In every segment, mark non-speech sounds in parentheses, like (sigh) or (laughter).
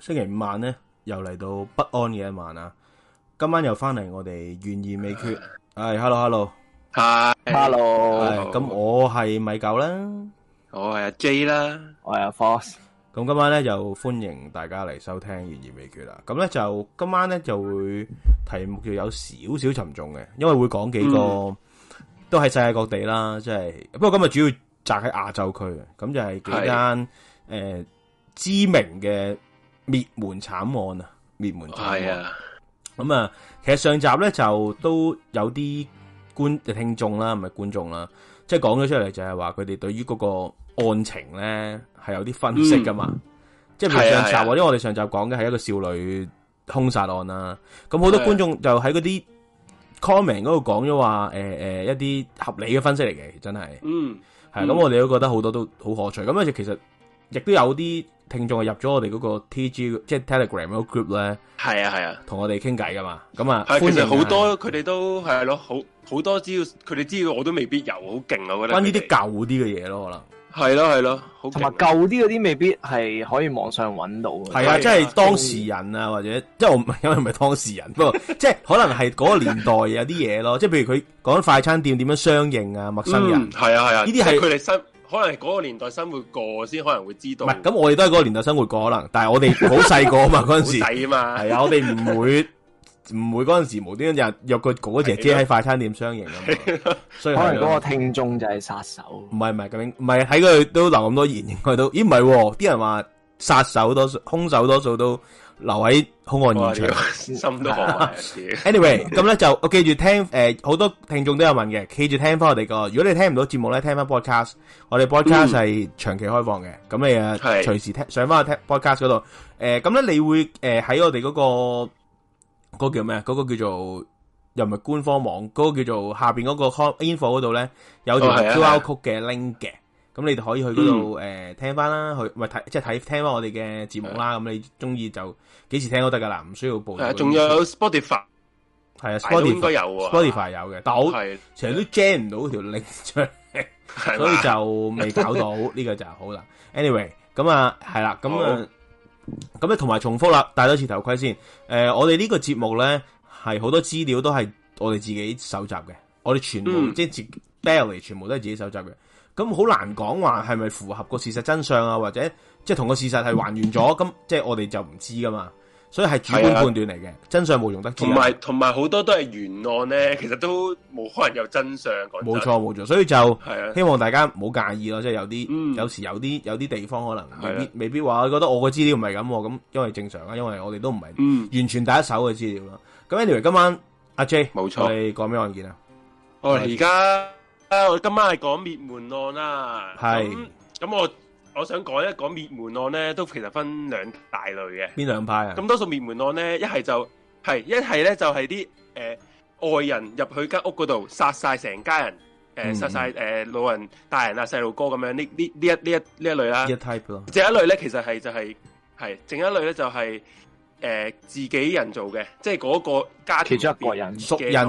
星期五晚咧，又嚟到不安嘅一晚啦，今晚又翻嚟，我哋懸疑未決，係、 (laughs) 哎、hello hello，hi hello，咁我係米狗啦，我係阿 J 啦，我係阿 Fox，咁今晚咧就歡迎大家嚟收聽懸疑未決啦。咁咧就今晚咧就會題目叫有少少沉重嘅，因為會講幾個都係世界各地啦，即係不過今日主要集喺亞洲區，咁就係幾間誒是、嗯、知名嘅。滅門慘案啊，滅門慘案。係啊，咁啊的、嗯，其實上集咧就都有啲觀嘅聽眾啦，唔係觀眾啦，即係講咗出嚟就係話佢哋對於嗰個案情咧係有啲分析噶嘛，嗯、即係上集是的是的或者我哋上集講嘅係一個少女兇殺案啦，咁好多觀眾就喺嗰啲 comment 嗰度講咗話，誒誒的、呃呃，一啲合理嘅分析嚟嘅，真係、嗯，嗯，係啊，咁我哋都覺得好多都好可取，咁啊，其實亦都有啲。聽眾入咗我哋嗰個 T G 即係 Telegram 嗰 group 咧，係啊係啊，同我哋傾偈噶嘛，咁啊，其實好多佢哋都係咯，好好多資料，佢哋資料，我都未必有，好勁我覺得。關呢啲舊啲嘅嘢咯，可能係咯係咯，同埋舊啲嗰啲未必係可以網上搵到，係啊，即係當事人啊或者即係我因為唔係當事人，不過即係可能係嗰個年代有啲嘢咯，即係譬如佢講快餐店點樣相應啊，陌生人係啊係啊，呢啲係佢哋新。可能係嗰個年代生活過先，可能會知道。唔係，咁我哋都係嗰個年代生活過，可能，但係我哋好細個啊嘛，嗰陣 (laughs) 時。細啊小嘛。係啊，我哋唔會唔 (laughs) 會嗰陣時無端端日約個果姐姐喺快餐店相迎。咁對吧 所以可能嗰個聽眾就係殺手。唔係唔係咁樣，唔係喺佢都留咁多言，應該都。咦，唔係，啲人話殺手多數、兇手多數都。留喺兇案現場，這個、心都好。 (laughs) (laughs) Anyway，咁咧就我記住聽誒，好、呃、多聽眾都有問嘅，記住聽翻我哋個。如果你聽唔到節目咧，聽翻 podcast，我哋 podcast 係長期開放嘅，咁你啊隨時聽是上翻個 podcast 嗰度。誒、呃、咁咧你會誒喺、呃、我哋嗰、那個嗰、那個叫咩？嗰、那個叫做又唔係官方網，嗰、那個叫做下面 in 邊嗰個 c info 嗰度咧，有條 d QR o d 曲嘅 link 嘅。咁你哋可以去嗰度誒聽翻啦，去睇即係睇聽翻我哋嘅節目啦。咁你中意就幾時聽都得噶啦，唔需要報。係啊，仲有 Spotify，係啊，Spotify 應該有，Spotify 有嘅。但係我成日都 jam 唔到條 link 出嚟，所以就未搞到呢個就好啦。Anyway，咁啊係啦，咁啊咁就同埋重複啦，戴多次頭盔先。誒，我哋呢個節目咧係好多資料都係我哋自己搜集嘅，我哋全部即係 value 全部都係自己搜集嘅。咁好難講話係咪符合個事實真相啊，或者即係同個事實係還原咗，咁即係我哋就唔知噶嘛，所以係主觀判斷嚟嘅，的真相冇用得同埋同埋好多都係懸案咧，其實都冇可能有真相冇錯冇錯，所以就希望大家唔好介意咯，即、就、係、是、有啲的有時有啲、嗯、有啲地方可能未必的未必話，覺得我個資料唔係咁，咁因為正常啊，因為我哋都唔係完全第一手嘅資料咯、啊。咁、嗯、Anyway 今晚阿 J 冇錯係講咩案件啊？哦，而家。啊、我今晚係講滅門案啦。係咁是，咁我我想講一講滅門案咧，都其實分兩大類嘅。邊兩派啊？咁多數滅門案咧，一係就係，一係咧就係啲誒外人入去間屋嗰度殺晒成家人，誒殺晒誒老人大人啊、細路哥咁樣，呢呢呢一呢一呢一類啦、啊。呢一 type 咯。呢一類咧、啊，其實係就係、是、係，另一類咧就係、是。誒、呃，自己人做嘅，即係嗰個家庭入邊嘅某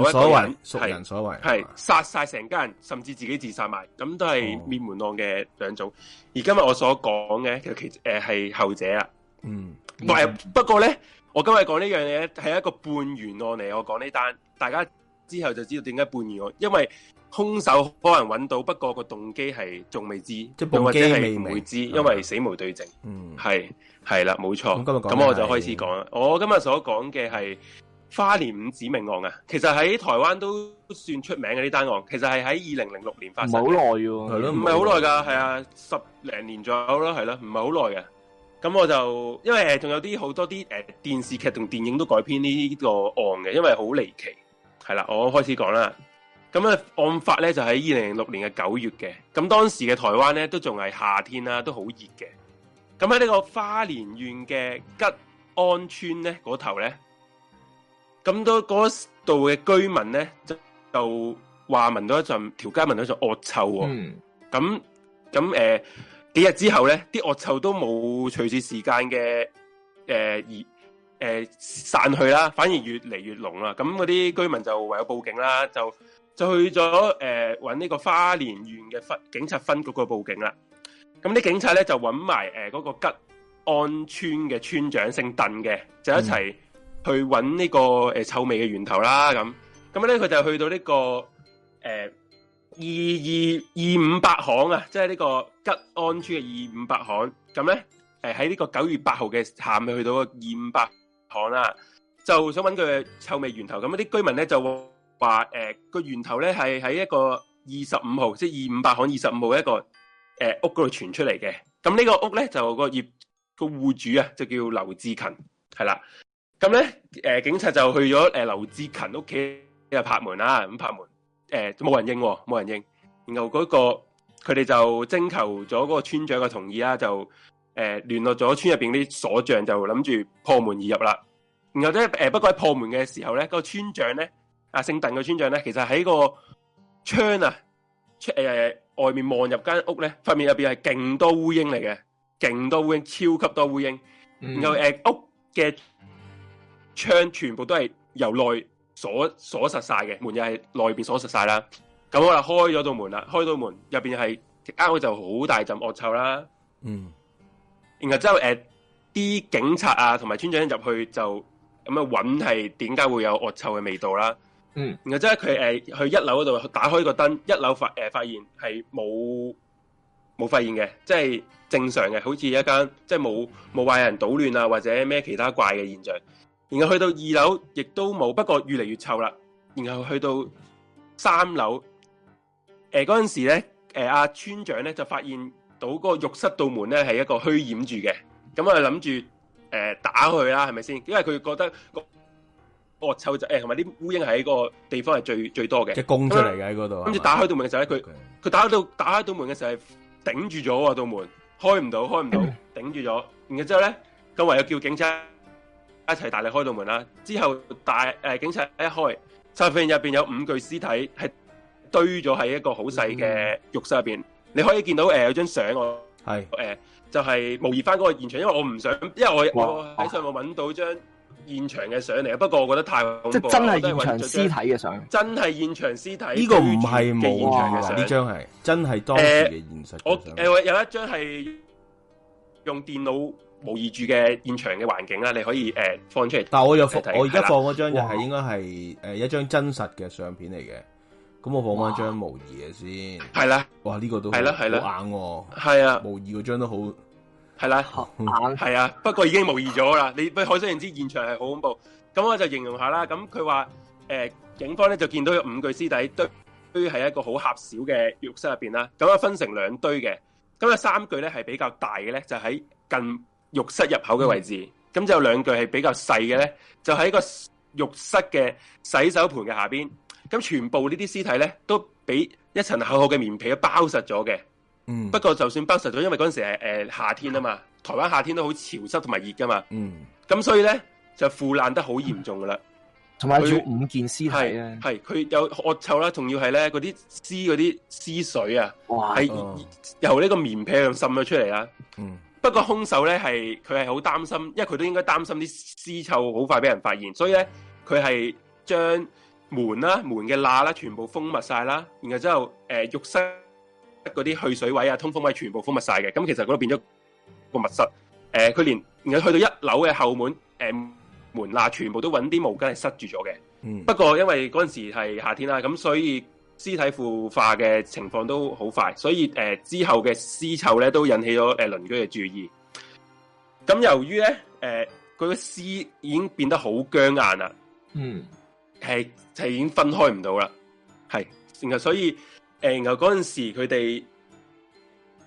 一個人，係殺晒成家人，甚至自己自殺埋，咁都係滅門案嘅兩種。哦、而今日我所講嘅，其實誒係、呃、後者啊。嗯，唔係是，嗯、不過咧，我今日講呢樣嘢係一個半懸案嚟。我講呢單，大家之後就知道點解半懸案，因為。兇手可能搵到，不過個動機係仲未知，又或者係唔會知，因為死無對證。嗯，係係啦，冇錯。咁我就開始講啦。我今日所講嘅係花蓮五子命案啊，其實喺台灣都算出名嘅啲單案。其實係喺二零零六年發生，唔好耐喎，係咯，唔係好耐噶，係啊，十零年左右啦，係啦，唔係好耐嘅。咁我就因為仲有啲好多啲誒電視劇同電影都改編呢個案嘅，因為好離奇。係啦，我開始講啦。咁啊，案發咧就喺二零零六年嘅九月嘅。咁當時嘅台灣咧都仲係夏天啦，都好熱嘅。咁喺呢個花蓮縣嘅吉安村咧嗰頭咧，咁都嗰度嘅居民咧就就話聞到一陣條街聞到一陣惡臭，哦。嗯，咁咁誒，幾日之後咧，啲惡臭都冇隨住時間嘅誒，誒、呃呃、散去啦，反而越嚟越濃啦。咁嗰啲居民就唯有報警啦，就。就去咗誒揾呢個花蓮縣嘅分警察分局個報警啦。咁啲警察咧就揾埋誒嗰個吉安村嘅村長姓鄧嘅，就一齊去揾呢、呢個誒、呃、臭味嘅源頭啦。咁咁咧佢就去到呢、呢個誒二二二五八巷啊，即係呢個吉安村嘅二五八巷。咁咧誒喺呢、呃、個九月八號嘅下午去到個二五八巷啦、啊，就想揾佢臭味源頭。咁啲居民咧就。話誒個源頭咧，係喺一個二十五號，即係二五八巷二十五號的一個誒、呃、屋嗰度傳出嚟嘅。咁、嗯、呢、這個屋咧，就個業個戶主啊就叫劉志勤係啦。咁咧誒警察就去咗誒劉志勤屋企啊拍門啦、啊。咁拍門誒冇、呃、人應冇、哦、人應。然後嗰、那個佢哋就徵求咗嗰個村長嘅同意啦、啊，就誒、呃、聯絡咗村入邊啲鎖匠，就諗住破門而入啦。然後咧誒、呃、不過喺破門嘅時候咧，嗰、那個村長咧。阿姓鄧嘅村長咧，其實喺個窗啊，出誒、呃、外面望入間屋咧，塊面入邊係勁多烏蠅嚟嘅，勁多烏蠅，超級多烏蠅。嗯、然後誒、呃、屋嘅窗全部都係由內鎖鎖實晒嘅，門又係內邊鎖實晒啦。咁我就開咗道門啦，開到門入邊係整間屋就好大陣惡臭啦。嗯，然後之後誒啲、呃、警察啊同埋村長入去就咁樣揾係點解會有惡臭嘅味道啦。嗯，然後即係佢誒去一樓嗰度打開個燈，一樓發誒、呃、發現係冇冇發現嘅，即係正常嘅，好似一間即係冇冇壞人搗亂啊，或者咩其他怪嘅現象。然後去到二樓亦都冇，不過越嚟越臭啦。然後去到三樓，誒嗰陣時咧，誒、呃、阿村長咧就發現到個浴室道門咧係一個虛掩住嘅，咁我諗住誒打佢啦，係咪先？因為佢覺得。惡臭仔，誒、哦，同埋啲烏蠅喺嗰個地方係最最多嘅，即係攻出嚟嘅喺嗰度。跟住打開道門嘅時候咧，佢佢 Okay. 打開到打開到門嘅時候係頂住咗嗰道門開唔到，開唔到，頂住咗。然後之後咧，咁唯有叫警察一齊大力開道門啦。之後大誒、呃、警察一開，就發現入邊有五具屍體係堆咗喺一個好細嘅浴室入邊。嗯、你可以見到誒、呃、有張相，我係誒就係、是、模擬翻嗰個現場，因為我唔想，因為我喺哇上網搵到張。現場嘅相嚟，不過我覺得太恐怖了。即係真係現場屍體嘅相，真係現、欸呃、現場屍體。呢個唔係冇啊，呢張係真係當時嘅現實。我誒，有一張係用電腦模擬住嘅現場嘅環境啦，你可以誒、呃、放出嚟。但係我有放，看我而家放嗰張就係應該係誒一張真實嘅相片嚟嘅。咁哇我放翻張模擬嘅先。係啦哇，哇呢、這個都係啦係啦，眼喎係啊，的模擬嗰張都好。係啦，係啊，啊，不過已經模擬咗啦。你不可想而知現場係好恐怖。咁我就形容下啦。咁佢話誒，警方咧就見到有五具屍體堆堆喺一個好狹小嘅浴室入邊啦。咁啊分成兩堆嘅，咁啊三具咧係比較大嘅，咧就喺近浴室入口嘅位置。咁、嗯、就有兩具係比較細嘅咧，就喺個浴室嘅洗手盆嘅下邊。咁全部這些屍呢啲屍體咧都俾一層厚厚嘅棉被包實咗嘅。嗯，不過就算包實咗，因為嗰陣時係誒、呃、夏天啊嘛，台灣夏天都好潮濕同埋熱噶嘛，嗯，咁所以咧就腐爛得好嚴重噶啦、嗯啊，同埋五件屍體咧，係佢有惡臭啦，仲要係咧嗰啲屍嗰啲屍水啊，係由呢個棉被度滲咗出嚟啦，是嗯，嗯，不過兇手咧係佢係好擔心，因為佢都應該擔心啲屍臭好快俾人發現，所以咧佢係將門啦、啊、門嘅罅啦全部封密晒啦、啊，然後之後誒、呃、浴室。嗰啲去水位啊、通風位全部封密晒嘅，咁其實嗰度變咗個密室。誒、呃，佢連佢去到一樓嘅後門，誒、呃、門罅全部都揾啲毛巾係塞住咗嘅。嗯、不過因為嗰陣時係夏天啦、啊，咁所以屍體腐化嘅情況都好快，所以誒、呃、之後嘅屍臭咧都引起咗誒鄰居嘅注意。咁由於咧，誒佢個屍已經變得好僵硬啦，嗯，係就係已經分開唔到啦，係，然後所以。誒，然後嗰陣時佢哋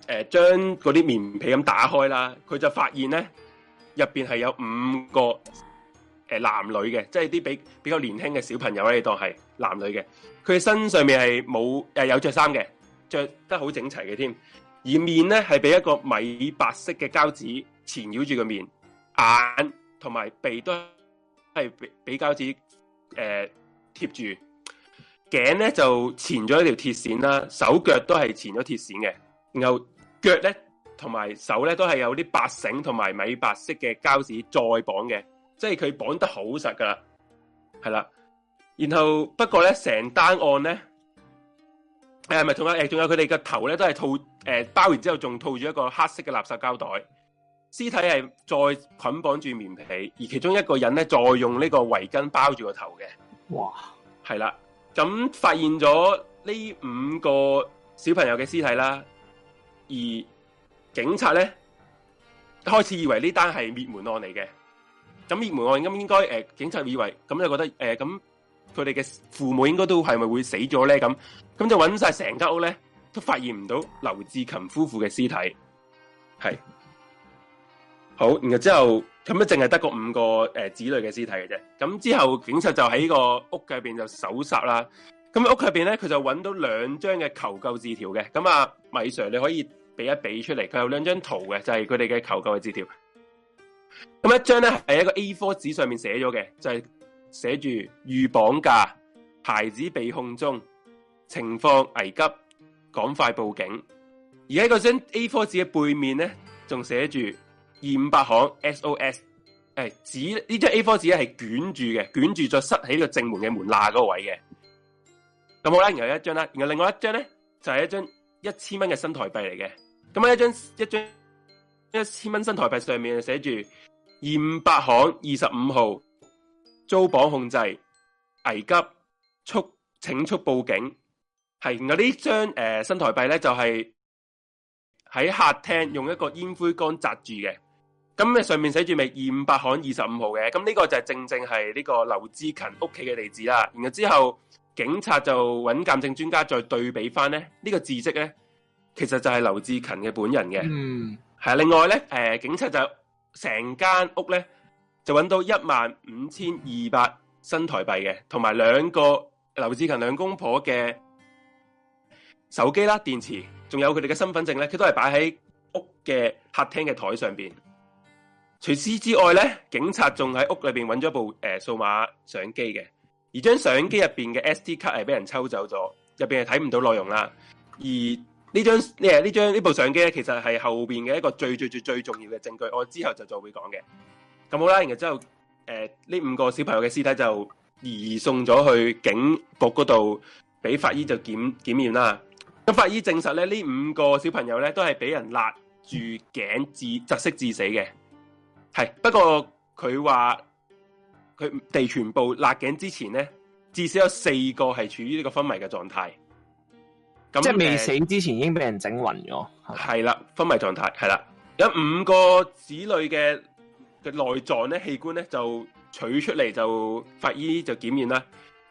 誒將嗰啲棉被咁打開啦，佢就發現咧入邊係有五個誒、呃、男女嘅，即係啲比比較年輕嘅小朋友，你當係男女嘅，佢身上面係冇誒有着衫嘅，着得好整齊嘅添，而面咧係俾一個米白色嘅膠紙纏繞住個面，眼同埋鼻都係俾膠紙誒、呃、貼住。頸咧就纏咗一條鐵線啦，手腳都係纏咗鐵線嘅，然後腳咧同埋手咧都係有啲白繩同埋米白色嘅膠紙再綁嘅，即係佢綁得好實噶啦，係啦。然後不過咧成單案咧，誒，係咪仲有誒，仲有佢哋個頭咧都係套誒包完之後仲套住一個黑色嘅垃圾膠袋，屍體係再捆綁住棉被，而其中一個人咧再用呢個圍巾包住個頭嘅，哇，係啦。咁發現咗呢五個小朋友嘅屍體啦，而警察咧開始以為呢單係滅門案嚟嘅。咁滅門案咁應該誒、呃，警察以為咁就覺得誒，咁佢哋嘅父母應該都係咪會死咗咧？咁咁就揾晒成間屋咧，都發現唔到劉志勤夫婦嘅屍體。係好，然後之後。咁咧，淨係得個五個誒子女嘅屍體嘅啫。咁之後，警察就喺呢個屋入邊就搜查啦。咁屋入邊咧，佢就揾到兩張嘅求救字條嘅。咁啊，米 Sir，你可以畀一畀出嚟。佢有兩張圖嘅，就係佢哋嘅求救嘅字條。咁一張咧係一個 A4 紙上面寫咗嘅，就係寫住預綁架，孩子被控中，情況危急，趕快報警。而喺嗰張 A4 紙嘅背面咧，仲寫住。二五八行 SOS，誒、哎、紙呢張 A4 紙咧係捲住嘅，捲住再塞喺呢個正門嘅門罅嗰個位嘅。咁好啦，然後一張啦，然後另外一張咧就係、是、一張一千蚊嘅新台幣嚟嘅。咁啊，一張一張一千蚊新台幣上面就寫住二五八行二十五號，租房控制，危急速請速報警。係，然後呢張誒、呃、新台幣咧就係、是、喺客廳用一個煙灰缸扎住嘅。咁你上面寫住咪二五八巷二十五號嘅，咁呢個就係正正係呢個劉志勤屋企嘅地址啦。然後之後警察就揾鑑證專家再對比翻咧，呢、這個字跡咧其實就係劉志勤嘅本人嘅。嗯，係。另外咧，誒、呃、警察就成間屋咧就揾到一萬五千二百新台幣嘅，同埋兩個劉志勤兩公婆嘅手機啦、電池，仲有佢哋嘅身份證咧，佢都係擺喺屋嘅客廳嘅台上邊。除此之外咧，警察仲喺屋裏邊揾咗部誒、呃、數碼相機嘅，而張相機入邊嘅 SD 卡係俾人抽走咗，入邊係睇唔到內容啦。而呢張呢呢、欸、張呢部相機咧，其實係後邊嘅一個最最最最重要嘅證據，我之後就再會講嘅。咁好啦，然後之後誒呢、呃、五個小朋友嘅屍體就移，移送咗去警局嗰度，俾法醫就檢檢驗啦。咁法醫證實咧，呢五個小朋友咧都係俾人勒住頸致窒息致死嘅。係，不過佢話佢地全部勒頸之前呢，至少有四個係處於呢個昏迷嘅狀態，咁即係未醒之前已經俾人整暈咗。係啦，昏迷狀態係啦，有五個子女嘅嘅內臟呢器官呢，就取出嚟就法醫就檢驗啦，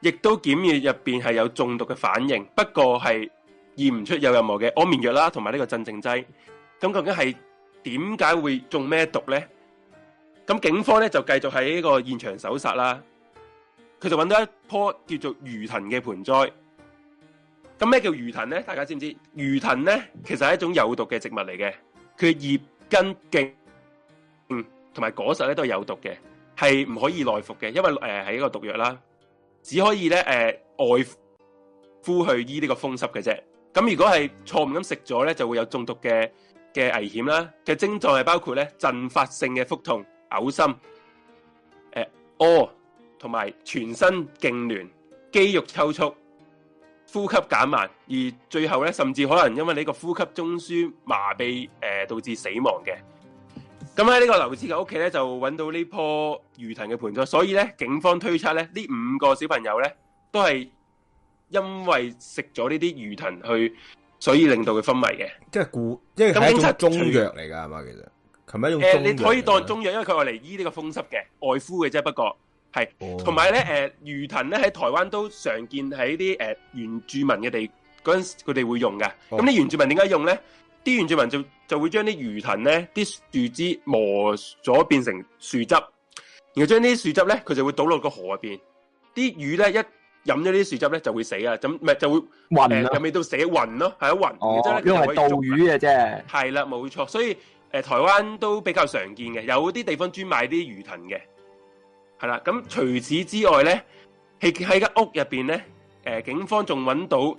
亦都檢驗入邊係有中毒嘅反應，不過係驗唔出有任何嘅安眠藥啦，同埋呢個鎮靜劑。咁究竟係點解會中咩毒呢？咁警方咧就繼續喺呢個現場搜索啦，佢就揾到一樖叫做魚藤嘅盆栽。咁咩叫魚藤咧？大家知唔知？魚藤咧其實係一種有毒嘅植物嚟嘅，佢葉、根、莖，嗯，同埋果實咧都係有毒嘅，係唔可以內服嘅，因為誒係、呃、一個毒藥啦，只可以咧誒、呃、外敷，敷去醫呢個風濕嘅啫。咁如果係錯誤咁食咗咧，就會有中毒嘅嘅危險啦。嘅症狀係包括咧陣發性嘅腹痛。嘔心、誒屙、呃，同、哦、埋全身痙攣、肌肉抽搐、呼吸減慢，而最後咧，甚至可能因為呢個呼吸中樞麻痹，誒、呃、導致死亡嘅。咁喺呢個劉志嘅屋企咧，就揾到呢棵魚藤嘅盆栽，所以咧警方推測咧，呢五個小朋友咧都係因為食咗呢啲魚藤去，所以令到佢昏迷嘅。即係古，因為係一種中藥嚟噶嘛，其實。誒、啊、呃，你可以當中藥，因為佢話嚟醫呢個風濕嘅外敷嘅啫。不過係同埋咧，誒、哦、呃，魚藤咧喺台灣都常見，喺啲誒原住民嘅地嗰陣，佢哋會用㗎。咁啲、哦、原住民點解用咧？啲原住民就就會將啲魚藤咧，啲樹枝磨咗變成樹汁，然後將啲樹汁咧，佢就會倒落個河入邊。啲魚咧一飲咗呢啲樹汁咧，就會死，死啊。咁咪就會暈啊，未到死暈咯，係啊暈。哦，因為係導魚嘅啫。係啦，冇錯、就是，所以。誒，台灣都比較常見嘅，有啲地方專賣啲魚藤嘅，係啦。咁除此之外咧，喺喺間屋入邊咧，誒、呃，警方仲揾到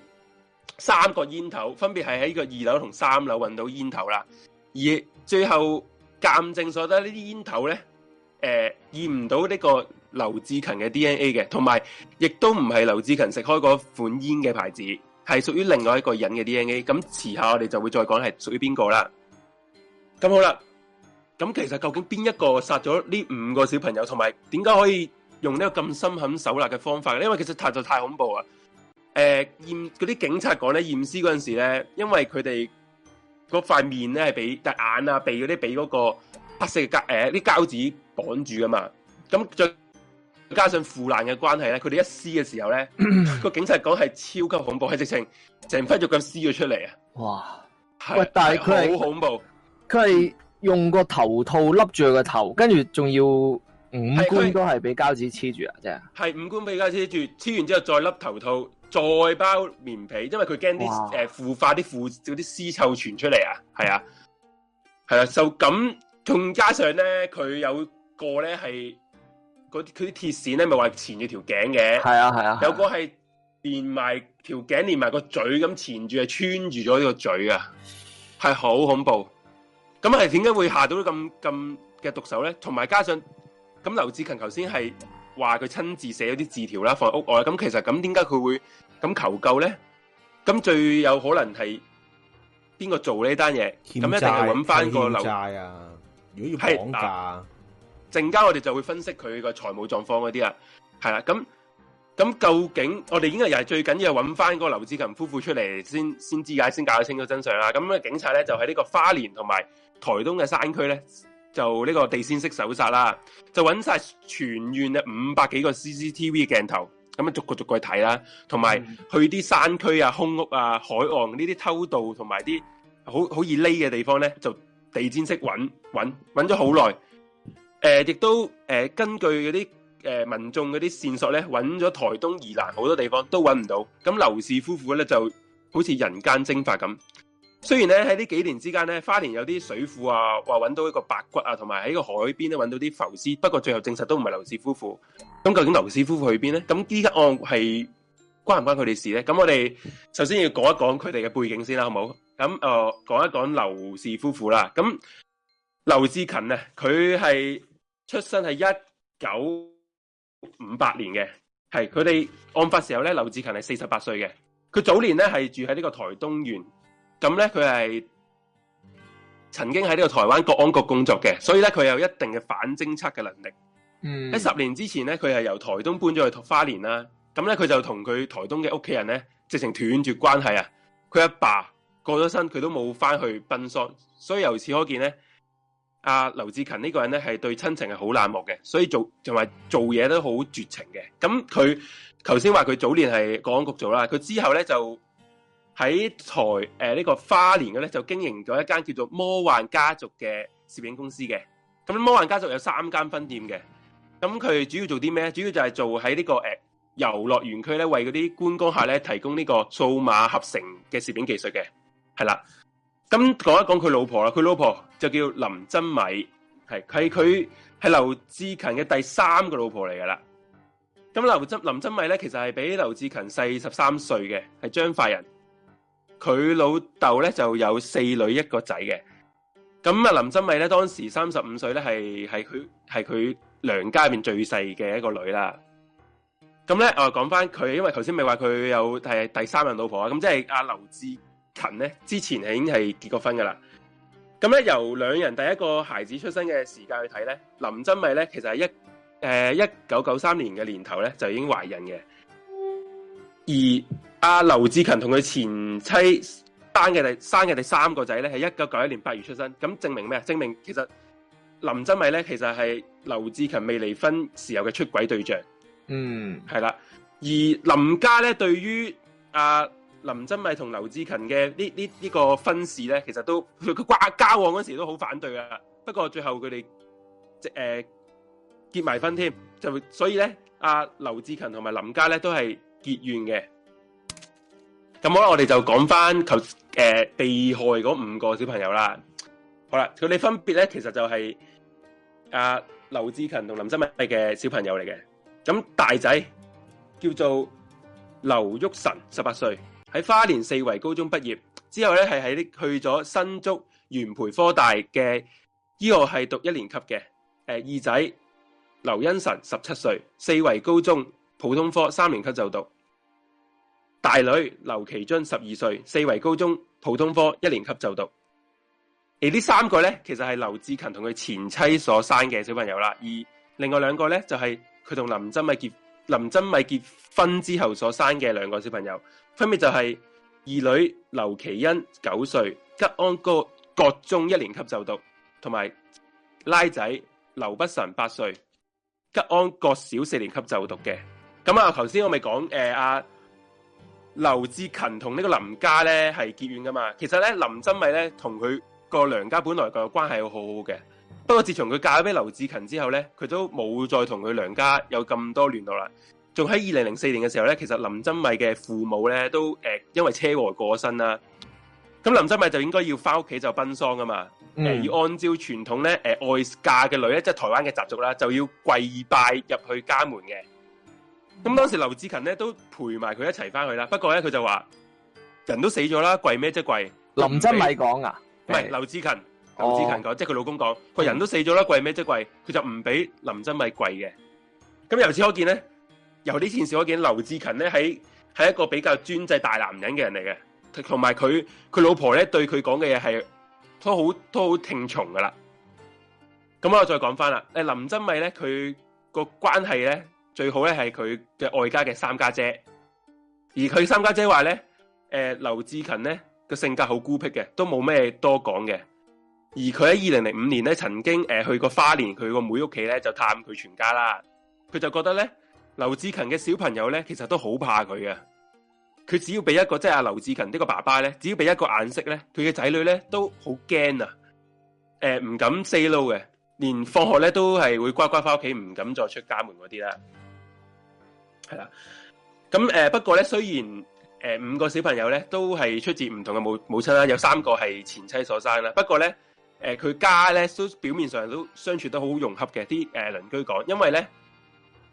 三個煙頭，分別係喺個二樓同三樓揾到煙頭啦。而最後鑑證所得呢啲煙頭呢，誒、呃，驗唔到呢個劉志勤嘅 DNA 嘅，同埋亦都唔係劉志勤食開嗰款煙嘅牌子，係屬於另外一個人嘅 DNA。咁遲下我哋就會再講係屬於邊個啦。咁好啦，咁其實究竟邊一個殺咗呢五個小朋友，同埋點解可以用呢個咁心狠手辣嘅方法？因為其實太就太恐怖啊！誒、呃，驗嗰啲警察講咧，驗屍嗰陣時咧，因為佢哋嗰塊面咧係俾隻眼啊、鼻嗰啲俾嗰個黑色嘅膠誒，啲膠紙綁住噶嘛。咁再加上腐爛嘅關係咧，佢哋一撕嘅時候咧， (coughs) 個警察講係超級恐怖，係直情成塊肉咁撕咗出嚟啊。哇嘩，是喂，是但係佢好恐怖。佢係用個頭套笠住個頭，跟住仲要五官都係俾膠紙黐住啊！即係係五官俾膠紙黐住，黐完之後再笠頭套，再包棉被，因為佢驚啲誒腐化啲腐嗰啲屍臭傳出嚟啊！係啊，係啊，就咁，仲加上咧，佢有個咧係嗰佢啲鐵線咧，咪話纏住條頸嘅，係啊係啊，啊啊有個係連埋條頸連埋個嘴咁纏住，係穿住咗呢個嘴啊，係好恐怖。咁係點解會下到咁咁嘅毒手咧？同埋加上咁，劉志勤頭先係話佢親自寫咗啲字條啦，放喺屋外。咁其實咁，點解佢會咁求救咧？咁最有可能係邊個做呢單嘢？欠債，咁一定係揾翻個劉，係欠債啊！如果要綁架啊，陣間我哋就會分析佢個財務狀況嗰啲啊。係啦，咁咁究竟我哋應該又係最緊要揾翻個劉志勤夫婦出嚟先，先知解先搞清楚真相啦。咁、嘅、警察咧就喺、係、呢個花蓮同埋台東嘅山區咧，就呢個地氈式搜查啦，就揾晒全縣嘅五百幾個 CCTV 鏡頭，咁樣逐個逐個睇啦，同埋去啲山區啊、空屋啊、海岸呢啲偷渡同埋啲好好易匿嘅地方咧，就地氈式揾揾揾咗好耐。誒，亦、呃、都誒、呃、根據嗰啲誒民眾嗰啲線索咧，揾咗台東宜蘭好多地方都揾唔到，咁劉氏夫婦咧就好似人間蒸發咁。雖然咧喺呢在幾年之間咧，花蓮有啲水庫啊，話揾到一個白骨啊，同埋喺個海邊咧揾到啲浮屍，不過最後證實都唔係劉氏夫婦。咁究竟劉氏夫婦去邊咧？咁呢一案係關唔關佢哋事咧？咁我哋首先要講一講佢哋嘅背景先啦，好唔好？咁誒，講、呃、一講劉氏夫婦啦。咁劉志勤啊，佢係出生係一九五八年嘅，係佢哋案發時候咧，劉志勤係四十八歲嘅。佢早年咧係住喺呢個台東縣。咁咧，佢係曾經喺呢個台灣國安局工作嘅，所以咧佢有一定嘅反偵測嘅能力。嗯，喺十年之前咧，佢係由台東搬咗去花蓮啦。咁咧，佢就同佢台東嘅屋企人咧，直情斷絕關係啊！佢阿爸，爸過咗身，佢都冇翻去奔喪，所以由此可見咧，阿、啊、劉志勤呢個人咧係對親情係好冷漠嘅，所以做同埋做嘢都好絕情嘅。咁佢頭先話佢早年係國安局做啦，佢之後咧就。喺台誒呢、呃、這個花蓮嘅咧，就經營咗一間叫做魔幻家族嘅攝影公司嘅。咁魔幻家族有三間分店嘅。咁佢主要做啲咩咧？主要就係做喺、這個呃、呢個誒遊樂園區咧，為嗰啲觀光客咧提供呢個數碼合成嘅攝影技術嘅。係啦。咁講一講佢老婆啦。佢老婆就叫林珍米，係係佢係劉志勤嘅第三個老婆嚟㗎啦。咁劉珍林珍米咧，其實係比劉志勤細十三歲嘅，係彰化人。佢老豆咧就有四女一個仔嘅，咁啊林珍美咧當時三十五歲咧係係佢係佢娘家入面最細嘅一個女啦。咁咧我講翻佢，因為頭先咪話佢有係第三任老婆啊，咁即係阿劉志勤咧之前已經係結過婚噶啦。咁咧由兩人第一個孩子出生嘅時間去睇咧，林珍美咧其實係一誒一九九三年嘅年頭咧就已經懷孕嘅。而阿、啊、劉志勤同佢前妻生嘅第生嘅第三個仔咧，係一九九一年八月出生。咁證明咩啊？證明其實林珍媚咧，其實係劉志勤未離婚時候嘅出軌對象。嗯，係啦。而林家咧，對於阿、啊、林珍媚同劉志勤嘅、這個、呢呢呢個婚事咧，其實都佢個瓜交嗰時候都好反對噶。不過最後佢哋即誒結埋婚添，就所以咧、啊，阿劉志勤同埋林家咧都係。結怨嘅，咁好啦，我哋就講翻求誒被害嗰五個小朋友啦。好啦，佢哋分別咧，其實就係阿劉志勤同林心密嘅小朋友嚟嘅。咁大仔叫做劉旭晨，十八歲，喺花蓮四維高中畢業之後咧，係喺去咗新竹元培科大嘅，依、這個係讀一年級嘅。誒、呃、二仔劉恩晨，十七歲，四維高中普通科三年級就讀。大女劉其津十二歲，四維高中普通科一年級就讀。而呢三個呢，其實係劉志勤同佢前妻所生嘅小朋友啦。而另外兩個呢，就係佢同林珍米結林珍米結婚之後所生嘅兩個小朋友，分別就係二女劉其欣九歲，吉安國國中一年級就讀，同埋拉仔劉不辰，八歲，吉安國小四年級就讀嘅。咁啊，頭先我咪講誒阿。呃啊劉志勤同呢個林家咧係結怨噶嘛，其實咧林真米咧同佢個娘家本來個關係好好嘅，不過自從佢嫁俾劉志勤之後咧，佢都冇再同佢娘家有咁多聯絡啦。仲喺二零零四年嘅時候咧，其實林真米嘅父母咧都誒、呃、因為車禍過身啦，咁、啊、林真米就應該要翻屋企，就奔喪噶嘛，誒、嗯呃、按照傳統咧誒，外嫁嘅女咧，即係台灣嘅習俗啦，就要跪拜入去家門嘅。咁當時劉志勤咧都陪埋佢一齊翻去啦，不過咧佢就話人都死咗啦，跪咩啫跪？林珍米講啊，唔係劉志勤，劉志勤講，哦、即係佢老公講，佢人都死咗啦，跪咩啫跪？佢就唔俾林珍米跪嘅。咁由此可見咧，由呢件事可見劉志勤咧喺喺一個比較專制大男人嘅人嚟嘅，同埋佢佢老婆咧對佢講嘅嘢係都好都好聽從噶啦。咁我再講翻啦，誒林珍米咧佢個關係咧。最好咧係佢嘅外家嘅三家姐，姐，而佢三家姐話咧，誒、呃、劉志勤咧個性格好孤僻嘅，都冇咩多講嘅。而佢喺二零零五年咧，曾經誒、呃、去過花蓮佢個妹屋企咧就探佢全家啦。佢就覺得咧，劉志勤嘅小朋友咧其實都好怕佢嘅。佢只要俾一個即係阿劉志勤呢個爸爸咧，只要俾一個眼色咧，佢嘅仔女咧都好驚啊！誒、呃、唔敢 say no 嘅，連放學咧都係會乖乖翻屋企，唔敢再出家門嗰啲啦。係啦，咁誒、呃，不過咧，雖然誒、呃、五個小朋友咧都係出自唔同嘅母母親啦，有三個係前妻所生啦。不過咧，誒、呃、佢家咧都表面上都相處得好融洽嘅，啲誒鄰居講，因為咧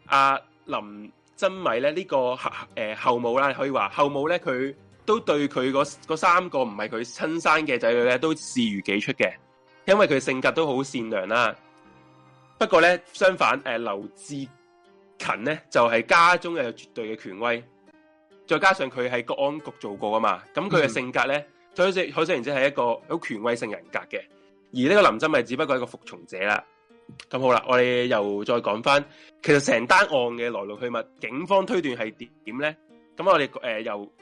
阿、啊、林珍米咧呢、這個後誒、呃、後母啦，可以話後母咧佢都對佢嗰三個唔係佢親生嘅仔女咧都視如己出嘅，因為佢性格都好善良啦。不過咧相反，誒劉志。陳咧就係、是，家中嘅絕對嘅權威，再加上佢喺國安局做過啊嘛，咁佢嘅性格咧，再者、嗯，再者言之係一個有權威性人格嘅，而呢個林真咪只不過係個服從者啦。咁好啦，我哋又再講翻，其實成單案嘅來龍去脈，警方推斷係點咧？咁我哋誒、呃、由、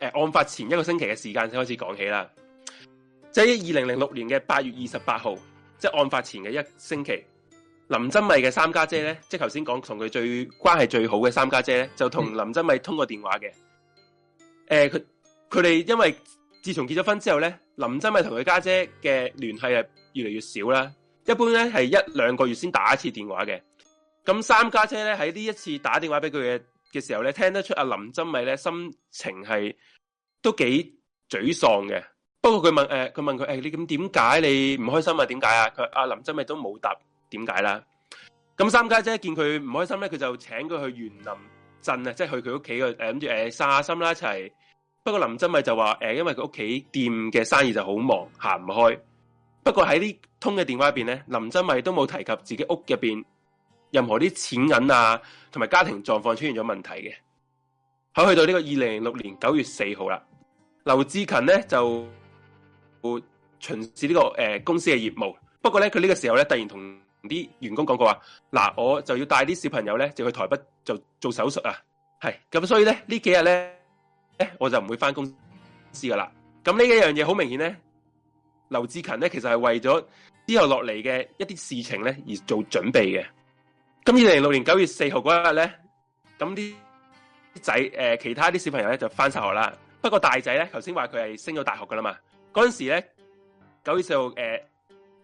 呃、案發前一個星期嘅時間先開始講起啦。即係二零零六年嘅八月二十八號，即、就、係、是、案發前嘅一星期。林珍媚嘅三家姐咧，即係頭先講同佢最關係最好嘅三家姐咧，就同林珍媚通過電話嘅。誒、呃，佢佢哋因為自從結咗婚之後咧，林珍媚同佢家姐嘅聯繫係越嚟越少啦。一般咧係一兩個月先打一次電話嘅。咁三家姐咧喺呢一次打電話俾佢嘅嘅時候咧，聽得出阿林珍媚咧心情係都幾沮喪嘅。不過佢問誒，佢、呃、問佢誒、哎，你咁點解你唔開心啊？點解啊？佢阿、啊、林珍媚都冇答。點解啦？咁三家姐,姐見佢唔開心咧，佢就請佢去員林鎮啊，即係去佢屋企嘅誒諗住誒散下心啦一齊。不過林珍米就話誒、呃，因為佢屋企店嘅生意就好忙，行唔開。不過喺呢通嘅電話入邊咧，林珍米都冇提及自己屋入邊任何啲錢銀啊，同埋家庭狀況出現咗問題嘅。佢、啊、去到呢個二零零六年九月四號啦，劉志勤咧就會巡視呢、這個誒、呃、公司嘅業務。不過咧，佢呢個時候咧突然同。啲員工講過話，嗱我就要帶啲小朋友咧，就去台北就做手術啊，係咁，所以咧呢幾日咧，誒，我就唔會翻公司噶啦。咁呢一樣嘢好明顯咧，劉志勤咧其實係為咗之後落嚟嘅一啲事情咧而做準備嘅。咁二零零六年九月四號嗰日咧，咁啲仔誒，其他啲小朋友咧就翻晒學啦。不過大仔咧，頭先話佢係升咗大學噶啦嘛。嗰陣時咧，九月四號誒，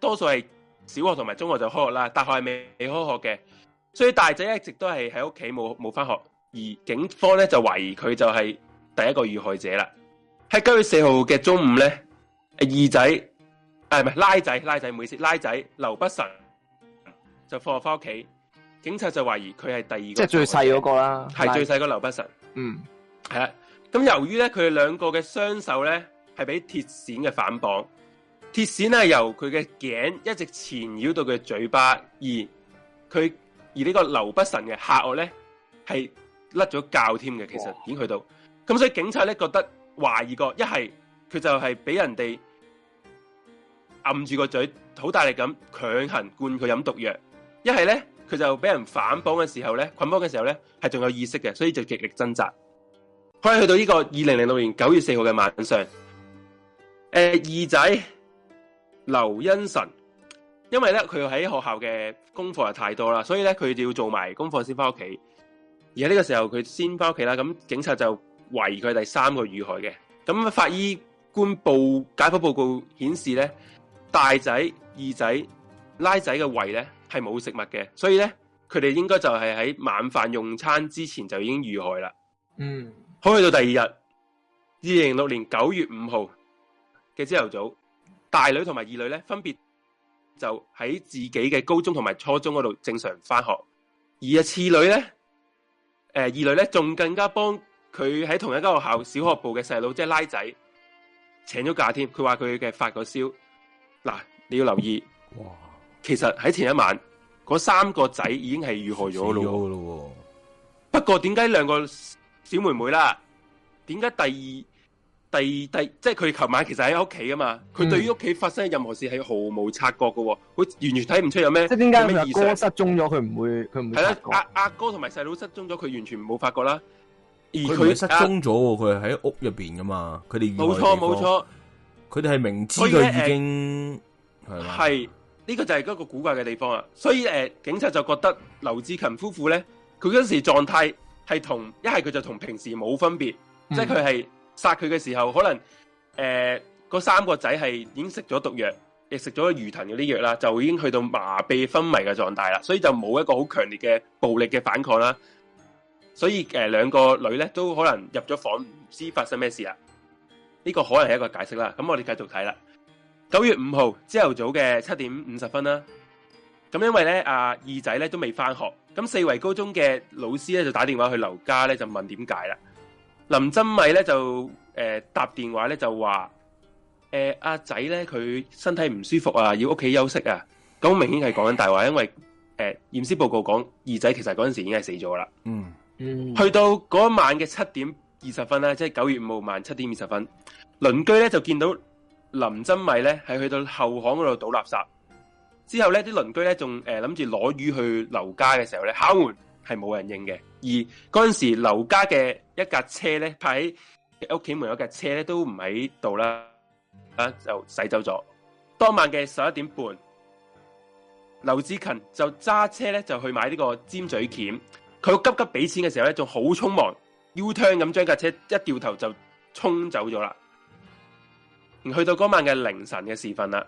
多數係。小學同埋中學就開學啦，大學係未未開學嘅，所以大仔一直都係喺屋企冇冇翻學，而警方咧就懷疑佢就係第一個遇害者啦。喺九月四號嘅中午咧，二仔誒，唔係拉仔，拉仔唔好意思，拉仔劉不臣就放學翻屋企，警察就懷疑佢係第二個，即係最細嗰個啦，係是的最細個劉不臣。嗯，係啦。咁由於咧佢哋兩個嘅雙手咧係俾鐵線嘅反綁。鐵線咧由佢嘅頸一直纏繞到佢嘅嘴巴，而佢而呢個留不神嘅下顎咧係甩咗臼添嘅，其實已經去到。咁所以警察咧覺得懷疑過一係佢就係俾人哋揞住個嘴，好大力咁強行灌佢飲毒藥；一係咧佢就俾人反綁嘅時候咧，捆綁嘅時候咧係仲有意識嘅，所以就極力掙扎。可以去到呢個二零零六年九月四號嘅晚上，誒、呃、二仔。劉恩臣，因為咧佢喺學校嘅功課又太多啦，所以咧佢就要做埋功課先翻屋企。而喺呢個時候他，佢先翻屋企啦。咁警察就懷疑佢第三個遇害嘅。咁法醫官報解剖報告顯示咧，大仔、二仔、拉仔嘅胃咧係冇食物嘅，所以咧佢哋應該就係喺晚飯用餐之前就已經遇害啦。嗯，去到第二日的，二零六年九月五號嘅朝頭早。大女同埋二女咧，分別就喺自己嘅高中同埋初中嗰度正常翻學，而啊次女咧，誒、呃、二女咧仲更加幫佢喺同一間學校小學部嘅細佬即係拉仔請咗假添，佢話佢嘅發個燒。嗱、啊，你要留意，哇其實喺前一晚嗰三個仔已經係如何咗咯，哦、不過點解兩個小妹妹啦？點解第二？第第，即係佢琴晚其實喺屋企㗎嘛，佢對於屋企發生嘅任何事係毫無察覺嘅喎、哦，佢完全睇唔出有咩，即係點解阿哥弟弟失蹤咗，佢唔會，佢唔會。係啦、啊，阿、啊、阿哥同埋細佬失蹤咗，佢完全冇發覺啦。而佢失蹤咗，佢係喺屋入邊噶嘛，佢哋冇錯冇錯，佢哋係明知佢已經係呢、呃呢個就係一個古怪嘅地方啊！所以誒、呃，警察就覺得劉志勤夫婦咧，佢嗰陣時狀態係同一係佢就同平時冇分別，嗯、即係佢係。殺佢嘅時候，可能誒，嗰、呃、三個仔係已經食咗毒藥，亦食咗魚藤嗰啲藥啦，就已經去到麻痹昏迷嘅狀態啦，所以就冇一個好強烈嘅暴力嘅反抗啦。所以誒，兩、呃、個女咧都可能入咗房，唔知發生咩事啦。呢、這個可能係一個解釋啦。咁我哋繼續睇啦。九月五號朝頭早嘅七點五十分啦。咁因為咧，阿、啊、二仔咧都未返學，咁四維高中嘅老師咧就打電話去劉家咧，就問點解啦。林珍米咧就誒，搭、呃、電話咧就話，誒阿仔咧佢身體唔舒服啊，要屋企休息啊。咁明顯係講緊大話，因為誒驗、呃、屍報告講二仔其實嗰陣時已經係死咗啦、嗯。嗯嗯。去到嗰晚嘅七點二十分啦，即係九月五號晚七點二十分，鄰居咧就見到林珍米咧係去到後巷嗰度倒垃圾，之後咧啲鄰居咧仲誒諗住攞魚去留街嘅時候咧敲門係冇人應嘅。而嗰陣時，劉家嘅一架車咧，泊喺屋企門口架車咧，都唔喺度啦，啊，就駛走咗。當晚嘅十一點半，劉子勤就揸車咧，就去買呢個尖嘴鉗。佢急急俾錢嘅時候咧，仲好匆忙，U-turn 咁將架車一掉頭就衝走咗啦。而去到嗰晚嘅凌晨嘅時分啦，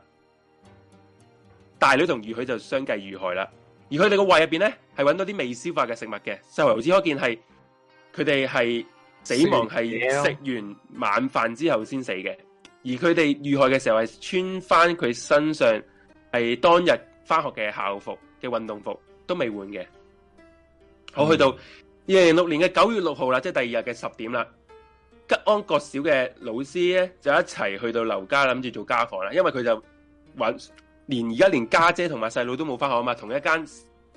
大女同二女就相繼遇害啦。而佢哋個胃入邊咧，係揾到啲未消化嘅食物嘅，就由此可見係佢哋係死亡係食完晚飯之後先死嘅。而佢哋遇害嘅時候係穿翻佢身上係當日翻學嘅校服嘅運動服都未換嘅。好，去到二零零六年嘅九月六號啦，即係第二日嘅十點啦。吉安國小嘅老師咧，就一齊去到劉家諗住做家訪啦，因為佢就揾。連而家連家姐同埋細佬都冇翻學嘛？同一間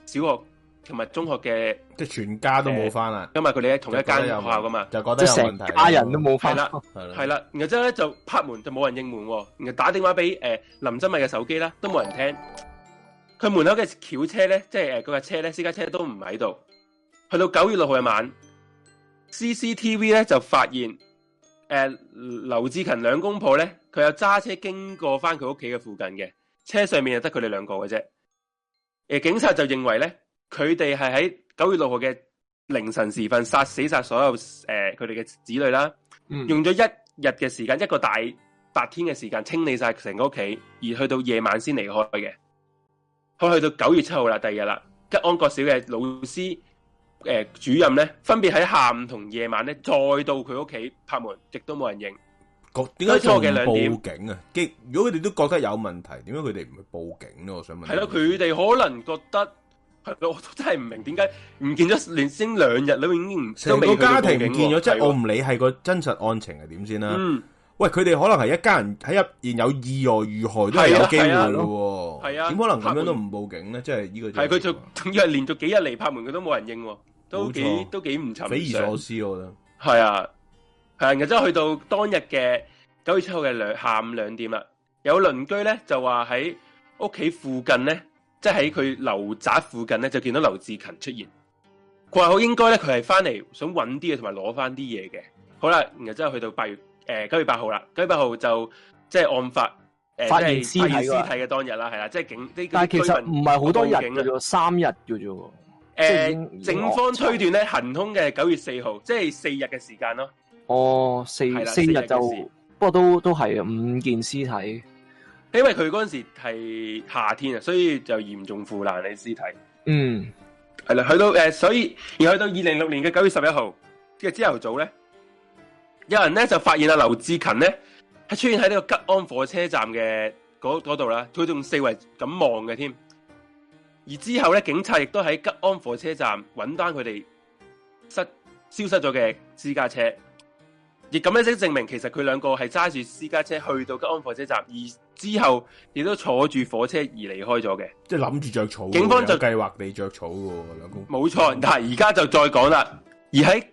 小學同埋中學嘅，即係全家都冇翻啦。因為佢哋喺同一間學校噶嘛就，就覺得成家人都冇翻，係啦，係啦。然後之後咧就拍門就冇人應門，啊，然後打電話俾誒、呃、林珍媚嘅手機啦，都冇人聽。佢門口嘅轎車咧，即係誒嗰架車咧私家車都唔喺度。去到九月六號嘅晚，C C T V 咧就發現，誒、呃、劉志勤兩公婆咧，佢有揸車經過翻佢屋企嘅附近嘅。車上面就得佢哋兩個嘅啫，誒、呃，警察就認為咧，佢哋係喺九月六號嘅凌晨時分殺死晒所有誒佢哋嘅子女啦，嗯、用咗一日嘅時間，一個大白天嘅時間清理晒成個屋企，而去到夜晚先離開嘅，可去到九月七號啦，第二日啦，吉安國小嘅老師，誒、呃，主任咧，分別喺下午同夜晚咧，再到佢屋企拍門，亦都冇人應。點解唔報警啊？即如果佢哋都覺得有問題，點解佢哋唔去報警呢？我想問係咯，佢哋可能覺得係，我都真係唔明點解唔見咗連先兩日，裏面已經成個家庭唔見咗，即係我唔理係個真實案情係點先啦。嗯，喂，佢哋可能係一家人喺入面有意外遇害都係有機會嘅。係啊，點可能咁樣都唔報警呢？即係呢個係佢就因為連續幾日嚟拍門，佢都冇人應，都幾都幾唔尋常。匪夷所思，我覺得係啊。係，然後去到當日嘅九月七號嘅兩下午兩點啦。有鄰居咧就話喺屋企附近咧，即係喺佢樓宅附近咧，就見到劉志勤出現。佢話好應該咧，佢係翻嚟想揾啲嘢同埋攞翻啲嘢嘅。好啦，然後去到八月誒九、呃、月八號啦。九月八號就即係案發誒、呃、發現屍屍體嘅當日啦，係啦，即係警呢啲唔係好多人啊，叫做三日叫做誒，呃、警方推斷咧行凶嘅九月四號，即係四日嘅時間咯。哦，四的四日就，四不過都都係五件屍體。因為佢嗰陣時係夏天啊，所以就嚴重腐爛你屍體。嗯，係啦，去到誒、呃，所以而去到二零六年嘅九月十一號嘅朝頭早咧，有人咧就發現阿劉志勤咧，係出現喺呢個吉安火車站嘅嗰度啦，佢仲四圍咁望嘅添。而之後咧，警察，亦都喺吉安火車站揾翻佢哋失消失咗嘅私家車。亦咁樣即證明，其實佢兩個係揸住私家車去到吉安火車站，而之後亦都坐住火車而離開咗嘅，即諗住着草，警方就計劃你着草嘅兩公。冇錯，但係而家就再講啦。而喺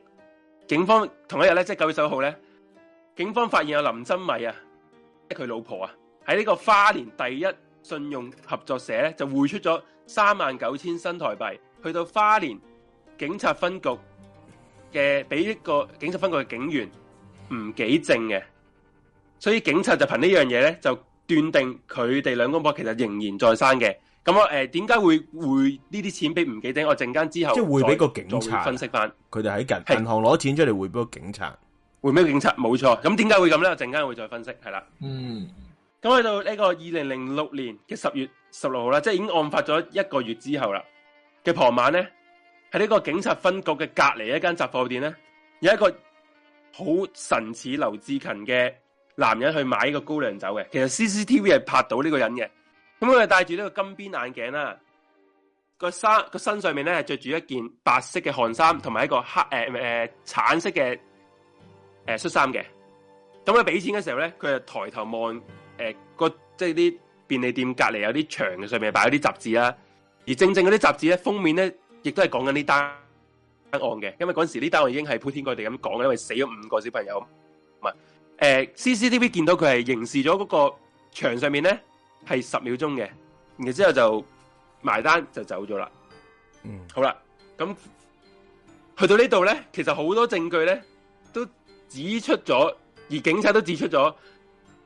警方同一、就是、日咧，即九月十號咧，警方發現阿林真米啊，即佢老婆啊，喺呢個花蓮第一信用合作社咧，就匯出咗三萬九千新台幣去到花蓮警察分局嘅，俾一個警察分局嘅警員。唔幾正嘅，所以警察就憑呢樣嘢咧，就斷定佢哋兩公婆其實仍然在生嘅。咁我誒，點解、呃、會匯呢啲錢俾唔幾正？我陣間之後即係匯俾個警察分析翻，佢哋喺銀銀行攞錢出嚟匯俾個警察，匯俾個警察冇錯。咁點解會咁咧？我陣間會再分析係啦。嗯，咁去到呢個二零零六年嘅十月十六號啦，即係已經案發咗一個月之後啦嘅傍晚咧，喺呢個警察分局嘅隔籬一間雜貨店咧，有一個。好神似劉志勤嘅男人去買呢個高粱酒嘅，其實 CCTV 係拍到呢個人嘅，咁佢就戴住呢個金邊眼鏡啦，個身個身上面咧係着住一件白色嘅汗衫，同埋一個黑誒誒、呃呃、橙色嘅誒恤衫嘅，咁佢俾錢嘅時候咧，佢就抬頭望誒個即係啲便利店隔籬有啲牆嘅上面擺有啲雜誌啦，而正正嗰啲雜誌咧封面咧亦都係講緊呢單。案嘅，因為嗰陣時呢單案已經係鋪天蓋地咁講，因為死咗五個小朋友，唔係誒、呃、C C T V 見到佢係凝視咗嗰個牆上面咧，係十秒鐘嘅，然之後就埋單就走咗啦。嗯，好啦，咁去到這裏呢度咧，其實好多證據咧都指出咗，而警察都指出咗，誒、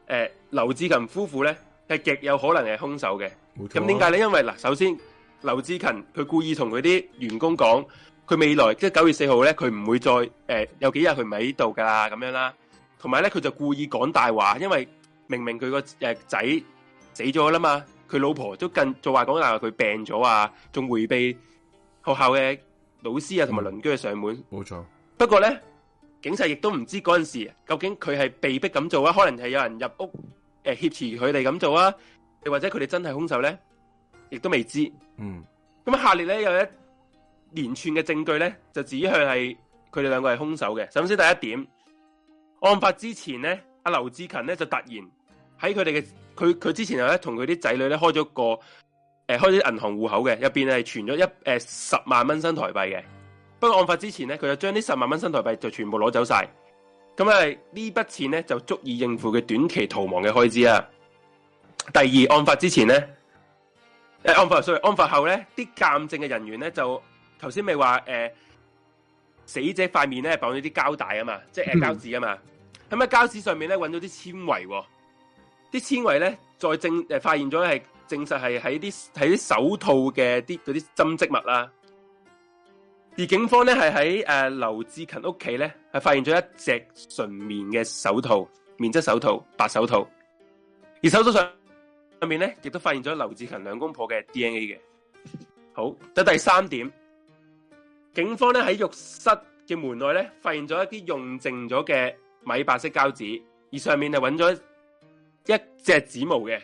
呃，劉志勤夫婦咧係極有可能係兇手嘅。咁點解咧？因為嗱，首先劉志勤佢故意同佢啲員工講。佢未來即係九月四號咧，佢唔會再誒、呃、有幾日佢唔喺度噶啦咁樣啦。同埋咧，佢就故意講大話，因為明明佢個誒仔死咗啦嘛，佢老婆都近做話講大話，佢病咗啊，仲回避學校嘅老師啊，同埋鄰居嘅上門。冇錯、嗯。錯不過咧，警察亦都唔知嗰陣時究竟佢係被迫咁做啊，可能係有人入屋誒脅、呃、持佢哋咁做啊，又或者佢哋真係兇手咧，亦都未知。嗯。咁下列咧有一。連串嘅證據咧，就指佢係佢哋兩個係兇手嘅。首先第一點，案發之前咧，阿劉志勤咧就突然喺佢哋嘅，佢佢之前又咧同佢啲仔女咧開咗個誒、呃，開咗銀行戶口嘅，入邊係存咗一誒十、呃、萬蚊新台幣嘅。不過案發之前咧，佢就將呢十萬蚊新台幣就全部攞走晒。咁係呢筆錢咧就足以應付佢短期逃亡嘅開支啦。第二，案發之前咧，誒、呃、案發，所以案發後咧，啲鑑證嘅人員咧就。頭先咪話誒，死者塊面咧綁咗啲膠帶啊嘛，即係膠紙啊嘛。咁喺膠紙上面咧揾到啲纖維，啲纖維咧再證誒、呃、發現咗係證實係喺啲喺啲手套嘅啲嗰啲針織物啦。而警方咧係喺誒劉志勤屋企咧係發現咗一隻純棉嘅手套，棉質手套白手套，而手套上上面咧亦都發現咗劉志勤兩公婆嘅 D N A 嘅。好，第第三點。警方咧喺浴室嘅門內咧，發現咗一啲用淨咗嘅米白色膠紙，而上面係揾咗一隻指模嘅。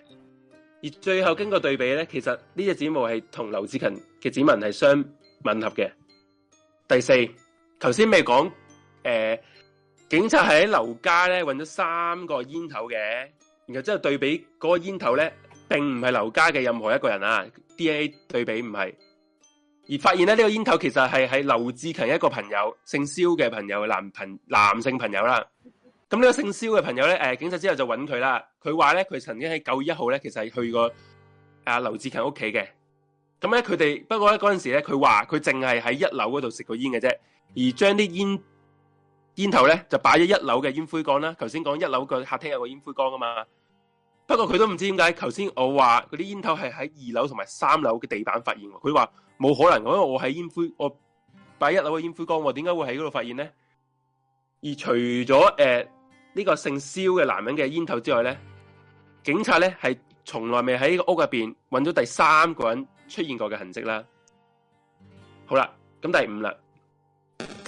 而最後經過對比咧，其實呢隻指模係同劉志勤嘅指紋係相吻合嘅。第四，頭先咪講誒，警察喺劉家咧揾咗三個煙頭嘅，然後之後對比嗰個煙頭咧，並唔係劉家嘅任何一個人啊，DNA 對比唔係。而發現咧，呢個煙頭其實係喺劉志勤一個朋友，姓蕭嘅朋友，男朋友，男性朋友啦。咁呢個姓蕭嘅朋友咧，誒，警察之後就揾佢啦。佢話咧，佢曾經喺九月一號咧，其實係去過啊劉志勤屋企嘅。咁咧，佢哋不過咧，嗰陣時咧，佢話佢淨係喺一樓嗰度食過煙嘅啫，而將啲煙、煙頭咧就擺咗一樓嘅煙灰缸啦。頭先講一樓個客廳有個煙灰缸啊嘛。不過佢都唔知點解，頭先我話嗰啲煙頭係喺二樓同埋三樓嘅地板發現喎。佢話。冇可能，因為我喺煙灰，我擺一樓嘅煙灰缸，我點解會喺嗰度發現咧？而除咗誒呢個姓蕭嘅男人嘅煙頭之外咧，警察咧係從來未喺呢個屋入邊揾到第三個人出現過嘅痕跡啦。好啦，咁第五啦，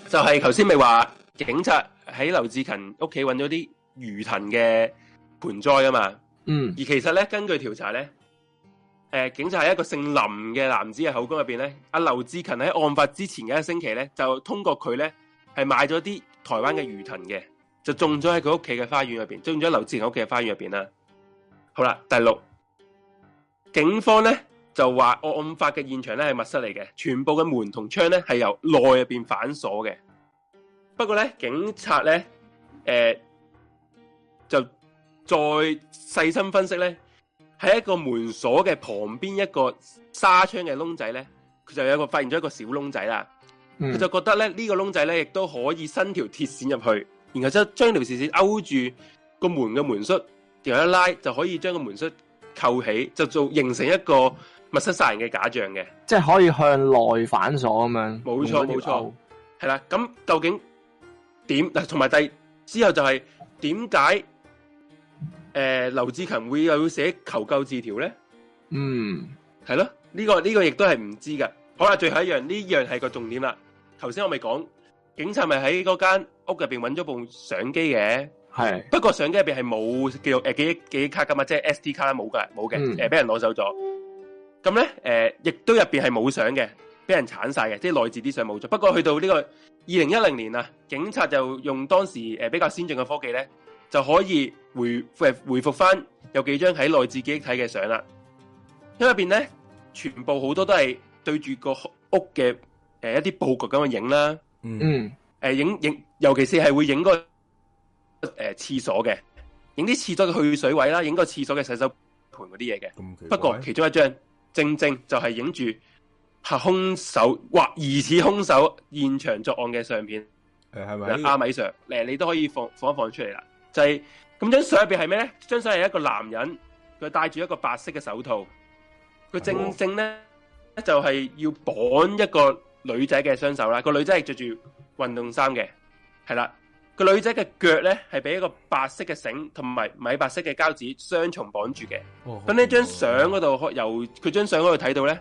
就係頭先咪話警察喺劉志勤屋企揾咗啲魚藤嘅盆栽啊嘛，嗯，而其實咧根據調查咧。誒，警察係一個姓林嘅男子嘅口供入邊咧，阿劉志勤喺案發之前嘅一星期咧，就通過佢咧係買咗啲台灣嘅魚藤嘅，就種咗喺佢屋企嘅花園入邊，種咗劉志勤屋企嘅花園入邊啦。好啦，第六，警方咧就話案發嘅現場咧係密室嚟嘅，全部嘅門同窗咧係由內入邊反鎖嘅。不過咧，警察咧，誒、呃，就再細心分析咧。喺一個門鎖嘅旁邊一個紗窗嘅窿仔咧，佢就有一個發現咗一個小窿仔啦。佢、嗯、就覺得咧呢、這個窿仔咧，亦都可以伸條鐵線入去，然後將將條鐵線勾住個門嘅門栓，然後一拉就可以將個門栓扣起，就做形成一個密室殺人嘅假象嘅。即係可以向內反鎖咁樣。冇錯冇錯，係啦錯。咁得究竟點嗱？同埋第之後就係點解？誒，劉志勤會有要寫求救字條咧？嗯，係咯，呢、這個呢、這個亦都係唔知噶。好啦，最後一樣，呢樣係個重點啦。頭先我咪講，警察咪喺嗰間屋入邊揾咗部相機嘅，係是。不過相機入邊係冇叫做誒、呃、記憶卡噶嘛，即係 S D 卡冇噶，冇嘅，誒俾、呃、人攞走咗。咁咧，誒亦都入邊係冇相嘅，俾人鏟晒嘅，即係內置啲相冇咗。不過去到呢個二零一零年啊，警察就用當時誒比較先進嘅科技咧。就可以回回復翻有幾張喺內自己睇嘅相啦。因為入邊咧，全部好多都係對住個屋嘅誒一啲布局咁去影啦。嗯，誒影影尤其是係會影個誒廁所嘅影啲廁所嘅去水位啦，影個廁所嘅洗手盆嗰啲嘢嘅。不過其中一張正正就係影住係兇手或疑似兇手現場作案嘅相片。係咪阿米 Sir，嚟你都可以放放一放出嚟啦。就係咁張相入邊係咩咧？張相係一個男人，佢戴住一個白色嘅手套，佢正正咧就係要綁一個女仔嘅雙手啦。個女仔係着住運動衫嘅，係啦。個女仔嘅腳咧係俾一個白色嘅繩同埋米白色嘅膠紙雙重綁住嘅。咁呢張相嗰度，由佢張相嗰度睇到咧，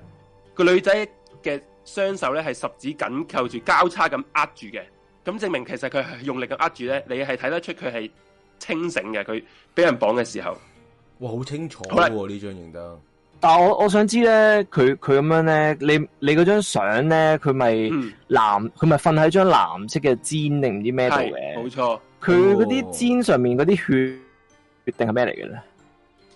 個女仔嘅雙手咧係十指緊扣住交叉咁扼住嘅，咁證明其實佢係用力咁扼住咧，你係睇得出佢係。清醒嘅佢俾人綁嘅時候，哇好清楚喎呢張認得。但係我我想知咧，佢佢咁樣咧，你你嗰張相咧，佢咪藍，佢咪瞓喺張藍色嘅氈定唔知咩度嘅？冇錯，佢嗰啲氈上面嗰啲血，定係咩嚟嘅咧？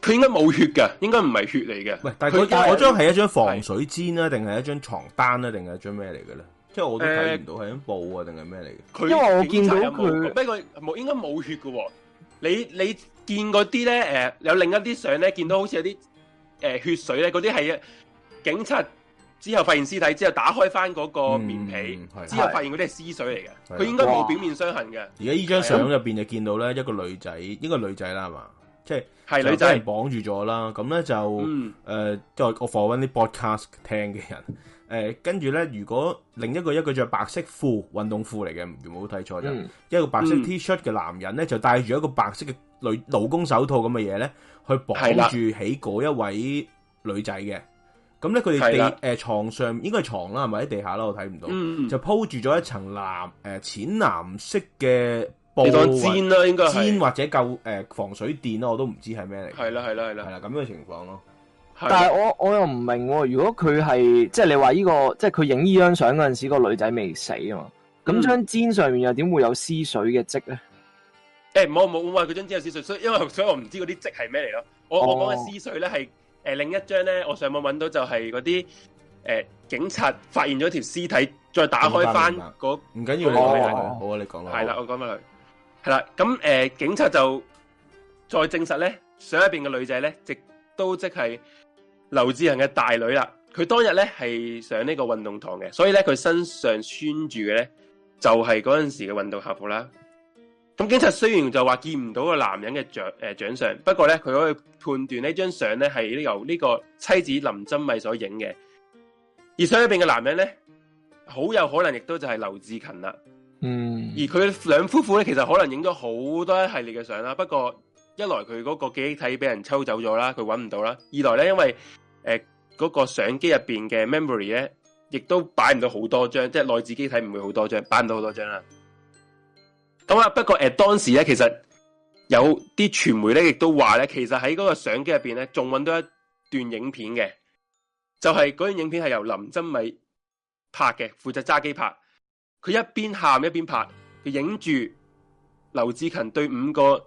佢應該冇血噶應該唔係血嚟嘅。喂，但係佢我張係一張防水氈呀，定係一張床單呀，定係一張咩嚟嘅咧？即係我都睇唔到係張布啊，定係咩嚟嘅？因為我見到佢，不過冇應該冇血噶。你你見嗰啲咧，誒、呃、有另一啲相咧，見到好似有啲誒、呃、血水咧，嗰啲係警察之後發現屍體之後打開翻嗰個棉被，嗯、之後發現嗰啲係屍水嚟嘅，佢的應該冇表面傷痕嘅。而家依張相入邊就見到咧一個女仔，應該、嗯、女仔啦，係嘛，即係女仔俾人綁住咗啦。咁咧的就誒，即係、嗯呃、我 follow 翻啲 podcast 聽嘅人。誒、呃，跟住咧，如果另一個一個着白色褲、運動褲嚟嘅，如果冇睇錯就、嗯、一個白色 T-shirt 嘅男人咧，嗯、就戴住一個白色嘅女勞工手套咁嘅嘢咧，去綁住起嗰一位女仔嘅。咁咧佢哋地誒的、呃、床上應該係床啦，係咪喺地下啦？我睇唔到，嗯、就鋪住咗一層藍誒、呃、淺藍色嘅布氈啦、啊，應該氈或者夠誒、呃、防水墊啦我都唔知係咩嚟。係啦係啦係啦，係啦咁樣嘅情況咯。是但係我我又唔明，哦，如果佢係即係你話呢，這個，即係佢影呢張相嗰陣時，個女仔未死啊嘛？咁張氈上面又點會有屍水嘅跡咧？誒、欸，唔好唔好，我話佢張氈有屍水，所以因為所以我唔知嗰啲跡係咩嚟咯。我我講嘅屍水咧係誒另一張咧，我上網搵到就係嗰啲誒警察發現咗條屍體，再打開翻嗰唔緊要，你講，哦、好啊，你講啦，係啦好、啊，我講埋佢，係啦好、啊，咁誒、呃、警察就再證實咧，相入邊嘅女仔咧，直都即係。劉志恒嘅大女啦，佢當日咧係上呢個運動堂嘅，所以咧佢身上穿住嘅咧就係嗰陣時嘅運動校服啦。咁警察雖然就話見唔到個男人嘅長誒長相，不過咧佢可以判斷呢張相咧係由呢個妻子林珍媚所影嘅，而相入邊嘅男人咧好有可能亦都就係劉志勤啦。嗯，而佢兩夫婦咧其實可能影咗好多一系列嘅相啦，不過。一來佢嗰個記憶體俾人抽走咗啦，佢揾唔到啦；二來呢，因為誒嗰個相機入邊嘅 memory 呢，亦都擺唔到好多張，即係內置機體唔會好多張，擺唔到好多張啦。咁啊，不過誒當時呢，其實有啲傳媒呢，亦都話呢，其實喺嗰個相機入邊呢，仲揾到一段影片嘅，就係嗰段影片係由林珍美拍嘅，負責揸機拍，佢一邊喊一邊拍，佢影住劉志勤對五個。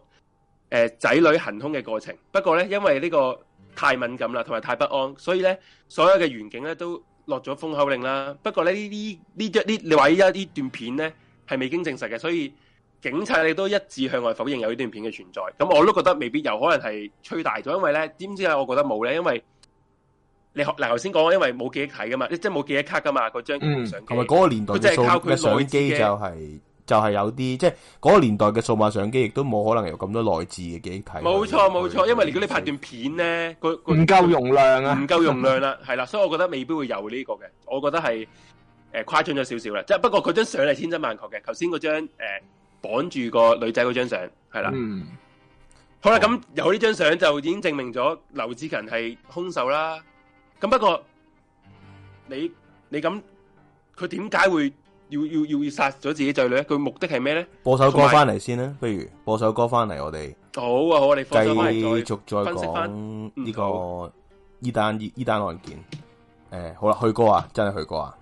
誒仔、呃、女行凶嘅過程，不過咧，因為呢個太敏感啦，同埋太不安，所以咧，所有嘅員警咧都落咗封口令啦。不過咧，呢呢呢你話依一呢段片咧係未經證實嘅，所以警察亦都一致向外否認有呢段片嘅存在。咁我都覺得未必有，可能係吹大咗。因為咧，點知啊，我覺得冇咧，因為你嗱頭先講因為冇記憶體噶嘛，即係冇記憶卡噶嘛，嗰張相嗯，同埋嗰個年代的的，佢就係靠佢內機就係、是。就係有啲即係嗰、嗰個年代嘅數碼相機，亦都冇可能有咁多內置嘅機器。冇錯冇錯，錯他因為如果你拍段片咧，佢唔夠容量啊，唔夠容量啦，係啦， (laughs) 所以我覺得未必會有呢個嘅。我覺得係誒誇張咗少少啦，即、呃、係不過嗰張相係千真萬確嘅。頭先嗰張誒綁住個女仔嗰張相係啦。嗯、好啦，咁有呢張相就已經證明咗劉志勤係凶手啦。咁不過你你咁佢點解會？要要要要殺咗自己仔女，佢目的係咩咧？播首歌翻嚟先啦，嗯、不如播首歌翻嚟，我哋好啊好啊，你繼續再講、呢個、分析翻呢、呢個呢單呢單案件。誒、欸，好啦，去歌啊，真係去歌啊！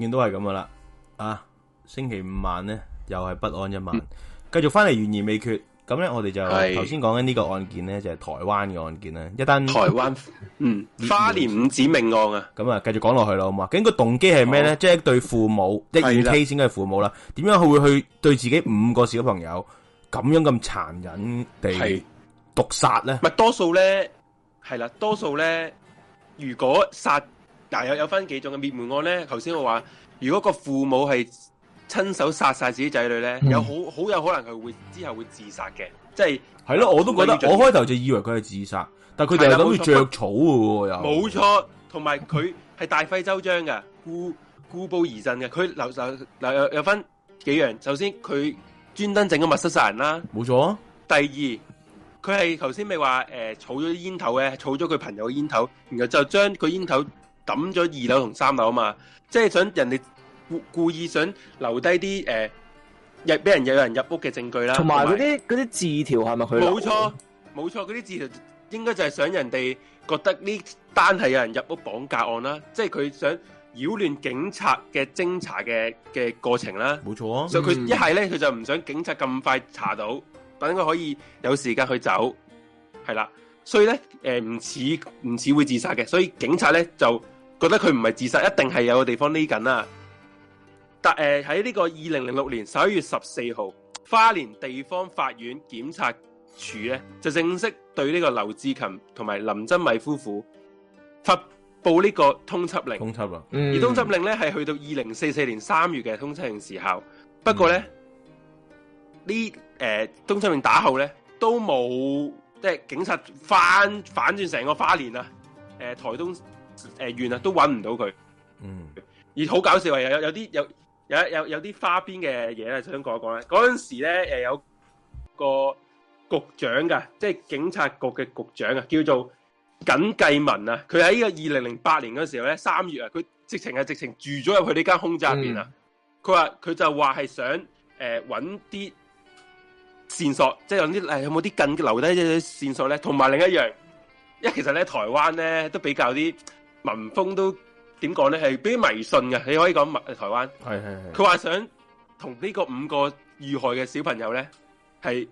件都係咁噶啦。啊，星期五晚咧又係不安一晚，嗯、繼續翻嚟懸疑未決。咁咧我哋就頭先講緊呢個案件咧就係、是、台灣嘅案件啦，一單台灣嗯 (laughs) 花蓮五子命案啊。咁啊繼續講落去啦，好嘛？咁個動機係咩咧？哦、即係對父母，即二 k 先嘅父母啦。點樣佢會去對自己五個小朋友咁樣咁殘忍地毒殺咧？係的多數咧係啦，多數咧如果殺。嗱、啊、有有分幾種嘅滅門案咧，頭先我話，如果個父母係親手殺曬自己仔女咧，有好好有可能佢會之後會自殺嘅。即係係咯，我都覺得我開頭就以為佢係自殺，但佢哋係諗住着草嘅喎，又冇錯，同埋佢係大費周章嘅，故故布疑陣嘅，佢留手，嗱有有，有分幾樣，首先佢專登整個密室殺人啦，冇錯、啊，第二佢係頭先咪話誒，儲咗啲煙頭嘅，儲咗佢朋友嘅煙頭，然後就將佢煙頭。抌咗二樓同三樓啊嘛，即係想人哋故意想留低啲誒入俾人又有人入屋嘅證據啦，同埋嗰啲啲字條係咪佢？冇錯，冇錯、哦，嗰啲字條應該就係想人哋覺得呢單係有人入屋綁架案啦，即係佢想擾亂警察嘅偵查嘅嘅過程啦。冇錯啊，所以佢一係咧佢就唔想警察咁快查到，等佢可以有時間去走，係啦。所以咧誒唔似唔似會自殺嘅，所以警察咧就。覺得佢唔係自殺，一定係有個地方匿緊啦。但誒，喺、呃、呢個二零零六年十一月十四號，花蓮地方法院檢察署咧就正式對呢個劉志勤同埋林真米夫婦發佈呢個通緝令。通緝啊！而通緝令咧係、嗯、去到二零四四年三月嘅通緝令時效，不過咧呢誒通緝令打後咧都冇，即、就、係、是、警察翻反轉成個花蓮啊！誒、呃，台東。誒，完啦都揾唔到佢。嗯，啊、而好搞笑啊！有有有啲有有有有啲花邊嘅嘢咧，想講一講咧。嗰陣時咧，誒有個局長噶，即係警察局嘅局長啊，叫做耿繼文啊。佢喺呢個二零零八年嗰時候咧，三月啊，佢直情係直情住咗入去呢間空宅入邊啊。佢話佢就話係想誒揾啲線索，即係有啲誒有冇啲近留低嘅線索咧？同埋另一樣，因為其實咧台灣咧都比較啲文峰都呢點講咧？係比迷信嘅，你可以講台灣。佢話是想同呢個五個遇害嘅小朋友咧，係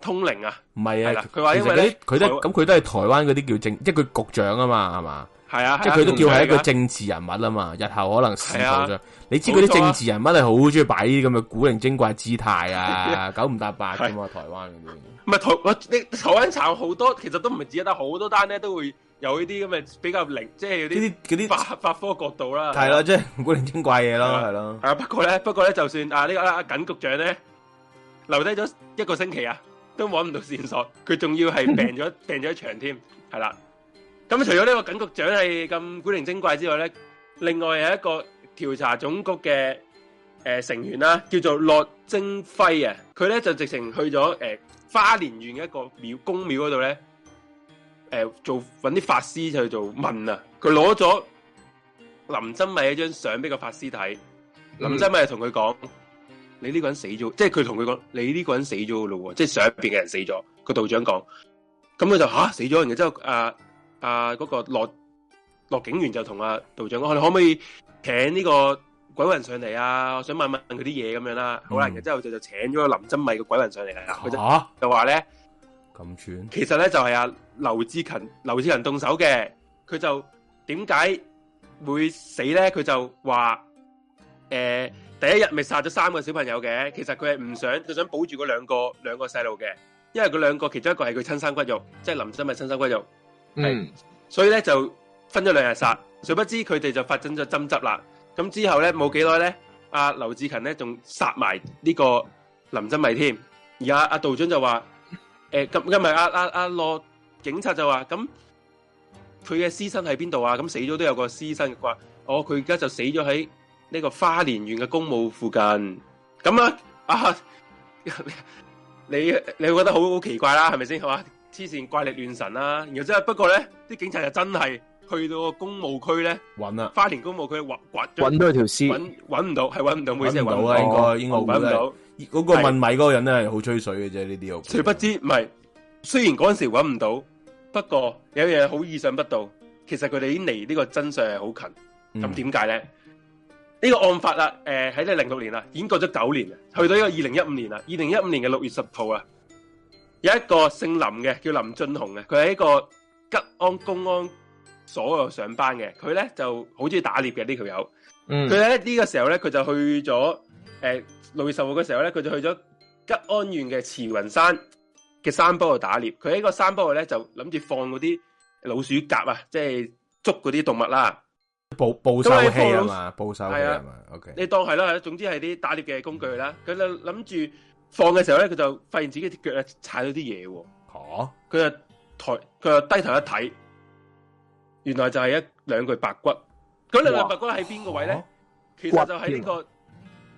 通靈啊。唔係啊，佢話因為佢都咁，佢都係台灣嗰啲叫政，即係佢局長啊嘛，係嘛？係啊，啊即係佢都叫係一個政治人物啊嘛，日後可能仕途上，啊、你知嗰啲政治人物係好中意擺啲咁嘅古靈精怪姿態啊，九唔搭八㗎嘛，啊啊、台灣嗰啲。唔係台，你台灣查好多，其實都唔係只得好多單咧都會。有呢啲咁嘅比較靈，即係嗰啲嗰啲法法科角度啦。係咯，即係古靈精怪嘢咯，係咯。係啊，不過咧，不過咧，就算啊，呢個阿緊局長咧留低咗一個星期啊，都揾唔到線索，佢仲要係病咗病咗一場添，係啦。咁除咗呢個緊局長係咁古靈精怪之外咧，另外有一個調查總局嘅誒成員啦，叫做樂晶輝啊，佢咧就直情去咗誒花蓮縣一個廟公廟嗰度咧。誒，做揾啲法師就去做問啊！佢攞咗林珍米一張相俾個法師睇，嗯、林珍米就同佢講：你呢個人死咗，即係佢同佢講你呢個人死咗嘅咯，即係相入邊嘅人死咗。個道長講，咁佢就吓死咗人嘅。然之後，阿阿嗰個落落警員就同阿道長講：你可唔可以請呢個鬼魂上嚟啊？我想問問佢啲嘢咁樣啦，嗯、好啦。然之後就就請咗個林珍米個鬼魂上嚟啦。佢就吓就話咧。啊其實咧，就係阿劉志勤劉志勤動手嘅，佢就點解會死？咧？佢就話誒，第一日咪殺咗三個小朋友嘅，其實佢係唔想，佢想保住嗰兩個兩個細路嘅，因為佢兩個其中一個係佢親生骨肉，即係林珍媚親生骨肉，係所以咧，就分咗兩日殺，殊不知佢哋就發生咗爭執啦。咁之後咧，冇幾耐咧，阿劉志勤咧仲殺埋呢個林珍媚添，而阿阿道長就話。誒，咁咁咪阿阿阿樂警察就話，咁佢嘅屍身喺邊度啊？咁死咗都有個屍身嘅啩。哦，佢而家就死咗喺呢個花蓮縣嘅公墓附近。咁、嗯、啊，啊，你你會覺得好好奇怪啦、啊，係咪先？係嘛，黐線怪力亂神啦。然後之後，不過咧，啲警察就真係去到公墓區咧，揾啦、啊。花蓮公墓區揾掘，揾到條屍，揾唔到，係揾唔到，冇即係揾唔到。應該應該揾到。嗰個問米嗰個人咧，係好是吹水嘅啫，呢啲屋，誰不知，唔係，雖然嗰陣時揾唔到，不過有嘢好意想不到。其實佢哋已經離呢個真相係好近。咁點解咧？呢，這個案發啦，誒、呃，喺咧零六年啦，已經過咗九年，去到呢個二零一五年啦，二零一五年嘅六月十號啊，有一個姓林嘅叫林俊雄嘅，佢喺一個吉安公安所有上班嘅，佢咧就好中意打獵嘅，這個嗯，呢條友。佢咧呢個時候咧，佢就去咗誒。呃六月十號嘅時候咧，佢就去咗吉安縣嘅慈雲山嘅山坡度打獵。佢喺個山坡度咧就諗住放嗰啲老鼠夾守啊，即係捉嗰啲動物啦。捕捕獸器啊嘛，捕獸器啊嘛。OK，你當係啦，總之係啲打獵嘅工具啦。佢就諗住放嘅時候咧，佢就發現自己隻腳咧踩到啲嘢喎。吓、啊，佢就抬，佢就低頭一睇，原來就係一兩具白骨。咁兩具白骨喺邊個位咧？啊、其實就喺呢個。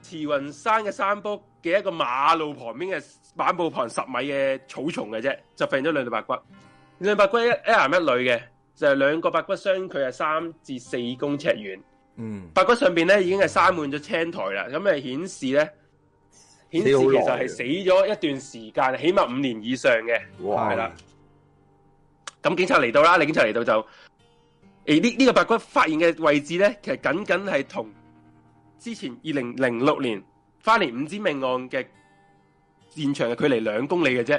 慈雲山嘅山坡嘅一個馬路旁邊嘅板布旁十米嘅草叢嘅啫，就發現咗兩對白骨，兩對白骨一男一女嘅，就係兩個白骨相距係三至四公尺遠。嗯，白骨上邊咧已經係生滿咗青苔啦，咁係顯示咧，顯示其實係死咗一段時間，起碼五年以上嘅，係啦哇。咁警察嚟到啦，你警察嚟到就誒呢呢個白骨發現嘅位置咧，其實僅僅係同。之前二零零六年花蓮五子命案嘅現場嘅距離兩公里嘅啫，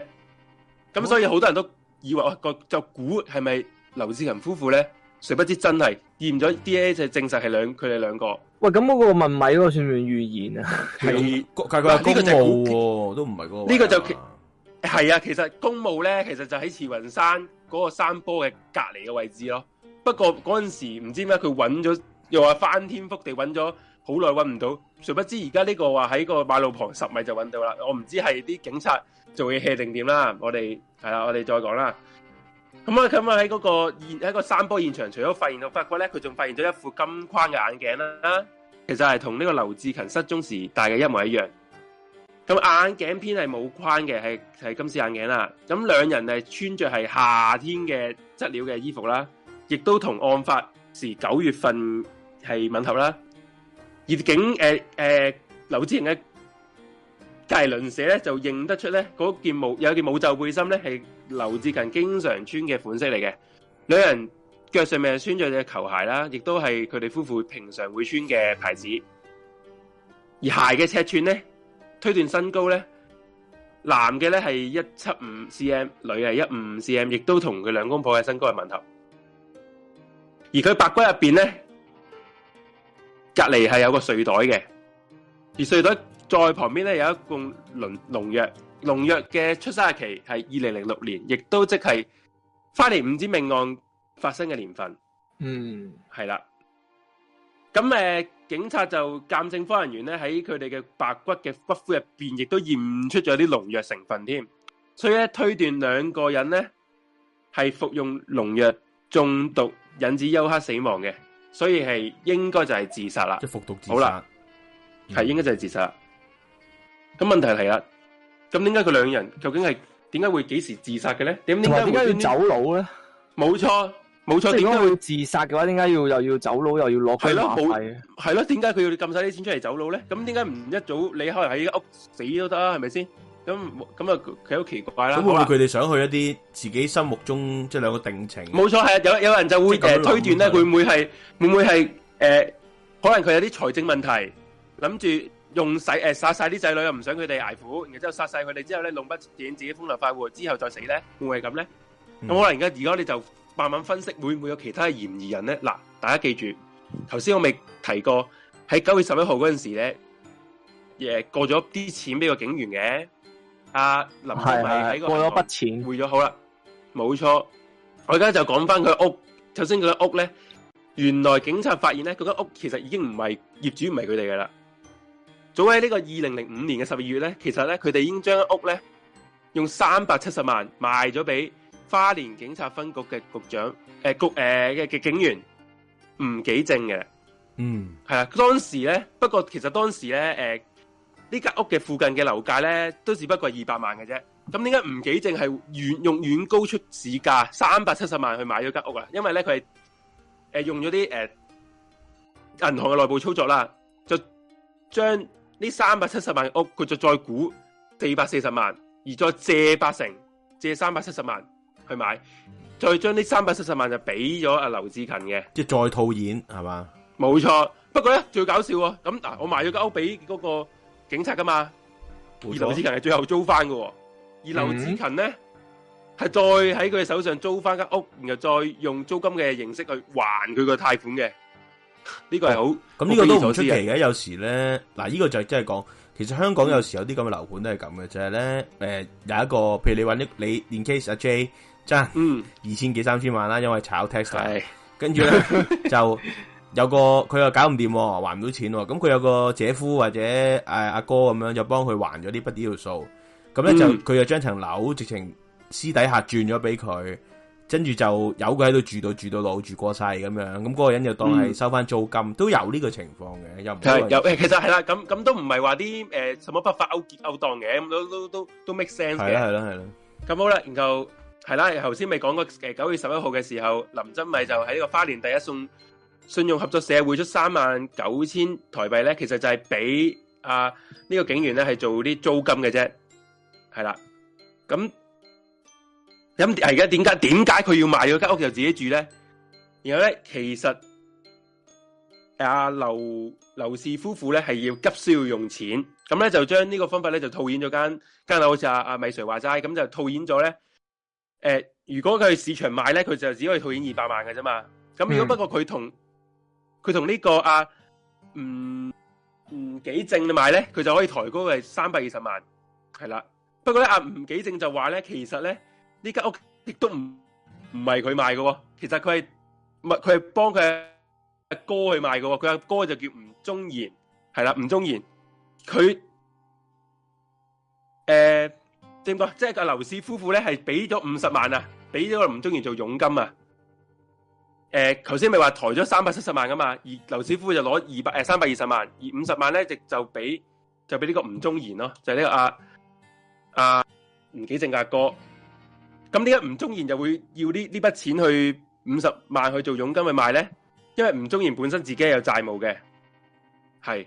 咁所以好多人都以為，喂、哎，個就估係咪劉志勤夫婦咧？誰不知真係驗咗 DNA 就證實係兩佢哋兩個。喂，咁嗰個問米嗰個算唔算預言啊？係是，呢佢話公墓喎，都唔係公。呢個就係、是、啊，其實公墓咧，其實就喺慈雲山嗰個山坡嘅隔籬嘅位置咯。不過嗰陣時唔知點解佢揾咗，又話翻天覆地揾咗。好耐揾唔到，誰不知而家呢個話喺個馬路旁十米就揾到啦。我唔知係啲警察做嘢 hea 定點啦。我哋係啦，我哋再講啦。咁啊，咁啊喺嗰個現喺個山坡現場，除咗發現到發掘咧，佢仲發現咗一副金框嘅眼鏡啦。其實係同呢個劉志勤失蹤時戴嘅一模一樣。咁眼鏡片係冇框嘅，係係金絲眼鏡啦。咁兩人係穿着係夏天嘅質料嘅衣服啦，亦都同案發時九月份係吻合啦。而竟，誒誒，劉志勤嘅隔籬鄰舍咧，就認得出咧，嗰件冇有一件冇袖背心咧，係劉志勤經常穿嘅款式嚟嘅。兩人腳上面穿著隻球鞋啦，亦都係佢哋夫婦平常會穿嘅牌子。而鞋嘅尺寸咧，推斷身高咧，男嘅咧係一七五 cm，女係一五五 cm，亦都同佢兩公婆嘅身高係吻合。而佢白骨入邊咧。隔籬係有個睡袋嘅，而睡袋再旁邊咧，有一罐農農藥，農藥嘅出生日期係二零零六年，亦都即係花蓮五子命案發生嘅年份。嗯，係啦。咁誒、呃，警察就鑑證科人員咧喺佢哋嘅白骨嘅骨灰入邊，亦都驗出咗啲農藥成分添，所以咧推斷兩個人咧係服用農藥中毒，引致休克死亡嘅。所以係應該就係自殺啦，即係服毒自殺，好啦，係應該就係自殺。咁問題係啦，咁點解佢兩人究竟係點解會幾時自殺嘅咧？點點解要走佬咧？冇錯，冇錯。點解會自殺嘅話，點解要又要走佬，又要攞批牌？係咯，點解佢要撳晒啲錢出嚟走佬咧？咁點解唔一早你可能喺屋子死都得，啊，係咪先？咁咁啊，佢好奇怪啦。咁會唔會佢哋想去一啲自己心目中即係兩個定情？冇錯，係啊！有有人就會誒推斷咧，會唔會係會唔會係誒？可能佢有啲財政問題，諗住用使誒殺曬啲仔女，又唔想佢哋捱苦，然之後殺曬佢哋之後咧，攞筆錢自己風流快活，之後再死咧，會唔會係咁咧？咁可能而家而家你就慢慢分析，會唔會有其他嫌疑人咧？嗱，大家記住，頭先我未提過喺九月十一號嗰陣時咧，誒過咗啲錢俾個警員嘅。阿林，係係，賠咗筆錢，賠咗好啦，冇錯。我而家就講翻佢屋。頭先佢屋咧，原來警察發現咧，佢間屋其實已經唔係業主，唔係佢哋嘅啦。早喺呢個二零零五年嘅十二月咧，其實咧，佢哋已經將屋咧用三百七十萬賣咗俾花蓮警察分局嘅局長，誒、呃、局誒嘅、呃、警員吳幾正嘅。嗯，係啦。當時咧，不過其實當時咧，誒、呃。呢間屋嘅附近嘅樓價咧，都只不過係二百萬嘅啫。咁點解吳紀正係遠用遠高出市價三百七十萬去買咗間屋啊？因為咧，佢係誒用咗啲誒銀行嘅內部操作啦，就將呢三百七十萬嘅屋佢就再估四百四十萬，而再借八成借三百七十萬去買，再將呢三百七十萬就俾咗阿劉志勤嘅，即係再套現係嘛？冇錯，不過咧最搞笑咁嗱，我買咗間屋俾嗰、那個。警察噶嘛？而劉子勤係最後租翻噶，而劉子勤咧係、嗯、再喺佢手上租翻間屋，然後再用租金嘅形式去還佢個貸款嘅。呢、這個係好咁呢個都唔出奇嘅。的有時咧，嗱、這、呢個就真係講，其實香港有時有啲咁嘅樓盤都係咁嘅，就係咧誒有一個，譬如你揾啲你 in case 阿 J 真？嗯二千幾三千萬啦，因為炒 tax 係，跟住是 (laughs) 就。有個佢又搞唔掂，還唔到錢喎。咁佢有個姐夫或者誒阿哥咁樣就幫佢還咗啲筆數，咁咧就佢就將層樓直情私底下轉咗俾佢，跟住就由佢喺度住到住到老，住過世咁樣。咁嗰個人就當係收翻租金，都有呢個情況嘅，又唔係有誒，其實係啦，咁咁都唔係話啲誒什麼不法勾結勾當嘅，咁都都都都 make sense 嘅。係啦，係啦，係啦。咁好啦，然後係啦，頭先咪講過誒九月十一號嘅時候，林珍媚就喺個花蓮第一送，信用合作社匯出三萬九千台幣咧，其實就係俾啊呢、呢個警員咧係做啲租金嘅啫，係啦，咁咁而家點解點解佢要賣咗間屋就自己住咧？然後咧，其實阿劉劉氏夫婦咧係要急需要用錢，咁咧就將呢個方法咧就套現咗間間樓，好似阿阿米 sir 話齋咁就套現咗咧。誒、呃，如果佢去市場買咧，佢就只可以套現二百萬嘅啫嘛。咁如果不過佢同，佢同呢個阿吳吳紀正嚟賣咧，佢就可以抬高佢係三百二十萬，係啦。不過咧阿吳紀正就話咧，其實咧呢間屋亦都唔唔係佢賣嘅，其實佢係唔係佢係幫佢阿哥去賣嘅，佢阿哥就叫吳中賢，係啦，吳中賢佢誒點講，即係阿劉氏夫婦咧係俾咗五十萬啊，俾咗吳中賢做佣金啊。誒，頭先咪話抬咗三百七十萬噶嘛？而劉師傅就攞二百誒三百二十萬，而五十萬咧，亦就俾就俾呢個吳宗賢咯，就係呢個阿阿吳紀正嘅阿哥。咁點解吳宗賢就會要呢呢筆錢去五十萬去做佣金去賣咧，因為吳宗賢本身自己有債務嘅，係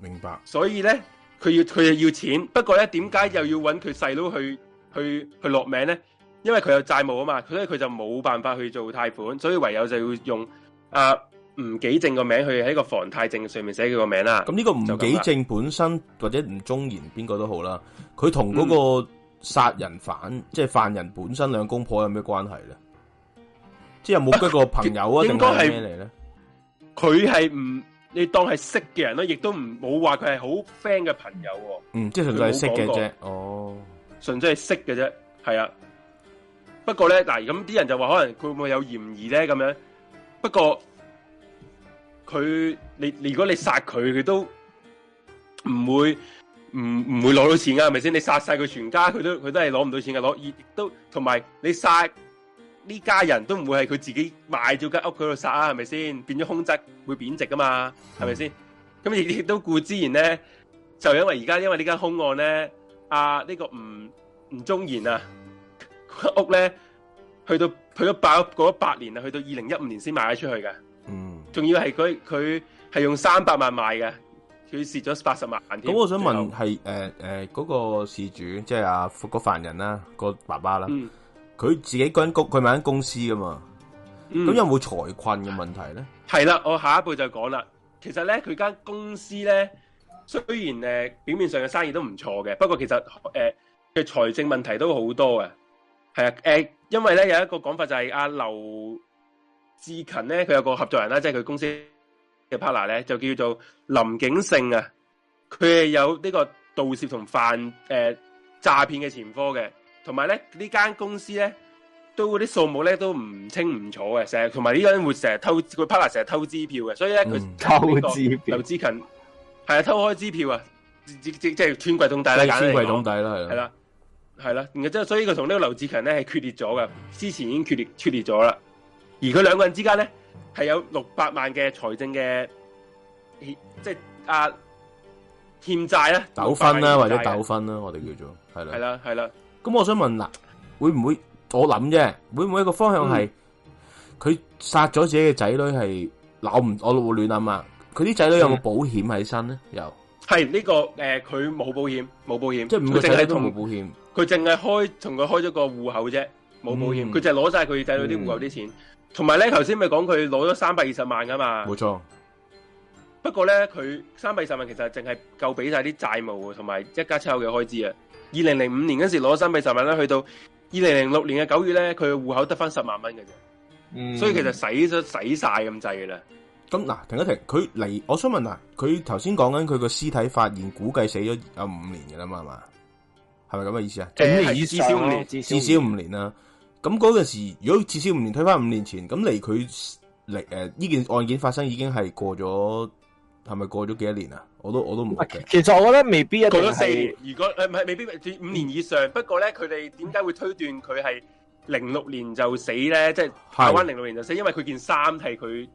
明白。所以咧，佢要佢又要錢，不過咧，點解又要揾佢細佬去去去落名咧？因為佢有債務啊嘛，所以佢就冇辦法去做貸款，所以唯有就要用阿吳紀正個名去喺個房貸證上面寫佢個名啦。咁呢個吳紀正本身或者吳忠賢邊個都好啦，佢同嗰個殺人犯，嗯、即係犯人本身兩公婆有咩關係咧？即係有冇一個朋友啊，定係咩嚟？咧？佢係唔你當係識嘅人咯，亦都唔冇話佢係好 friend 嘅朋友，的朋友，啊。嗯，即係純粹係識嘅啫。哦，純粹係識嘅啫。係啊。不過咧，嗱，咁啲人就話可能佢會唔會有嫌疑咧，咁樣。不過佢你，你如果你殺佢，佢都唔會唔唔會攞到錢啊，係咪先？你殺晒佢全家，佢都佢都係攞唔到錢嘅。攞亦都同埋你殺呢家人都唔會係佢自己買咗間屋佢度殺啊，係咪先？變咗空宅會貶值噶嘛，係咪先？咁亦都固之然咧，就因為而家因為呢間凶案咧，啊，呢個吳吳宗賢啊。屋咧，去到去咗八嗰八年啦，去到二零一五年先賣咗出去嘅。嗯，仲要係佢佢係用三百萬賣嘅，佢蝕咗八十萬。咁我想問係誒誒嗰個事主，即係阿福個犯人啦，個爸爸啦，佢、嗯、自己間、嗰、屋、個，佢買間公司㗎嘛，咁、嗯、有冇財困嘅問題咧？係啦、嗯，我下一步就講啦。其實咧，佢間公司咧，雖然誒表面上嘅生意都唔錯嘅，不過其實誒嘅財政問題都好多嘅。係啊，誒，因為咧有一個講法就係阿劉志勤咧，佢有一個合作人啦、啊，即係佢公司嘅 partner 咧，就叫做林景勝啊。佢係有、呃、有呢個盜竊同犯誒詐騙嘅前科嘅，同埋咧呢間公司咧，都嗰啲數目咧都唔清唔楚嘅，成日同埋呢間會成日偷佢 partner 成日偷支票嘅，所以咧佢、嗯、偷支票。劉志勤係啊，偷開支票啊，即即即係穿櫃桶底啦、啊，穿櫃桶底啦，係啦。係啦，然後所以佢同呢個劉志強咧係決裂咗㗎，之前已經決裂決裂咗啦。而佢兩個人之間咧係有六百萬嘅財政嘅欠，即係、啊、阿欠債啦、糾紛啦或者糾紛啦，我哋叫做係啦，係啦，係啦。咁我想問啦，會唔會我諗啫？會唔會一個方向係佢殺咗自己嘅仔女係？嗱，我唔我亂諗啊。佢啲仔女有冇保險喺身咧？是的有。係呢、呢個誒，佢、呃、冇保險，冇保險，即係五個仔女都冇保險。佢淨係開同佢開咗個戶口啫，冇保險。佢就係攞晒佢仔女啲戶口啲錢，同埋咧頭先咪講佢攞咗三百二十萬噶嘛。冇錯錯。不過咧，佢三百二十萬其實淨係夠俾晒啲債務同埋一家七口嘅開支啊。二零零五年嗰時攞三百二十萬咧，去到二零零六年嘅九月咧，佢戶口得翻十萬蚊嘅啫。嗯、所以其實使咗使晒咁嘅啦。咁嗱，停一停，佢嚟，我想問下，佢頭先講緊佢個屍體發現估計死咗有五年嘅啦嘛嘛。係咁嘅意思啊？至少五年，至少五年啦。咁嗰陣時，如果至少五年推返五年前，咁嚟佢嚟，誒呢件案件發生已經係過咗，係咪過咗幾多年啊？我都我都唔其實我覺得未必一過咗四年，如果誒唔係未必五年以上。不過咧，佢哋點解會推斷佢係零六年就死咧？即係台灣零六年就死，是因為佢件衫係佢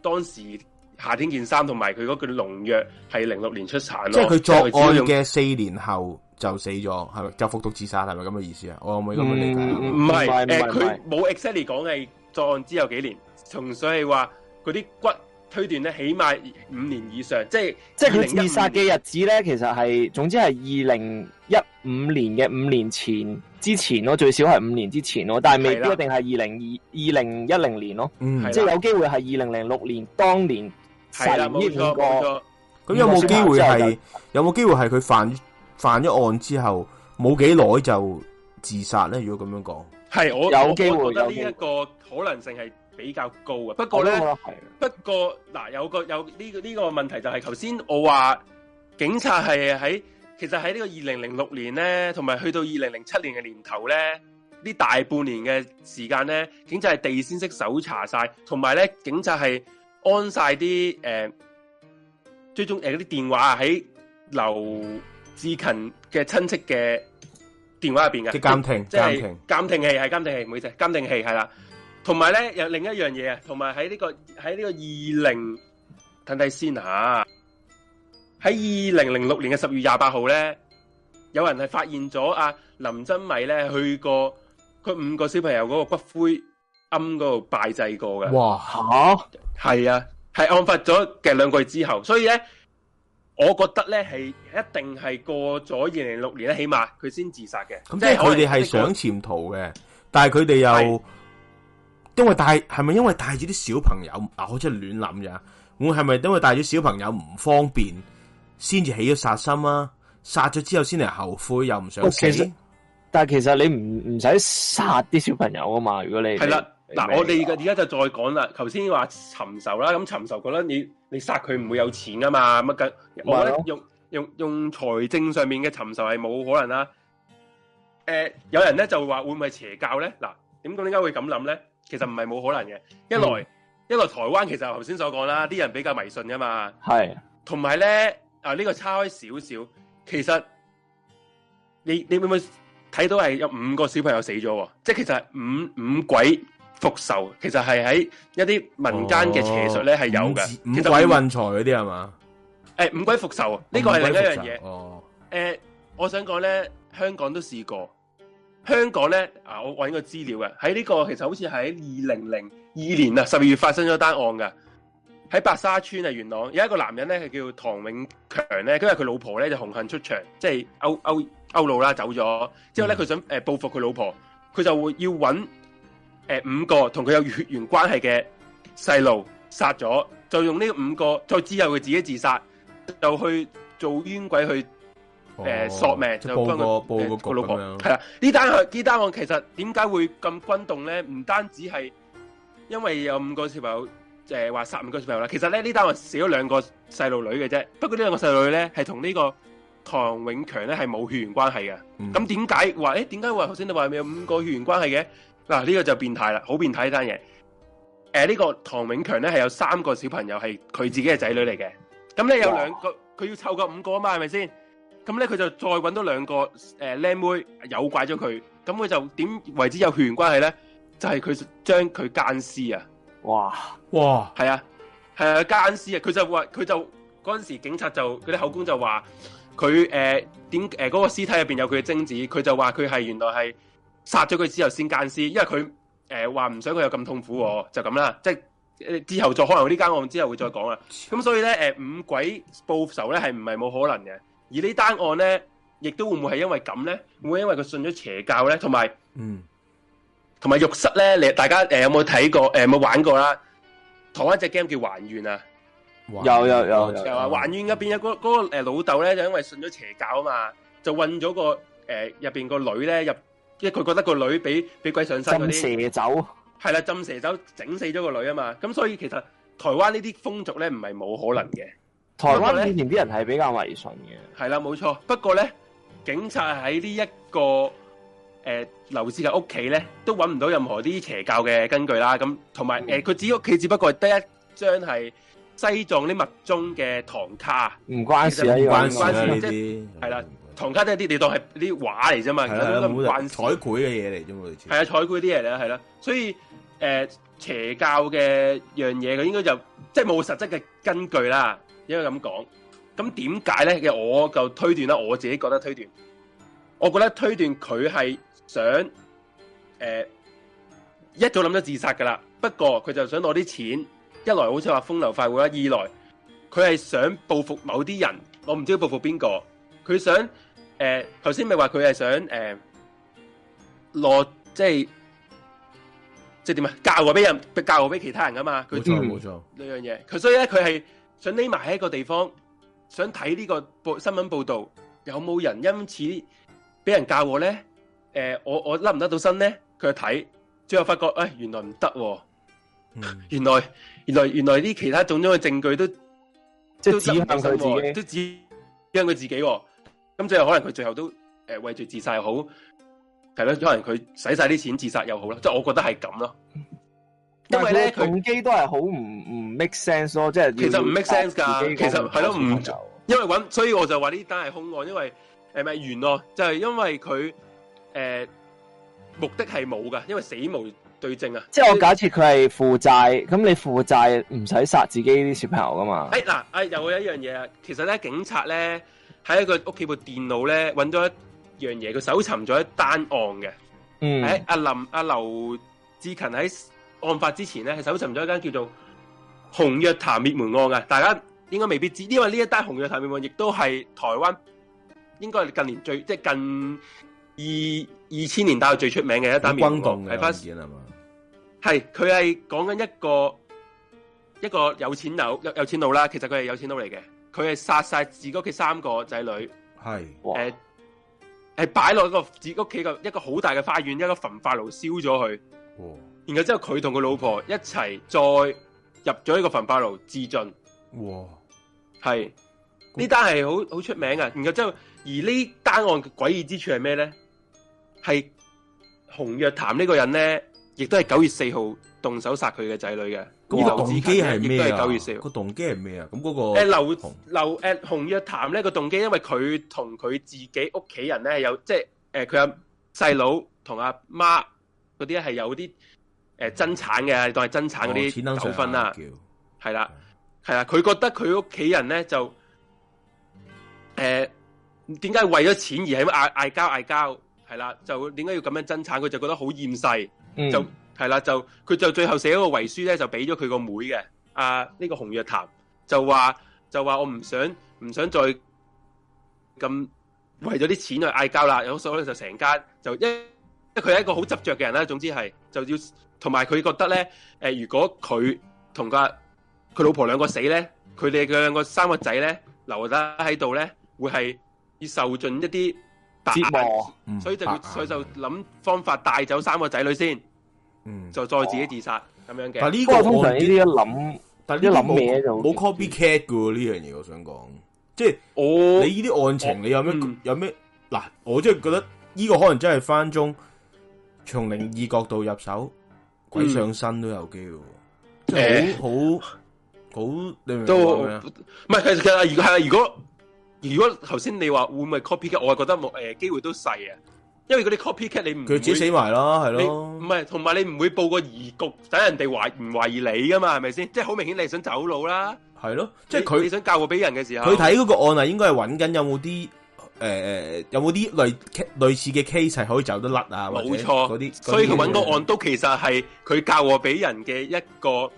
當時夏天件衫，同埋佢嗰個農藥係零六年出產咯。即係佢作案嘅四年後。就死咗係咪？就服毒自殺係咪咁嘅意思啊？我可唔可以咁樣理解？唔唔係，誒，佢冇吧、呃、exactly 講係作案之後幾年，從所以話嗰啲骨推斷咧，起碼五年以上，即係即係佢自殺嘅日子咧，其實係總之係二零一五年嘅五年前之前咯，最少係五年之前咯，但係未必一定係二零二二零一零年咯，了即係有機會係二零零六年當年十億個，咁有冇機會係了有冇機會係佢犯？犯咗案之後，冇幾耐就自殺咧。如果咁樣講，係我有機會我覺得呢一個可能性係比較高嘅。不過咧，不過嗱，有個有呢、呢個呢、呢個問題就係，頭先我話警察係喺，其實喺呢個二零零六年咧，同埋去到二零零七年嘅年頭咧，呢大半年嘅時間咧，警察係地先式搜查晒，同埋咧，警察係安晒啲誒追蹤誒嗰啲電話喺留。志勤嘅親戚嘅電話入邊嘅即係監聽，監聽，監聽器係監聽器，唔好意思，監聽器係啦。同埋咧，有另一樣嘢啊。同埋喺呢個喺呢個二零，睇睇先嚇。喺二零零六年嘅十月廿八號咧，有人係發現咗阿、啊、林真米咧去過佢五個小朋友嗰個骨灰庵嗰度拜祭過嘅。哇嚇！係啊，係案發咗嘅兩個月之後，所以咧。我覺得咧係一定係過咗二零六年咧，起碼佢先自殺嘅。咁即係佢哋係想潛逃嘅，的但係佢哋又的因為帶係咪因為帶住啲小朋友，我真似亂諗嘅，我係咪因為帶住小朋友唔方便，先至起咗殺心啊？殺咗之後先嚟後悔，又唔想死。其實，但係其實你唔唔使殺啲小朋友啊嘛？如果你係啦。嗱，我哋而家就再講啦。頭先話尋仇啦，咁尋仇覺得你你殺佢唔會有錢噶嘛？乜咁？我覺得用用用財政上面嘅尋仇係冇可能啦。誒、呃，有人咧就說會話會唔會邪教咧？嗱，點解點解會咁諗咧？其實唔係冇可能嘅。一來、嗯、一來，台灣其實頭先所講啦，啲人比較迷信噶嘛。係是。同埋咧，啊呢、這個差開少少，其實你你會唔會睇到係有五個小朋友死咗？即係其實係五五鬼。復仇其實係喺一啲民間嘅邪術咧，係有嘅五，五鬼運財嗰啲係嘛？誒、欸，五鬼復仇呢個係另一樣嘢。誒、哦欸，我想講咧，香港都試過，香港咧啊，我揾個資料嘅喺呢個，其實好似喺二零零二年啊十二月發生咗單案噶，喺白沙村啊元朗，有一個男人咧係叫唐永強咧，因為佢老婆咧就紅杏出牆，即係勾勾勾路啦走咗，之後咧佢、嗯、想誒、呃、報復佢老婆，佢就會要揾。誒、呃，五個同佢有血緣關係嘅細路殺咗，就用呢五個再之後佢自己自殺，就去做冤鬼去誒、呃、索命，哦、就幫個幫、呃、個老婆。係啦樣，呢單呢單案其實點解會咁轟動咧？唔單止係因為有五個小朋友誒話殺五個小朋友啦，其實咧呢這單案少咗兩個細路女嘅啫。不過這兩呢兩個細路女咧係同呢個唐永強咧係冇血緣關係嘅。咁點解話？誒，點解話頭先你話有，有五個血緣關係嘅？嗱，呢、啊這個就變態啦，好變態呢單嘢。誒、呃，呢、這個唐永強咧係有三個小朋友係佢自己嘅仔女嚟嘅，咁咧有兩個佢哇要湊個五個啊嘛，係咪先？咁咧佢就再搵到兩個誒靚、呃、妹，誘拐咗佢，咁佢就點為之有血緣關係咧？就係佢將佢奸屍啊！哇哇，係啊係啊，奸屍啊！佢就話佢就嗰陣時警察就佢啲口供就話佢誒點誒嗰、呃那個屍體入邊有佢嘅精子，佢就話佢係原來係。殺咗佢之後先奸屍，因為佢誒話唔想佢有咁痛苦，嗯、就咁啦，即係之後再可能呢單案之後會再講啦。咁所以咧，誒、呃、五鬼報仇咧係唔係冇可能嘅，而這呢單案咧，亦都會唔會係因為咁咧？會唔會因為佢信咗邪教咧？同埋，嗯，同埋浴室咧，你大家誒、呃、有冇睇過？誒、呃、有冇玩過啦？同一隻 game 叫還願啊，有有有有，有有有有有就還願入邊，一、嗯，那個嗰、那個誒老豆咧就因為信咗邪教啊嘛，就困咗個誒入邊個女咧入。因為佢覺得個女俾俾鬼上身嗰啲，浸蛇酒係啦，浸蛇酒整死咗個女啊嘛！咁所以其實台灣呢啲風俗咧，唔係冇可能嘅。台灣灣 呢邊啲人係比較迷信嘅。係啦，冇錯。不過咧，警察、喺、這個、呃、呢一個誒劉氏嘅屋企咧，都揾唔到任何啲邪教嘅根據啦。咁同埋誒，佢、呃、自己屋企只不過係得一張係西藏啲密宗嘅唐卡，唔關事、啊，唔關事、啊，係啦。即些唐卡都係啲，你當係啲畫嚟啫嘛，係啊的，彩繪嘅嘢嚟啫嘛，係啊，彩繪啲嘢嚟啦，係啦，所以誒、呃、邪教嘅樣嘢，佢應該就即係冇實質嘅根據啦，應該咁講。咁點解咧？其實我就推斷啦，我自己覺得推斷，我覺得推斷佢係想誒、呃、一早諗咗自殺噶啦，不過佢就想攞啲錢，一來好似話風流快活，二來佢係想報復某啲人，我唔知佢報復邊個，佢想。誒，頭先咪話佢係想誒、呃，落即係即係點啊？教我俾人，教我俾其他人噶嘛？冇錯錯，冇錯呢樣嘢。佢、嗯、所以咧，佢係想匿埋喺一個地方，想睇呢個報新聞報道有冇人因此俾人教我咧？誒、呃，我我甩唔得到身咧？佢去睇最後發覺，誒、哎，原來唔得、啊嗯 (laughs) 原來原來原來啲其他種種嘅證據都即係指向佢自己，都指向佢自己、啊。咁即係可能佢最後都誒、呃、畏罪自殺又好，係咯，可能佢使晒啲錢自殺又好啦，即係我覺得係咁咯。因為咧，佢動機都係好唔唔 make sense 咯，即係其實唔 make sense 噶，其實係咯，唔因為搵，所以我就話呢單係凶案，因為誒咪完咯，就係、是、因為佢誒、呃、目的係冇噶，因為死無對證啊。即係我假設佢係負債，咁你負債唔使殺自己啲小朋友噶嘛？誒嗱、哎，誒又、哎、有一樣嘢啊，其實咧警察咧。喺一個屋企部電腦咧，揾到一樣嘢，佢搜尋咗一單案嘅。喺、嗯、阿林阿劉志勤喺案發之前咧，係搜尋咗一單叫做洪若潭滅門案嘅。大家應該未必知道，因為呢一單洪若潭滅門案亦都係台灣應該係近年最即係近二二千年代最出名嘅一單轟動嘅事件啊嘛。係佢係講緊一個一個有錢佬有有錢佬啦，其實佢係有錢佬嚟嘅。佢係殺晒自己屋企三個仔女，係誒係擺落個自己屋企個一個好大嘅花園，一個焚化爐燒咗佢，然後之後佢同佢老婆一齊再入咗呢個焚化爐自盡，哇！係呢單係好好出名啊！然後之後而呢單案嘅詭異之處係咩咧？係洪若潭呢個人咧，亦都係九月四號動手殺佢嘅仔女嘅。呢嘩個動機係咩啊？係九月四個動機係咩啊？咁嗰個誒洪誒洪若潭咧，那個動機，因為佢同佢自己屋企人咧有即係誒佢阿細佬同阿媽嗰啲係有啲誒，呃，爭產嘅，當係爭產嗰啲糾紛啦，係啦，哦，係啦，佢覺得佢屋企人咧就誒點解為咗錢而喺度嗌嗌交嗌交，係啦，就點解要咁樣爭產，佢就覺得好厭世，嗯，就。係啦，就佢就最後寫咗個遺書咧，就俾咗佢個妹嘅。啊，呢、這個洪若潭就話就話，我唔想唔想再咁為咗啲錢去嗌交啦。咁所以就成家就一，因為佢係一個好執着嘅人啦。總之係就要同埋佢覺得咧，誒、呃，如果佢同個佢老婆兩個死咧，佢哋嘅兩個三個仔咧留得喺度咧，會係要受盡一啲折磨，嗯、所以就佢暗就諗方法帶走三個仔女先。嗯，就再自己自殺咁樣嘅。但呢個通常呢啲諗，但呢諗嘢就冇 copycat 嘅呢樣嘢。我想講，即係我你呢啲案情，你有咩有咩？嗱，我真係覺得呢個可能真係翻中，從靈異角度入手，鬼上身都有機會嘅，即係好好好，你明唔明講咩啊？唔係其實其實如果係如果如果頭先你話會唔會 copycat，我係覺得冇誒機會都細啊。因為嗰啲 copycat 你唔佢自己死埋咯，係咯，唔係同埋你唔會報個疑局疑，等人哋懷唔懷疑你噶嘛，係咪先？即係好明顯你想走佬啦，係咯的，你即係佢想教我俾人嘅時候，佢睇嗰個案該有有、呃、有有啊，應該係揾緊有冇啲誒，有冇啲類類似嘅 case 可以走得甩啊，冇錯嗰啲，所以佢揾個案都其實係佢教我俾人嘅一個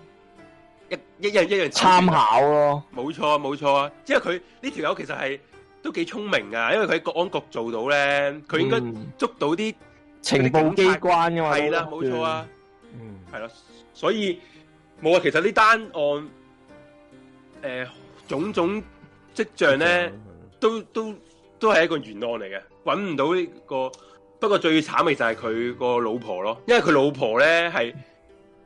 一一樣一樣參考咯，冇錯冇錯，即係佢呢條友其實係。都幾聰明噶，因為佢喺國安局做到咧，佢應該捉到啲情報機關噶嘛，係啦，冇錯啊，嗯，係咯，所以冇啊，其實呢單案誒種種跡象咧，都都都係一個懸案嚟嘅，揾唔到呢個。不過最慘嘅就係佢個老婆咯，因為佢老婆咧係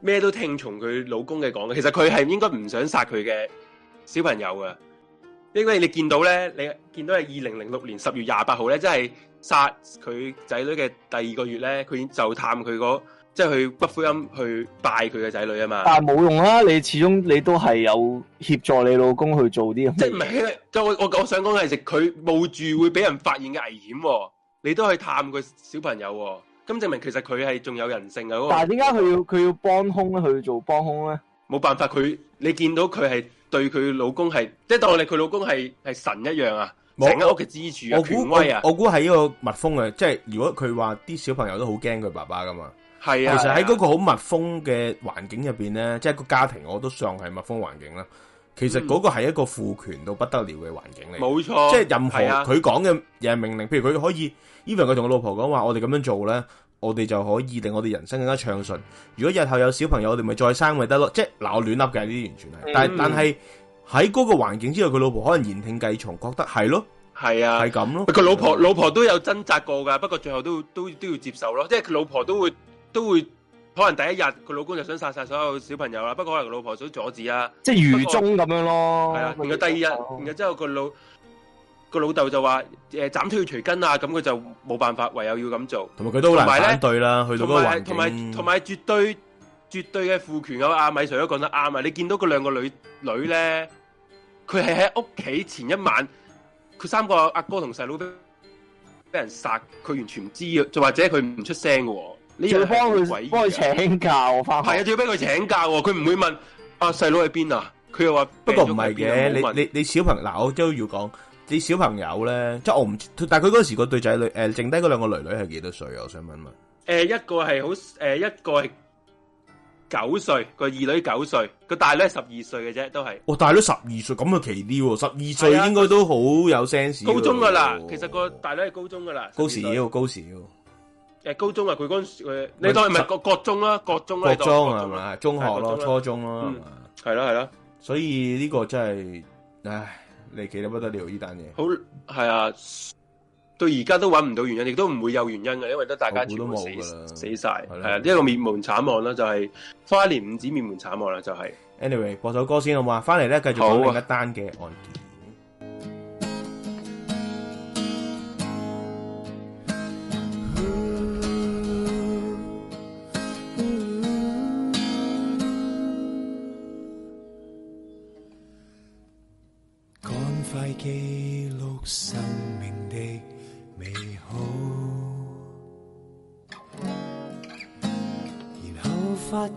咩都聽從佢老公嘅講嘅，其實佢係應該唔想殺佢嘅小朋友噶。因為你見到咧，你見到係二零零六年十月廿八號咧，即係殺佢仔女嘅第二個月咧，佢已經就探佢嗰，即係去骨灰龕去拜佢嘅仔女啊嘛。但係冇用啦、啊，你始終你都係有協助你老公去做啲。即係唔係咧？就我我想講嘅係食佢冒住會俾人發現嘅危險、哦，你都去探佢小朋友、哦。咁證明其實佢係仲有人性嘅。但係點解佢要佢要幫凶咧？去做幫凶咧？冇辦法佢。你見到佢係對佢老公係，即係當我哋佢老公係係神一樣啊！成間有屋嘅支柱啊，我猜權威啊！我估係呢個密封嘅，即係如果佢話啲小朋友都好驚佢爸爸噶嘛，係啊！其實喺嗰個好密封嘅環境入面咧，即係、啊、個家庭我都尚係密封環境啦。嗯、其實嗰個係一個父權到不得了嘅環境嚟，冇錯。即係任何佢講嘅嘢係命令，譬如佢可以，even 佢同佢老婆講話，我哋咁樣做咧。我哋就可以令我哋人生更加暢順。如果日後有小朋友，我哋咪再生咪得咯。即係鬧亂笠嘅呢啲完全係、嗯。但係但係喺嗰個環境之後，佢老婆可能言聽計從，覺得係咯，係啊，係咁咯。佢老婆的老婆都有掙扎過噶，不過最後都都都要接受咯。即係佢老婆都會都會可能第一日佢老公就想殺晒所有小朋友啦，不過可能佢老婆想阻止啊，即係愚忠咁過樣咯。係啊的，的然後第二日，婆然後之後佢老。個老豆就話：誒，斬腿要除根啊！咁佢就冇辦法，唯有要咁做。同埋佢都難反對啦，去到嗰度搵錢。同埋同埋同埋，絕對絕對嘅父權啊！阿米 sir 都講得啱啊，你見到嗰兩個女女咧，佢係喺屋企前一晚，佢三個阿哥同細佬俾俾人殺，佢完全唔知嘅，就或者佢唔出聲嘅。你要幫佢幫佢請假翻，係啊，仲要俾佢請假，佢唔會問阿細佬喺邊啊！佢又話不過唔係嘅，你你你小朋友，嗱我都要講。你小朋友咧，即係我唔知，但係佢嗰時個對仔女，誒，剩低嗰兩個囡囡係幾多歲啊？我想問問。誒，一個係好，誒，一個係九歲，個二女九歲，個大女係十二歲嘅啫，都係。哦，大女十二歲咁啊，奇啲喎！十二歲應該都好有 sense。高中噶啦，其實個大女係高中噶啦。高時，高時。誒，高中啊，佢嗰陣誒，你當係咪個國中啦？國中。國中係嘛？中學咯，初中咯係嘛？係咯係咯，所以呢個真係，唉。你企得不得了，呢單嘢好係啊，到而家都揾唔到原因，亦都唔會有原因嘅，因為得大家死都部死晒光，係啊，一個滅門慘案啦，就是，就係花蓮五子滅門慘案啦，就是，就係。Anyway，播首歌先好嘛，翻嚟咧，繼續講另一單嘅案件。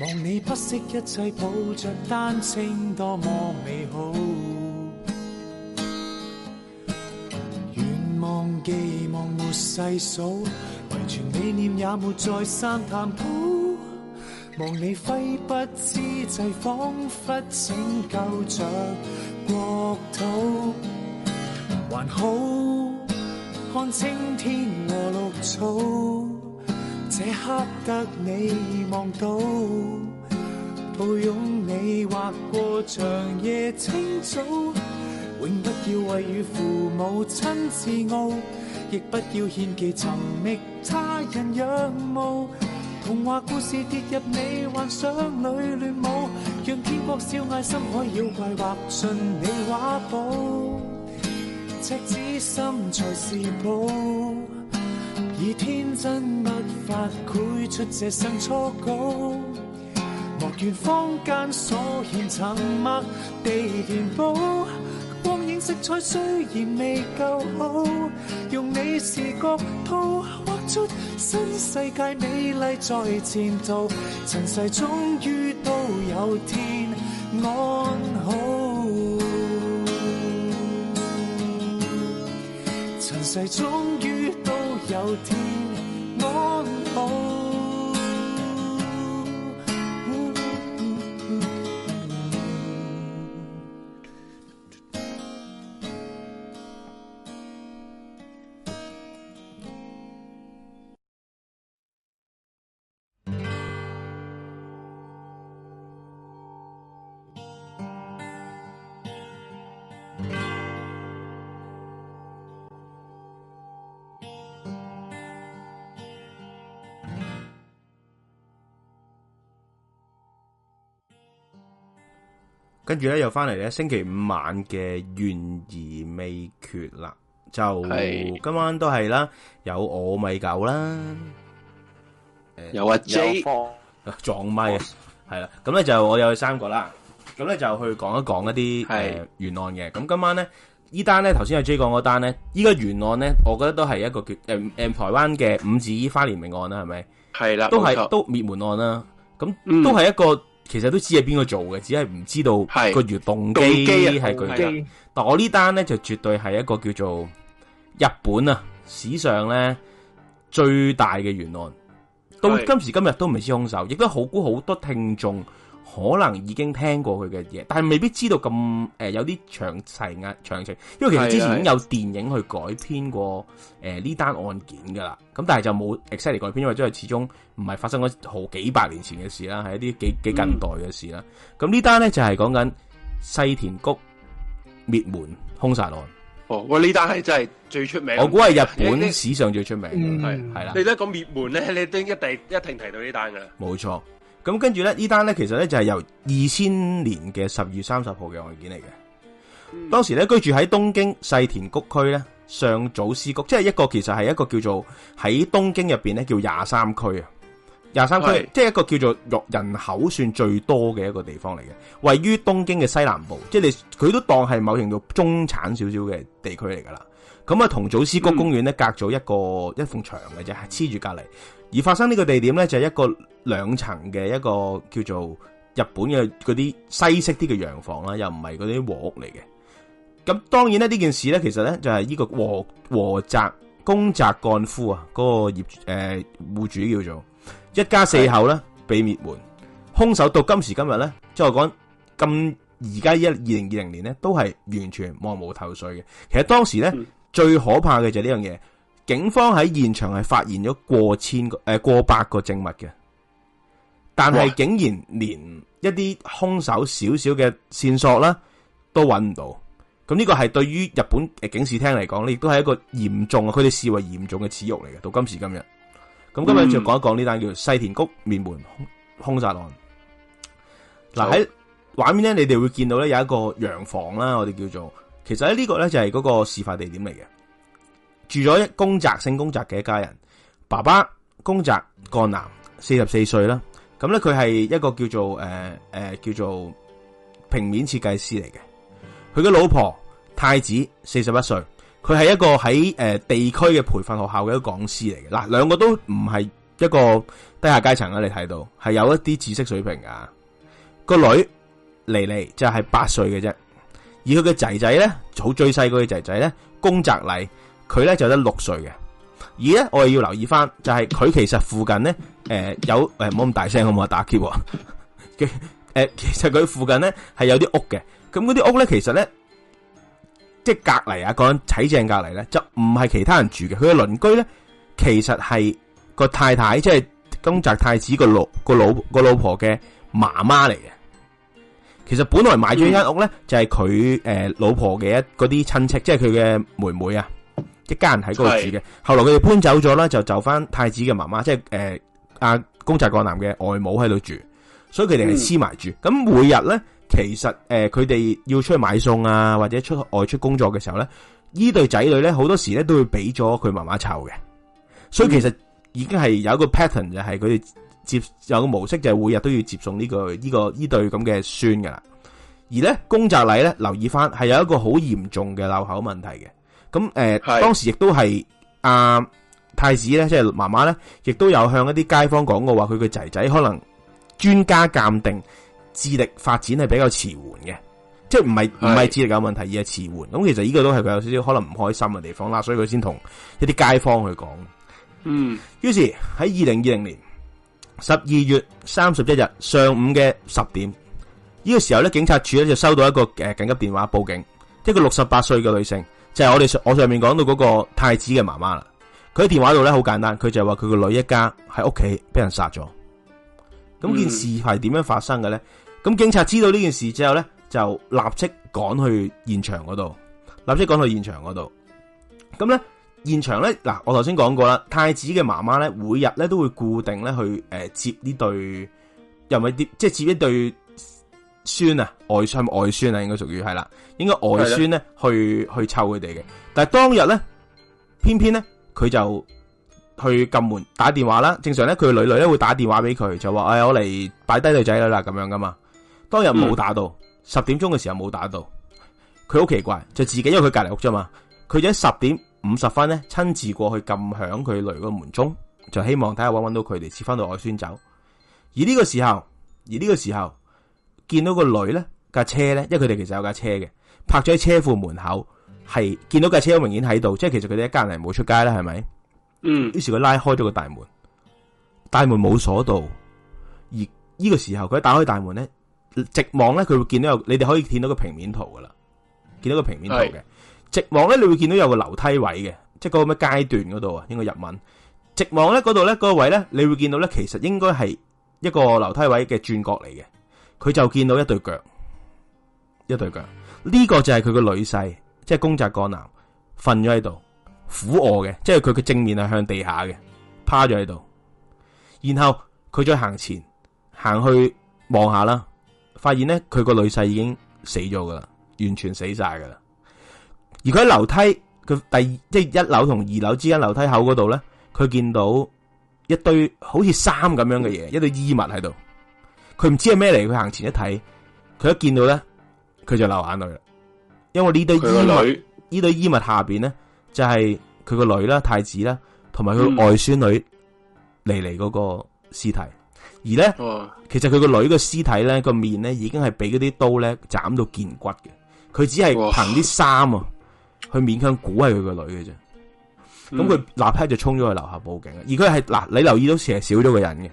望你不惜一切，抱着丹青，多麼美好。願望、寄望，沒細數，遺存理念也沒再三談吐。望你揮筆之際，仿佛拯救着國土，還好看青天和綠草。這刻得你望到，抱擁你劃過長夜清早，永不要為與父母親自傲，亦不要獻技尋覓他人仰慕。童話故事跌入你幻想裏亂舞，讓天國笑傲，深海妖怪畫進你畫簿，赤子心才是寶。以天真筆法繪出這生初稿，莫怨坊間所言沉默地填補，光影色彩雖然未夠好，用你視覺塗畫出新世界，美麗在前途，塵世終於都有天安好，塵世終於都。有天安好。跟住咧又翻嚟咧，星期五晚嘅懸而未決啦，就今晚都係啦，有我米狗啦，有阿 J 撞麥係啦，咁咧就我有三個啦，咁咧就去講一講一啲係懸案嘅，咁今晚咧呢單咧頭先阿 J 講嗰單咧，依個懸案咧，我覺得都係一個叫誒誒台灣嘅五子花蓮命案啦，係咪？係啦，都係都滅門案啦，咁都係一個。其實都知係邊個做嘅，只係唔知道個原動機係佢。但我呢單咧就絕對係一個叫做日本啊史上咧最大嘅懸案，是到今時今日都未知兇手，亦都好估好多聽眾。可能已經聽過佢嘅嘢，但係未必知道咁，誒有啲詳情啊，詳情。因為其實之前已經有電影去改編過誒呢單案件㗎啦。咁但係就冇 exactly 改編，因為即係始終唔係發生咗好幾百年前嘅事啦，係一啲幾幾近代嘅事啦。咁呢單咧就係講緊世田谷滅門兇殺案。哦，我呢單係真係最出名，我估係日本史上最出名，係係啦。你都講滅門咧，你都一定一定提到呢單㗎。冇錯。咁跟住咧，呢單咧，其實咧就係由二千年嘅十月三十號嘅案件嚟嘅。當時咧居住喺東京世田谷區咧上祖師谷，即係一個其實係一個叫做喺東京入邊咧叫廿三區啊，廿三區是的 即係一個叫做人口算最多嘅一個地方嚟嘅，位於東京嘅西南部，即係你佢都當係某程度中產少少嘅地區嚟噶啦。咁啊，同祖師谷公園咧、嗯、隔咗一個一埲牆嘅啫，黐住隔籬。而發生呢個地點咧，就係一個兩層嘅一個叫做日本嘅嗰啲西式啲嘅洋房啦，又唔係嗰啲和屋嚟嘅。咁當然咧，呢件事咧，其實咧就係呢個和和宅公宅幹夫啊，嗰、嗰個業、呃、戶主叫做一家四口咧，被滅門。兇手到今時今日咧，即係我講咁而家一二零二零年咧，都係完全望無頭緒嘅。其實當時咧、嗯、最可怕嘅就係呢樣嘢。警方喺現場係發現咗過千個誒過百個證物嘅，但係竟然連一啲兇手少少嘅線索啦都揾唔到，咁呢個係對於日本誒警視廳嚟講，呢亦都係一個嚴重啊，佢哋視為嚴重嘅恥辱嚟嘅。到今時今日，咁今日就講一講呢單叫做世田谷滅門兇殺案。嗱，喺畫面咧，你哋會見到咧有一個洋房啦，我哋叫做，其實呢個咧就係嗰個事發地點嚟嘅。住咗一宮澤姓宮澤嘅一家人，爸爸宮澤，幹男，四十四歲啦。咁咧，佢係一個叫做誒誒，叫做平面設計師嚟嘅。佢嘅老婆太子，四十一歲，佢係一個喺誒地區嘅培訓學校嘅一個講師嚟嘅。嗱，兩個都唔係一個低下階層啊。你睇到係有一啲知識水平㗎。個女黎黎就係八歲嘅啫，而佢嘅仔仔咧好最細嗰個仔仔咧，宮澤禮。佢咧就得六歲嘅，而咧我哋要留意返，就係、是、佢其實附近咧，誒、呃、有誒冇咁大聲好冇打劫啊！ (laughs) 其誒其實佢附近咧係有啲屋嘅，咁嗰啲屋咧其實咧即係隔籬啊，講睇正隔籬咧就唔係其他人住嘅，佢嘅鄰居咧其實係個太太，即係宮澤太子個老個老個老婆嘅媽媽嚟嘅。其實本來買咗呢間屋咧就係佢誒老婆嘅一嗰啲親戚，即係佢嘅妹妹啊。一家人喺嗰度住嘅，是後來佢哋搬走咗啦，就就翻太子嘅媽媽，即係誒阿宮澤國男嘅外母喺度住，所以佢哋係黐埋住。咁、嗯、每日咧，其實誒佢哋要出去買餸啊，或者出外出工作嘅時候咧，這對呢對仔女咧好多時咧都會俾咗佢媽媽湊嘅，所以其實已經係有一個 pattern 就係佢哋接有個模式，就係、是、每日都要接送呢、這個呢、這個呢、這個、對咁嘅孫噶啦。而咧宮澤禮咧留意翻係有一個好嚴重嘅漏口問題嘅。咁誒，呃、是當時亦都係啊太子咧，即係媽媽咧，亦都有向一啲街坊講過話，佢個仔仔可能專家鑑定智力發展係比較遲緩嘅，即係唔係唔係智力有問題，而係遲緩。咁其實呢個都係佢有少少可能唔開心嘅地方啦，所以佢先同一啲街坊去講。嗯，於是喺二零二零年十二月三十一日上午嘅十點呢、這個時候咧，警察署咧就收到一個誒緊急電話報警，一個六十八歲嘅女性。就係我哋上我上面講到嗰個太子嘅媽媽啦，佢喺電話度咧，好簡單，佢就話佢個女一家喺屋企俾人殺咗，咁件事係點樣發生嘅咧？咁警察知道呢件事之後咧，就立即趕去現場嗰度，立即趕去現場嗰度。咁咧現場咧嗱，我頭先講過啦，太子嘅媽媽咧，每日咧都會固定咧去誒接呢對又唔係接即係接一對。孫啊，外孫外孫啊，應該屬於對，應該屬於係啦，應該外孫咧去去湊佢哋嘅。但係當日咧，偏偏咧佢就去撳門打電話啦。正常咧，佢女女咧會打電話俾佢，就話誒、哎、我嚟擺低女仔啦咁樣噶嘛。當日冇打到，十、嗯、點鐘嘅時候冇打到，佢好奇怪，就自己因為佢隔籬屋啫嘛。佢就喺十點五十分咧親自過去撳響佢女個門鐘，就希望睇下揾唔揾到佢哋，接翻到外孫走。而呢個時候，而呢個時候。見到個女咧架車咧，因為佢哋其實有架車嘅，泊咗喺車庫門口，係見到架車好明顯喺度，即係其實佢哋一家人冇出街啦，係咪？嗯。於是佢拉開咗個大門，大門冇鎖到。而呢個時候佢一打開大門咧，直望咧佢會見到有，你哋可以見到個平面圖噶啦，見到個平面圖嘅。嗯、直望咧你會見到有個樓梯位嘅，即係個咩階段嗰度啊？應該日文。直望咧嗰度咧嗰個位咧，你會見到咧其實應該係一個樓梯位嘅轉角嚟嘅。佢就見到一對腳，一對腳，呢個就係佢個女婿，即係公宅個男瞓咗喺度，俯臥嘅，即係佢嘅正面係向地下嘅，趴咗喺度。然後佢再行前，行去望下啦，發現咧佢個女婿已經死咗㗎喇，完全死晒㗎喇。而佢喺樓梯佢第即係一樓同二樓之間樓梯口嗰度咧，佢見到一堆好似衫咁樣嘅嘢，一堆衣物喺度。佢唔知係咩嚟，佢行前一睇，佢一見到咧，佢就流眼淚啦。因為呢堆衣物女、呢堆衣物下邊咧，就係佢個女啦、太子啦，同埋佢外孫女嚟嚟嗰個屍體。而咧，哇其實佢個女個屍體咧個面咧，已經係俾嗰啲刀咧斬到見骨嘅。佢只係憑啲衫啊，哇去勉強估係佢個女嘅啫。咁佢立刻就衝咗去樓下報警。而佢係嗱，你留意到成日少咗個人嘅。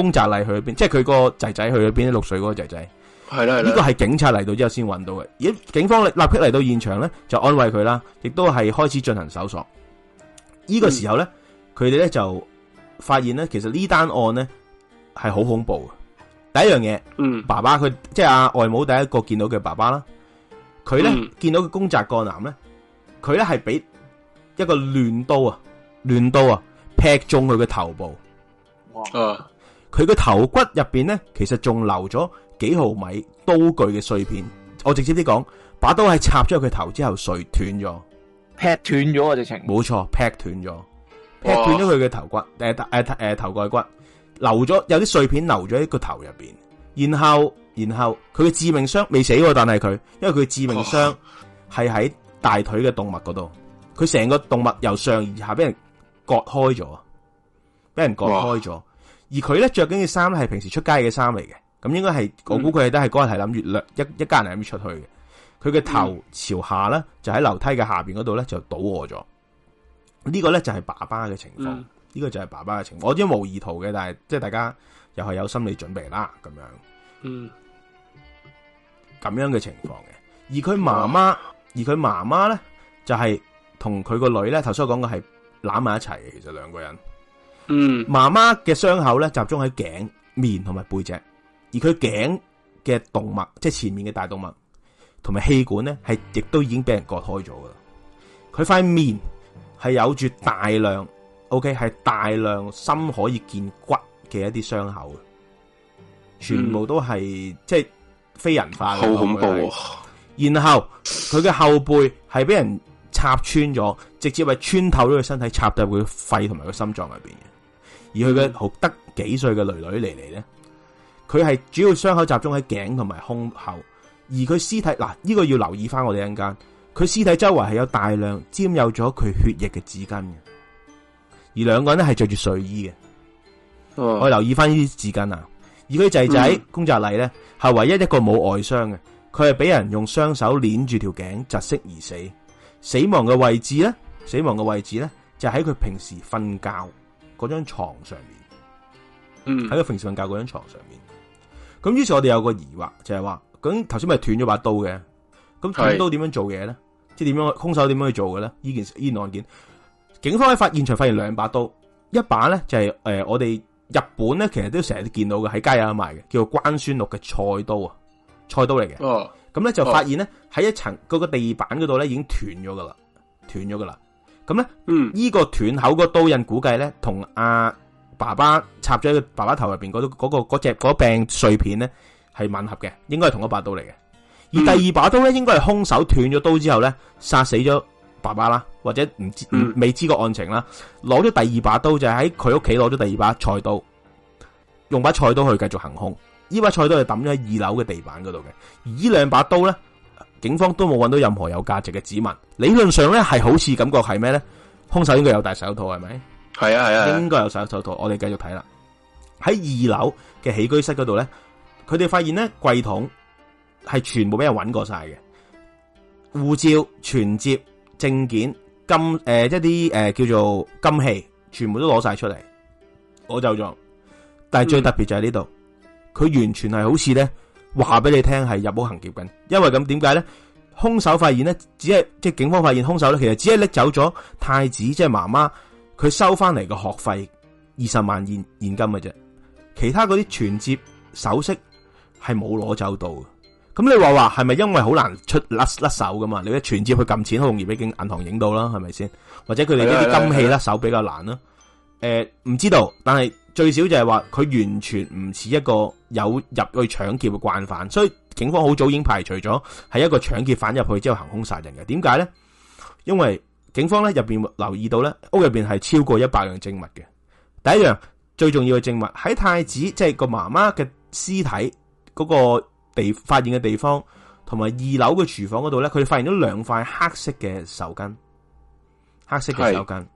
宮澤禮去邊？即係佢個仔仔去咗邊？六歲嗰個仔仔係啦係啦，呢個係警察嚟到之後先揾到嘅。而警方立刻嚟到現場咧，就安慰佢啦，亦都係開始進行搜索。呢、呢個時候咧，佢哋咧就發現咧，其實呢單案咧係好恐怖。第一樣嘢，嗯，爸爸佢即係阿外母第一個見到佢爸爸啦。佢咧、嗯、見到個宮澤個男咧，佢咧係俾一個亂刀，刀啊，亂刀啊劈中佢嘅頭部。哇！啊佢個頭骨入邊咧，其實仲留咗幾毫米刀具嘅碎片。我直接啲講，把刀係插咗佢頭之後碎斷咗，劈斷咗啊！直情冇錯，劈斷咗，劈斷咗佢嘅頭骨誒，誒誒哇、呃呃呃呃、頭蓋骨留咗有啲碎片留咗喺個頭入邊。然後然後佢嘅致命傷未死，但係佢因為佢致命傷係喺哇 大腿嘅動脈嗰度，佢成個動脈由上而下俾人割開咗，俾人割開咗。而佢咧着緊嘅衫咧係平時出街嘅衫嚟嘅，咁應該係、嗯、我估佢都係嗰日係諗住一一家人咁出去嘅。佢嘅頭朝下呢，嗯、就喺樓梯嘅下邊嗰度咧就倒卧咗。這個、呢個咧就係、是、爸爸嘅情況，呢、嗯、個就係爸爸嘅情況，我知無意圖嘅，但係即係大家又係有心理準備啦，咁樣，嗯，咁樣嘅情況嘅。而佢媽媽，而佢媽媽咧就係同佢個女咧頭先我講嘅係攬埋一齊嘅，其實兩個人。嗯，媽媽嘅傷口咧集中喺頸面同埋背脊，而佢頸嘅動脈，即係前面嘅大動脈，同埋氣管咧係亦都已經俾人割開咗噶啦。佢塊面係有住大量，OK 係大量深可以見骨嘅一啲傷口，全部都係、嗯、即係非人化，好恐怖。然後佢嘅後背係俾人插穿咗，直接係穿透咗佢身體，插到佢肺同埋個心臟入邊嘅。而佢嘅好得幾歲嘅女女嚟嚟咧，佢係主要傷口集中喺頸同埋胸口。而佢屍體嗱呢、啊這個要留意翻我哋一間，佢屍體周圍係有大量沾有咗佢血液嘅紙巾嘅，而兩個人咧係着住睡衣嘅，哦、我留意翻呢啲紙巾啊，而佢仔仔宮澤禮咧係唯一一個冇外傷嘅，佢係俾人用雙手捏住條頸窒息而死，死亡嘅位置咧，死亡嘅位置咧就喺、是、佢平時瞓覺。嗰張床上面，喺、嗯、個平時瞓覺嗰張床上面。咁於是我哋有個疑惑，就係、是、話，咁頭先咪斷咗把刀嘅？咁斷刀點樣做嘢咧？是即係點樣，兇手點樣去做嘅咧？呢件呢案件，警方喺發現場發現兩把刀，一把咧就係、是、誒、呃，我哋日本咧其實都成日都見到嘅，喺街有得賣嘅，叫做關孫六嘅菜刀啊，菜刀嚟嘅。哦，咁咧就發現咧喺一層嗰個地板嗰度咧已經斷咗噶啦，斷咗噶啦。咁咧，依、嗯、個斷口個刀刃，估計咧同阿爸爸插咗喺佢爸爸頭入邊嗰度嗰個嗰隻嗰柄碎片咧係吻合嘅，應該係同一把刀嚟嘅。而第二把刀咧，應該係兇手斷咗刀之後咧殺死咗爸爸啦，或者唔知未知個案情啦，攞咗第二把刀就係喺佢屋企攞咗第二把菜刀，用把菜刀去繼續行兇。依把菜刀係抌咗喺二樓嘅地板嗰度嘅，而呢兩把刀咧。警方都冇揾到任何有價值嘅指紋，理論上咧係好似感覺係咩咧？兇手應該有戴手套係咪？係啊係啊，啊啊啊應該有戴手套。我哋繼續睇啦。喺二樓嘅起居室嗰度咧，佢哋發現咧櫃桶係全部俾人揾過晒嘅護照、存摺、證件、金誒、呃，一啲誒、呃、叫做金器，全部都攞晒出嚟，攞走咗。但係最特別就喺呢度，佢、嗯、完全係好似咧。話俾你聽係入屋行劫緊，因為咁點解咧？兇手發現咧，只係即係警方發現兇手咧，其實只係拎走咗太子即係媽媽佢收翻嚟嘅學費二十萬現現金嘅啫，其他嗰啲存折首飾係冇攞走到。咁你話話係咪因為好難出甩甩手噶嘛？你存折去撳錢好容易俾銀行影到啦，係咪先？或者佢哋呢啲金器甩手比較難啦？誒，唔知道，但係。最少就係話佢完全唔似一個有入去搶劫嘅慣犯，所以警方好早已經排除咗係一個搶劫犯入去之後行兇殺人嘅。點解咧？因為警方咧入邊留意到咧屋入邊係超過一百樣證物嘅。第一樣最重要嘅證物喺太子，即係個媽媽嘅屍體嗰個地發現嘅地方，同埋二樓嘅廚房嗰度咧，佢發現咗兩塊黑色嘅手巾，黑色嘅手巾。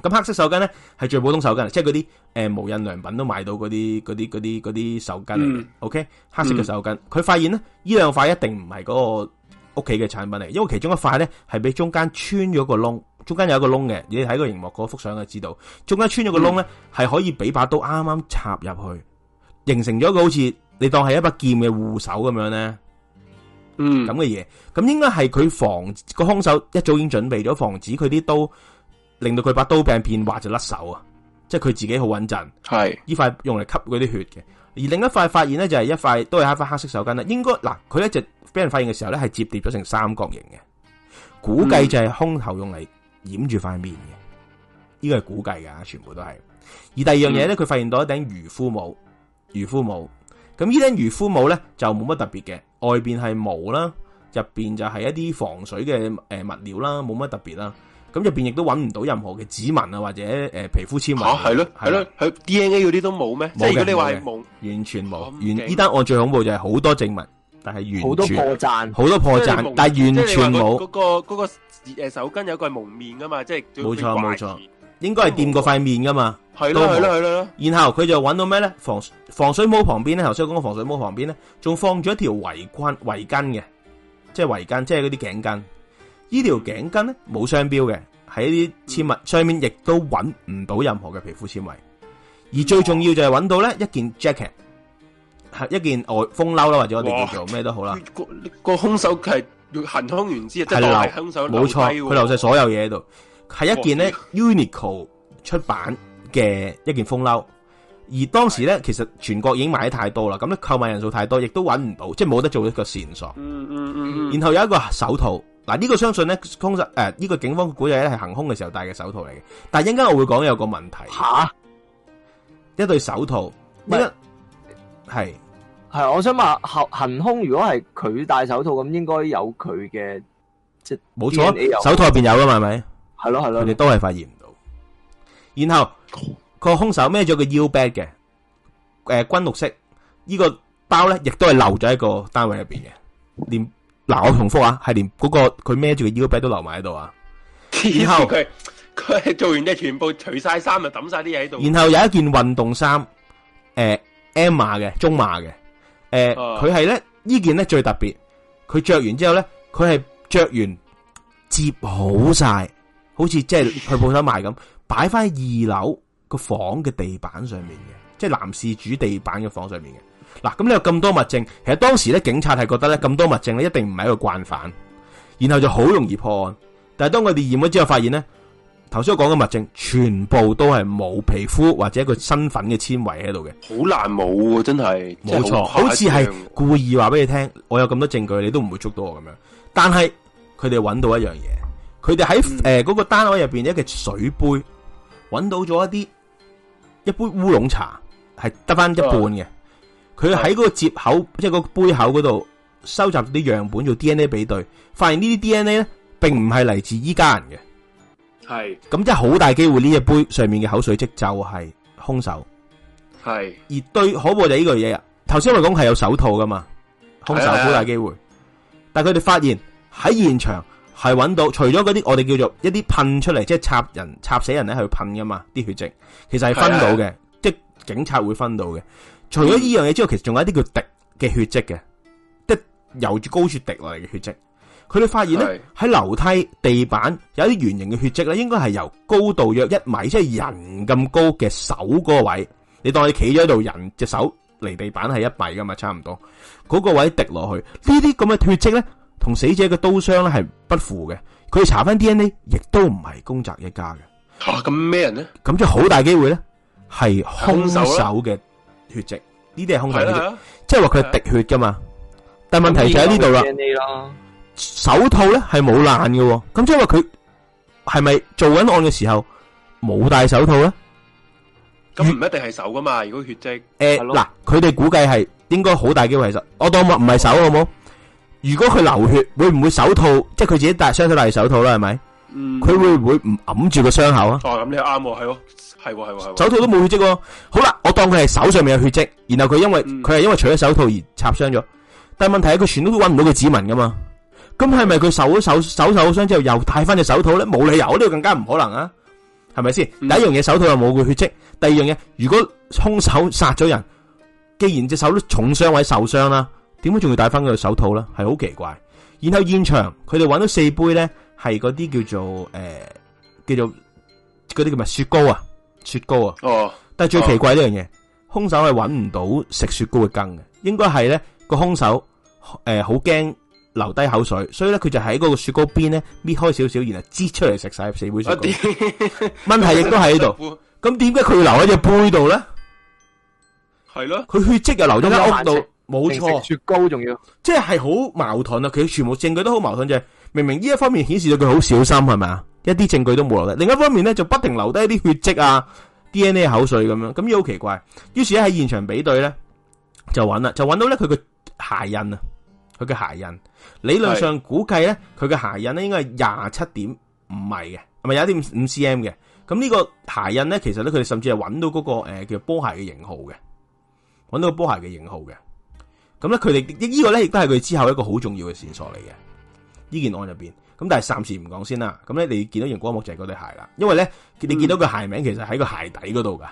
咁黑色手巾咧係最普通手巾，即係嗰啲誒無印良品都買到嗰啲啲啲啲手巾嚟。OK，黑色嘅手巾，佢發現呢，呢兩塊一定唔係嗰個屋企嘅產品嚟，因為其中一塊咧係俾中間穿咗個窿，中間有一個窿嘅，你睇個熒幕嗰幅相就知道，中間穿咗個窿咧係可以俾把刀啱啱插入去，形成咗個好似你當係一把劍嘅護手咁樣咧，咁嘅嘢，咁應該係佢防個兇手一早已經準備咗，防止佢啲刀。令到佢把刀柄變滑就甩手啊！即係佢自己好穩陣。係呢是塊用嚟吸嗰啲血嘅，而另一塊發現咧就係一塊都係一塊黑色手巾啦。應該嗱，佢一直俾人發現嘅時候咧係折疊咗成三角形嘅，估計就係胸口用嚟掩住塊面嘅。呢個係估計噶，全部都係。而第二樣嘢咧，佢、嗯、發現到一頂漁夫帽。漁夫帽，咁呢頂漁夫帽咧就冇乜特別嘅，外邊係毛啦，入邊就係一啲防水嘅誒物料啦，冇乜特別啦。咁入邊亦都揾唔到任何嘅指紋啊或者誒皮膚纖維吓，係咯，係咯，佢 DNA 嗰啲都冇咩，即係如果你話係冇完全冇，依單案最恐怖就係好多證物，但係完全好多破綻，好多破綻，但係完全冇嗰個嗰個誒手巾有個係蒙面噶嘛，即係冇錯冇錯，應該係掂過塊面噶嘛，係啦係啦係啦，然後佢就揾到咩咧？防防水帽旁邊咧，頭先講個防水帽旁邊咧，仲放咗一條圍巾圍巾嘅，即係圍巾，即係嗰啲頸巾。呢條頸巾咧冇商標嘅，喺啲纖維、嗯、上面亦都揾唔到任何嘅皮膚纖維，而最重要就係揾到咧一件 j a c k e 係一件外風褸啦，或者我哋叫做咩哇都好啦。這個、這個兇手係行兇完之後，係的留冇錯，佢留晒所有嘢喺度，係哇一件咧哇 Uniqlo 出版嘅一件風褸，而當時咧其實全國已經買得太多啦，咁咧購買人數太多，亦都揾唔到，即係冇得做一個線索。嗯嗯嗯，嗯嗯然後有一個手套。嗱呢個相信咧，其實誒呢個警方估計咧係行凶嘅時候戴嘅手套嚟嘅。但係一陣間我會講有個問題吓，蛤一對手套，係係是我想問行行凶如果係佢戴手套咁，應該有佢嘅即係冇錯，手套入邊有㗎嘛係咪？係咯係咯，佢哋都係發現唔到。的然後個凶手孭咗個腰 bag 嘅，誒、呃、軍綠色呢、呢個包咧，亦都係留咗喺一個單位入邊嘅，連。嗱、啊，我重複啊，係連嗰個佢孭住嘅腰帶都留埋喺度啊，然後佢佢係做完即係全部除晒衫，就抌晒啲嘢喺度。然後有一件運動衫，誒 M 碼嘅，中碼嘅，誒佢係咧呢件咧最特別，佢着完之後咧，佢係着完摺好晒，好似即係去鋪頭賣咁，擺翻喺二樓個房嘅地板上面嘅，即係男事主地板嘅房上面嘅。嗱，咁你有咁多物證，其實當時咧警察係覺得咧咁多物證咧一定唔係一個慣犯，然後就好容易破案。但係當佢哋驗咗之後，發現咧頭先我講嘅物證全部都係冇皮膚或者一個身份嘅纖維喺度嘅，好難冇真係。冇錯，好似係故意話俾你聽，我有咁多證據，你都唔會捉到我咁樣。但係佢哋揾到一樣嘢，佢哋喺誒嗰個單位入邊一個水杯揾到咗一啲一杯烏龍茶係得翻一半嘅。就是佢喺嗰個接口，即係個杯口嗰度收集啲樣本做 DNA 比對，發現呢啲 DNA 咧並唔係嚟自依家人嘅，係咁是即係好大機會呢隻杯上面嘅口水跡就係兇手，係是而對可怖就呢個嘢啊！頭先我講係有手套噶嘛，兇手好大機會，的但係佢哋發現喺現場係揾到，除咗嗰啲我哋叫做一啲噴出嚟，即係插人插死人咧去噴噶嘛啲血跡，其實係分到嘅，的即係警察會分到嘅。除咗呢樣嘢之外，其實仲有一啲叫滴嘅血跡嘅，滴由住高處滴落嚟嘅血跡。佢哋發現咧，喺樓是的 梯地板有一啲圓形嘅血跡咧，應該係由高度約一米，即係人咁高嘅手嗰個位。你當你企咗喺度，人隻手離地板係一米噶嘛，差唔多。嗰個位滴落去呢啲咁嘅血跡咧，同死者嘅刀傷咧係不符嘅。佢查翻 DNA，亦都唔係宮澤一家嘅。咁咩、哦、人咧？咁即係好大機會咧，係凶手嘅。血跡呢啲係空手，即係話佢係滴血噶嘛？但係問題就喺呢度啦。手套咧係冇爛嘅，咁即係話佢係咪做緊案嘅時候冇戴手套咧？咁唔一定係手噶嘛？如果血跡誒，嗱，佢哋估計係應該好大機會係手，我當唔係手好冇？如果佢流血，會唔會手套？即係佢自己戴雙手戴手套啦，係咪？嗯，佢會唔會唔揞住個傷口啊？哦，咁你啱喎，係哦。係喎，係手套都冇血跡喎、啊。好啦，我當佢係手上面有血跡，然後佢因為佢係、嗯、因為除咗手套而插傷咗。但係問題係佢全都都揾唔到佢指紋噶嘛？咁係咪佢受咗手手受傷之後又戴翻隻手套咧？冇理由呢度更加唔可能啊？係咪先？嗯、第一樣嘢手套又冇佢血跡，第二樣嘢如果兇手殺咗人，既然隻手都重傷或者受傷啦，點解仲要戴翻佢手套咧？係好奇怪。然後現場佢哋揾到四杯咧，係嗰啲叫做誒、呃、叫做嗰啲叫咩雪糕啊？雪糕啊，但係最奇怪呢樣嘢，兇手係揾唔到食雪糕嘅羹嘅，應該係咧個兇手誒，好驚流低口水，所以咧佢就喺嗰個雪糕邊咧搣開少少，然後支出嚟食晒四杯雪糕。問題亦都喺呢度，咁點解佢要留喺隻杯度咧？係咯，佢血迹又留咗喺屋度，冇錯，雪糕仲要，即係好矛盾啊！佢全部證據都好矛盾，就係明明呢一方面顯示咗佢好小心，係咪啊？一啲證據都冇留低，另一方面咧就不停留低啲血跡啊、DNA 口水咁樣，咁呢，好奇怪。於是咧喺現場比對咧，就揾啦，就揾到咧佢是個鞋印啊，佢個鞋印。理論上估計咧，佢個鞋印咧應該係廿七點五米嘅，係咪有一點五 CM 嘅？咁呢個鞋印咧，其實咧佢哋甚至係揾到嗰、那個誒、呃、叫波鞋嘅型號嘅，揾到個波鞋嘅型號嘅。咁咧佢哋呢個咧亦都係佢之後一個好重要嘅線索嚟嘅，呢、這個、件案入邊。咁但係暫時唔講先啦。咁咧，你見到熒光幕就係嗰對鞋啦。因為咧，你見到個鞋名其實喺個鞋底嗰度噶。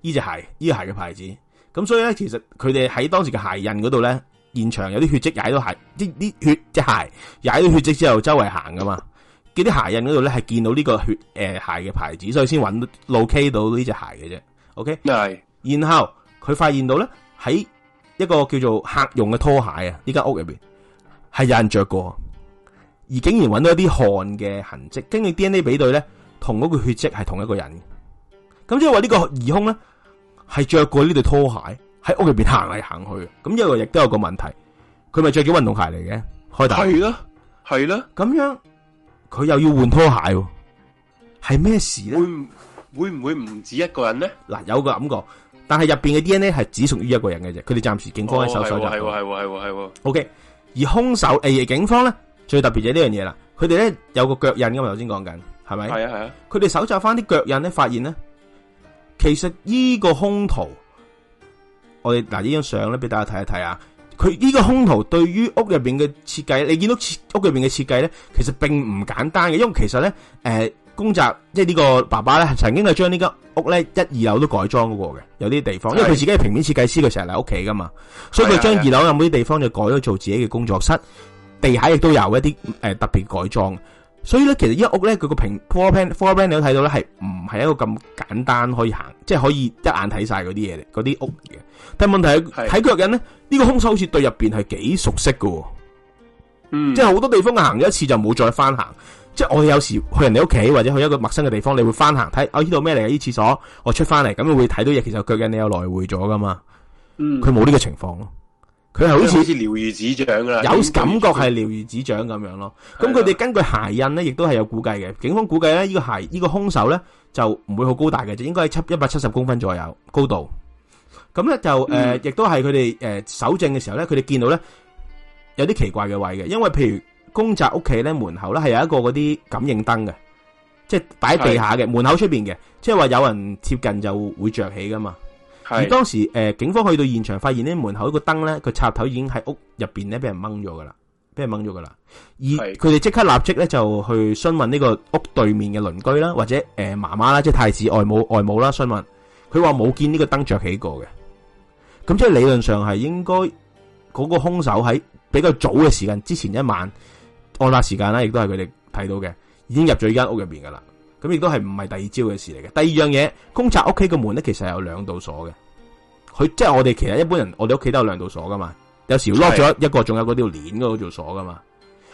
呢隻鞋，呢個鞋嘅牌子。咁所以咧，其實佢哋喺當時嘅鞋印嗰度咧，現場有啲血跡踩到鞋，啲啲血隻鞋踩到血跡之後周圍行噶嘛。嗰啲鞋印嗰度咧係見到呢個血誒、呃、鞋嘅牌子，所以先揾到 locate 到呢隻鞋嘅啫。OK，係。對 然後佢發現到咧喺一個叫做客用嘅拖鞋啊，呢間屋入邊係有人着過。而竟然揾到一啲汗嘅痕跡，經過 D N A 比對咧，同嗰個血跡係同一個人。咁即係話呢個疑凶咧，係着過呢對拖鞋喺屋入邊行嚟行去嘅。咁又嚟亦都有個問題，佢咪着咗運動鞋嚟嘅？開大門係啦，係啦，咁樣佢又要換拖鞋、啊，係咩事咧？會唔會唔止一個人咧？嗱，有個感覺，但係入邊嘅 D N A 係只屬於一個人嘅啫。佢哋暫時警方喺手搜集到，係係係 O K，而凶手誒、呃、警方咧。最特別就係呢樣嘢啦，佢哋咧有個腳印噶嘛，頭先講緊係咪？係啊係啊，佢哋、啊、搜集翻啲腳印咧，發現咧，其實呢個空圖，我哋嗱呢張相咧，俾、啊、大家睇一睇啊。佢呢個空圖對於屋入邊嘅設計，你見到設屋入邊嘅設計咧，其實並唔簡單嘅，因為其實咧，誒、呃，宮澤即係呢個爸爸咧，曾經係將呢間屋咧一、二樓都改裝過嘅，有啲地方，以因為佢自己係平面設計師，佢成日嚟屋企噶嘛，所以佢將二樓有冇啲地方就改咗做自己嘅工作室。地下亦都有一啲誒，特別改裝，所以咧，其實屋呢屋咧，佢個平 floor plan floor plan 你都睇到咧，係唔係一個咁簡單可以行，即係可以一眼睇晒嗰啲嘢，嗰啲屋嘅。但係問題，睇腳是的 印咧，呢、這個兇手好似對入邊係幾熟悉噶，嗯、即係好多地方行一次就冇再翻行。即係我有時去人哋屋企或者去一個陌生嘅地方，你會翻行睇，哦，呢度咩嚟嘅？呢廁、哦、所我出翻嚟，咁你會睇到嘢。其實腳印你有來回咗噶嘛？佢冇呢個情況咯。佢好似好似了如指掌噶啦，有感覺係了如指掌咁樣咯。咁佢哋根據鞋印咧，亦都係有估計嘅。警方估計咧，呢個鞋呢、呢個兇手咧就唔會好高大嘅，就應該喺七一百七十公分左右高度。咁咧就誒，亦都係佢哋誒搜證嘅時候咧，佢哋見到咧有啲奇怪嘅位嘅，因為譬如公宅屋企咧門口咧係有一個嗰啲感應燈嘅，即係擺喺地下嘅是的 門口出邊嘅，即係話有人貼近就會着起噶嘛。而當時、呃，警方去到現場，發現呢門口一個燈咧，佢插頭已經喺屋入邊咧，俾人掹咗噶啦，俾人掹咗噶啦。而佢哋即刻立即咧，就去詢問呢個屋對面嘅鄰居啦，或者誒、呃、媽媽啦，即係太子外母外母啦，詢問佢話冇見呢個燈着起過嘅。咁即係理論上係應該嗰個兇手喺比較早嘅時間之前一晚案發時間啦，亦都係佢哋睇到嘅，已經入咗呢間屋入邊噶啦。咁亦都係唔係第二朝嘅事嚟嘅。第二樣嘢，公宅屋企嘅門咧，其實係有兩道鎖嘅。佢即係我哋其實一般人，我哋屋企都有兩道鎖噶嘛。有時 lock 咗一個，仲是的 有嗰條鏈嗰度做鎖噶嘛。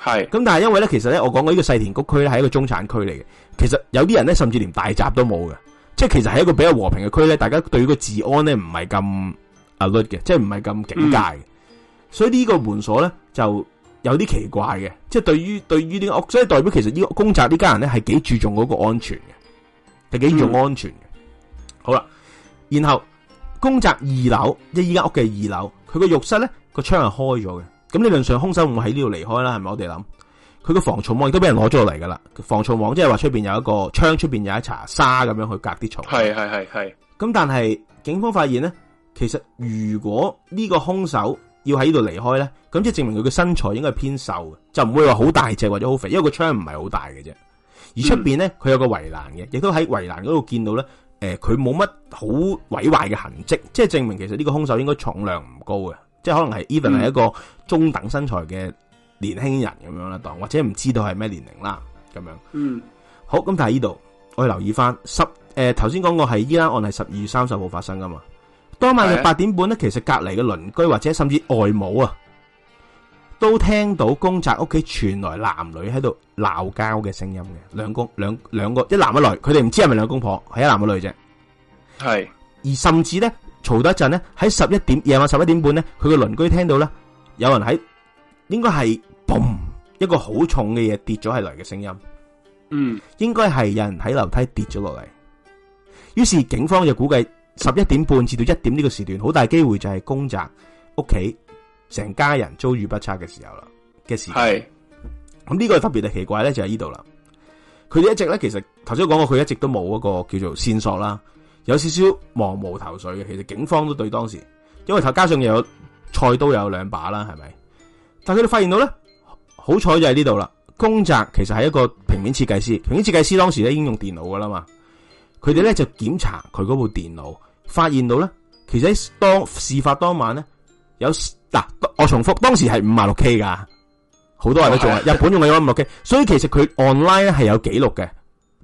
係。咁但係因為咧，其實咧，我講過呢個世田谷區咧，係一個中產區嚟嘅。其實有啲人咧，甚至連大閘都冇嘅。即係其實係一個比較和平嘅區咧，大家對於個治安咧唔係咁阿律嘅，即係唔係咁警戒嘅。嗯、所以呢個門鎖咧就。有啲奇怪嘅，即係對於對於呢個屋，即係代表其實呢個公宅呢家人咧係幾注重嗰個安全嘅，係幾注重安全嘅。好啦了，然後公宅二樓，呢依間屋嘅二樓，佢個浴室咧個窗係開咗嘅，咁理論上兇手唔會喺呢度離開啦，係咪我哋諗？佢個防蟲網亦都俾人攞咗落嚟噶啦，防蟲網即係話出邊有一個窗，出邊有一茶沙咁樣去隔啲蟲。係係係係。咁但係警方發現咧，其實如果呢個兇手。要喺呢度離開咧，咁即係證明佢嘅身材應該係偏瘦嘅，就唔會話好大隻或者好肥，因為個窗唔係好大嘅啫。而出面咧，佢有個圍欄嘅，亦都喺圍欄嗰度見到咧，誒佢冇乜好毀壞嘅痕跡，即係證明其實呢個兇手應該重量唔高嘅，即係可能係 even 係一個中等身材嘅年輕人咁樣啦，當或者唔知道係咩年齡啦咁樣。嗯，好，咁但係呢度我要留意翻十誒頭先講過係呢單案係十二月三十號發生㗎嘛。當晚嘅八點半咧，其實隔籬嘅鄰居或者甚至外母啊，都聽到公宅屋企傳來男女喺度鬧交嘅聲音嘅。兩公兩兩個一男一女，佢哋唔知係咪兩公婆，係一男一女啫。係而甚至咧，嘈多一陣咧，喺十一點夜晚十一點半咧，佢嘅鄰居聽到咧，有人喺應該係嘣，一個好重嘅嘢跌咗係嚟嘅聲音。嗯，應該係有人喺樓梯跌咗落嚟。於是警方就估計。十一點半至到一點呢個時段，好大機會就係宮澤屋企成家人遭遇不測嘅時候啦，嘅時段。係咁呢個特別嘅奇怪咧，就係呢度啦。佢哋一直咧，其實頭先講過，佢一直都冇嗰個叫做線索啦，有少少茫無頭緒嘅。其實警方都對當時，因為頭加上又有菜刀又有兩把啦，係咪？但係佢哋發現到咧，好彩就係呢度啦。宮澤其實係一個平面設計師，平面設計師當時咧已經用電腦噶啦嘛。佢哋咧就檢查佢嗰部電腦，發現到咧，其實當事發當晚咧有嗱、啊，我重複當時係五萬六 K 噶，好多人都做啊，日本用嘅有五萬六 K，所以其實佢 online 係有記錄嘅，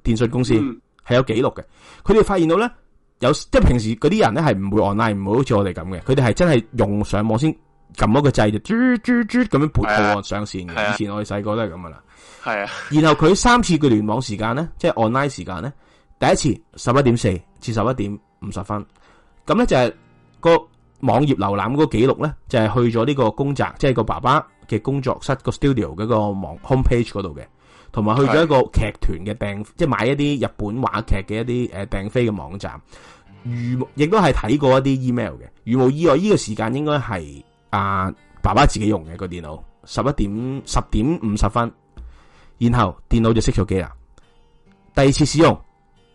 電信公司係、嗯、有記錄嘅。佢哋發現到咧有，即係平時嗰啲人咧係唔會 online，唔會好似我哋咁嘅，佢哋係真係用上網先撳嗰個掣，就嘟嘟嘟咁樣撥到我上線、啊、以前我哋細個都係咁噶啦。係啊，然後佢三次嘅聯網時間咧，即係 online 時間咧。第一次十一點四至十一點五十分，咁咧就係個網頁瀏覽嗰個記錄咧，就係、是、去咗呢個公宅，即、就、係、是、個爸爸嘅工作室、那個 studio 嗰個網 home page 嗰度嘅，同埋去咗一個劇團嘅訂，是的 即係買一啲日本話劇嘅一啲誒訂飛嘅網站。如亦都係睇過一啲 email 嘅。如冇意外呢、這個時間應該係阿爸爸自己用嘅、那個電腦，十一點十點五十分，然後電腦就熄咗機啦。第二次使用。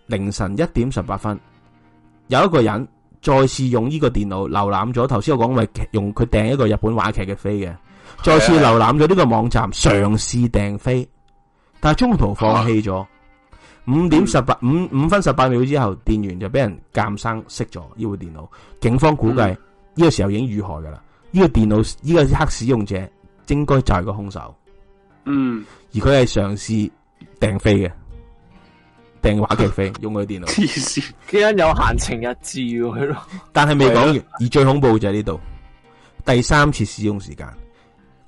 凌晨一點十八分，有一個人再次用呢個電腦瀏覽咗頭先我講嘅用佢訂一個日本話劇嘅飛嘅，再次瀏覽咗呢個網站嘗試訂飛，但係中途放棄咗。五點十八五五分十八秒之後，電源就俾人鑑生熄咗呢部電腦。警方估計呢個時候已經遇害㗎啦。呢個電腦呢個黑使用者應該就係個兇手。嗯，而佢係嘗試訂飛嘅。訂話劇飛，用佢電腦，痴線，既然有閒情逸致嘅？ (laughs) 但係未講完，而最恐怖就喺呢度，第三次使用時間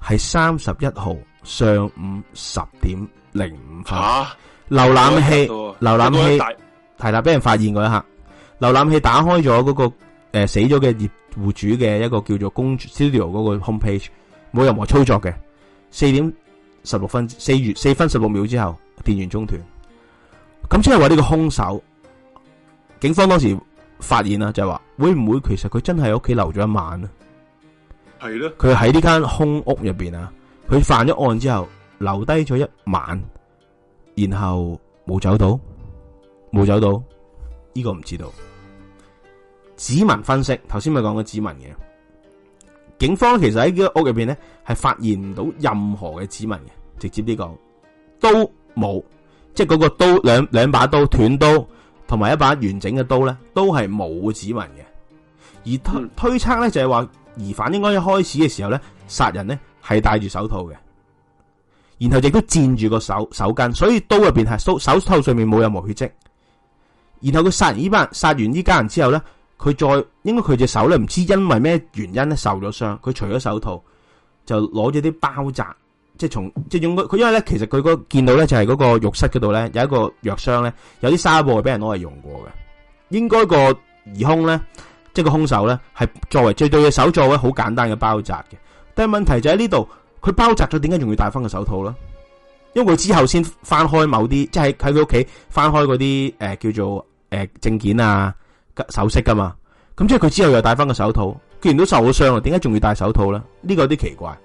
係三十一號上午十點零五分。吓蛤，瀏覽器，瀏覽器，係啦，俾人發現嗰一刻，瀏覽器打開咗嗰、那個誒、呃、死咗嘅業主嘅一個叫做公主 studio 嗰個 homepage，冇任何操作嘅，四點十六分四月四分十六秒之後，電源中斷。咁即係話呢個兇手，警方當時發現啦，就係話會唔會其實佢真係喺屋企留咗一晚咧？係咯，佢喺呢間空屋入邊啊，佢犯咗案之後留低咗一晚，然後冇走到，冇走到，呢個唔知道。指紋分析，頭先咪講過指紋嘅，警方其實喺呢個屋入邊咧，係發現唔到任何嘅指紋嘅，直接呢講都冇。即係嗰個刀，兩兩把刀斷刀，同埋一把完整嘅刀咧，都係冇指紋嘅。而推推測咧就係話，疑犯應該一開始嘅時候咧，殺人咧係戴住手套嘅，然後亦都戰住個手手筋，所以刀入邊係手手套上面冇任何血跡。然後佢殺人呢班殺完呢家人之後咧，佢再應該佢隻手咧唔知因為咩原因咧受咗傷，佢除咗手套就攞咗啲包紮。即係從即係用佢，因為咧其實佢嗰見到咧就係嗰個浴室嗰度咧有一個藥箱咧，有啲紗布係俾人攞嚟用過嘅。應該個疑凶咧，即係個兇手咧係作為最對嘅手作位好簡單嘅包紮嘅。但係問題就喺呢度，佢包紮咗點解仲要戴翻個手套咧？因為佢之後先翻開某啲，即係喺佢屋企翻開嗰啲誒叫做誒證件啊手飾噶嘛。咁即係佢之後又戴翻個手套，既然都受咗傷，點解仲要戴手套咧？呢個有啲奇怪。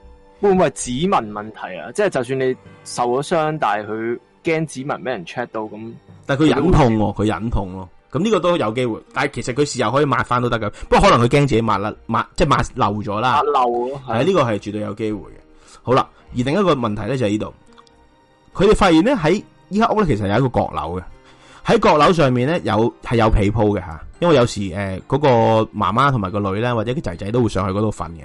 會唔會係指紋問題啊？即、就、係、是、就算你受咗傷，但係佢驚指紋俾人 check 到咁。但係佢忍痛喎、啊，佢忍痛咯、啊。咁呢個都有機會。但係其實佢事後可以抹翻都得噶。不過可能佢驚自己抹啦，抹即係抹，抹漏咗啦。抹漏咯，係呢的的個係絕對有機會嘅。好啦，而另一個問題咧就係呢度，佢哋發現咧喺呢間屋咧其實有一個閣樓嘅，喺閣樓上面咧有係有被鋪嘅吓，因為有時誒嗰個媽媽同埋個女咧或者啲仔仔都會上去嗰度瞓嘅。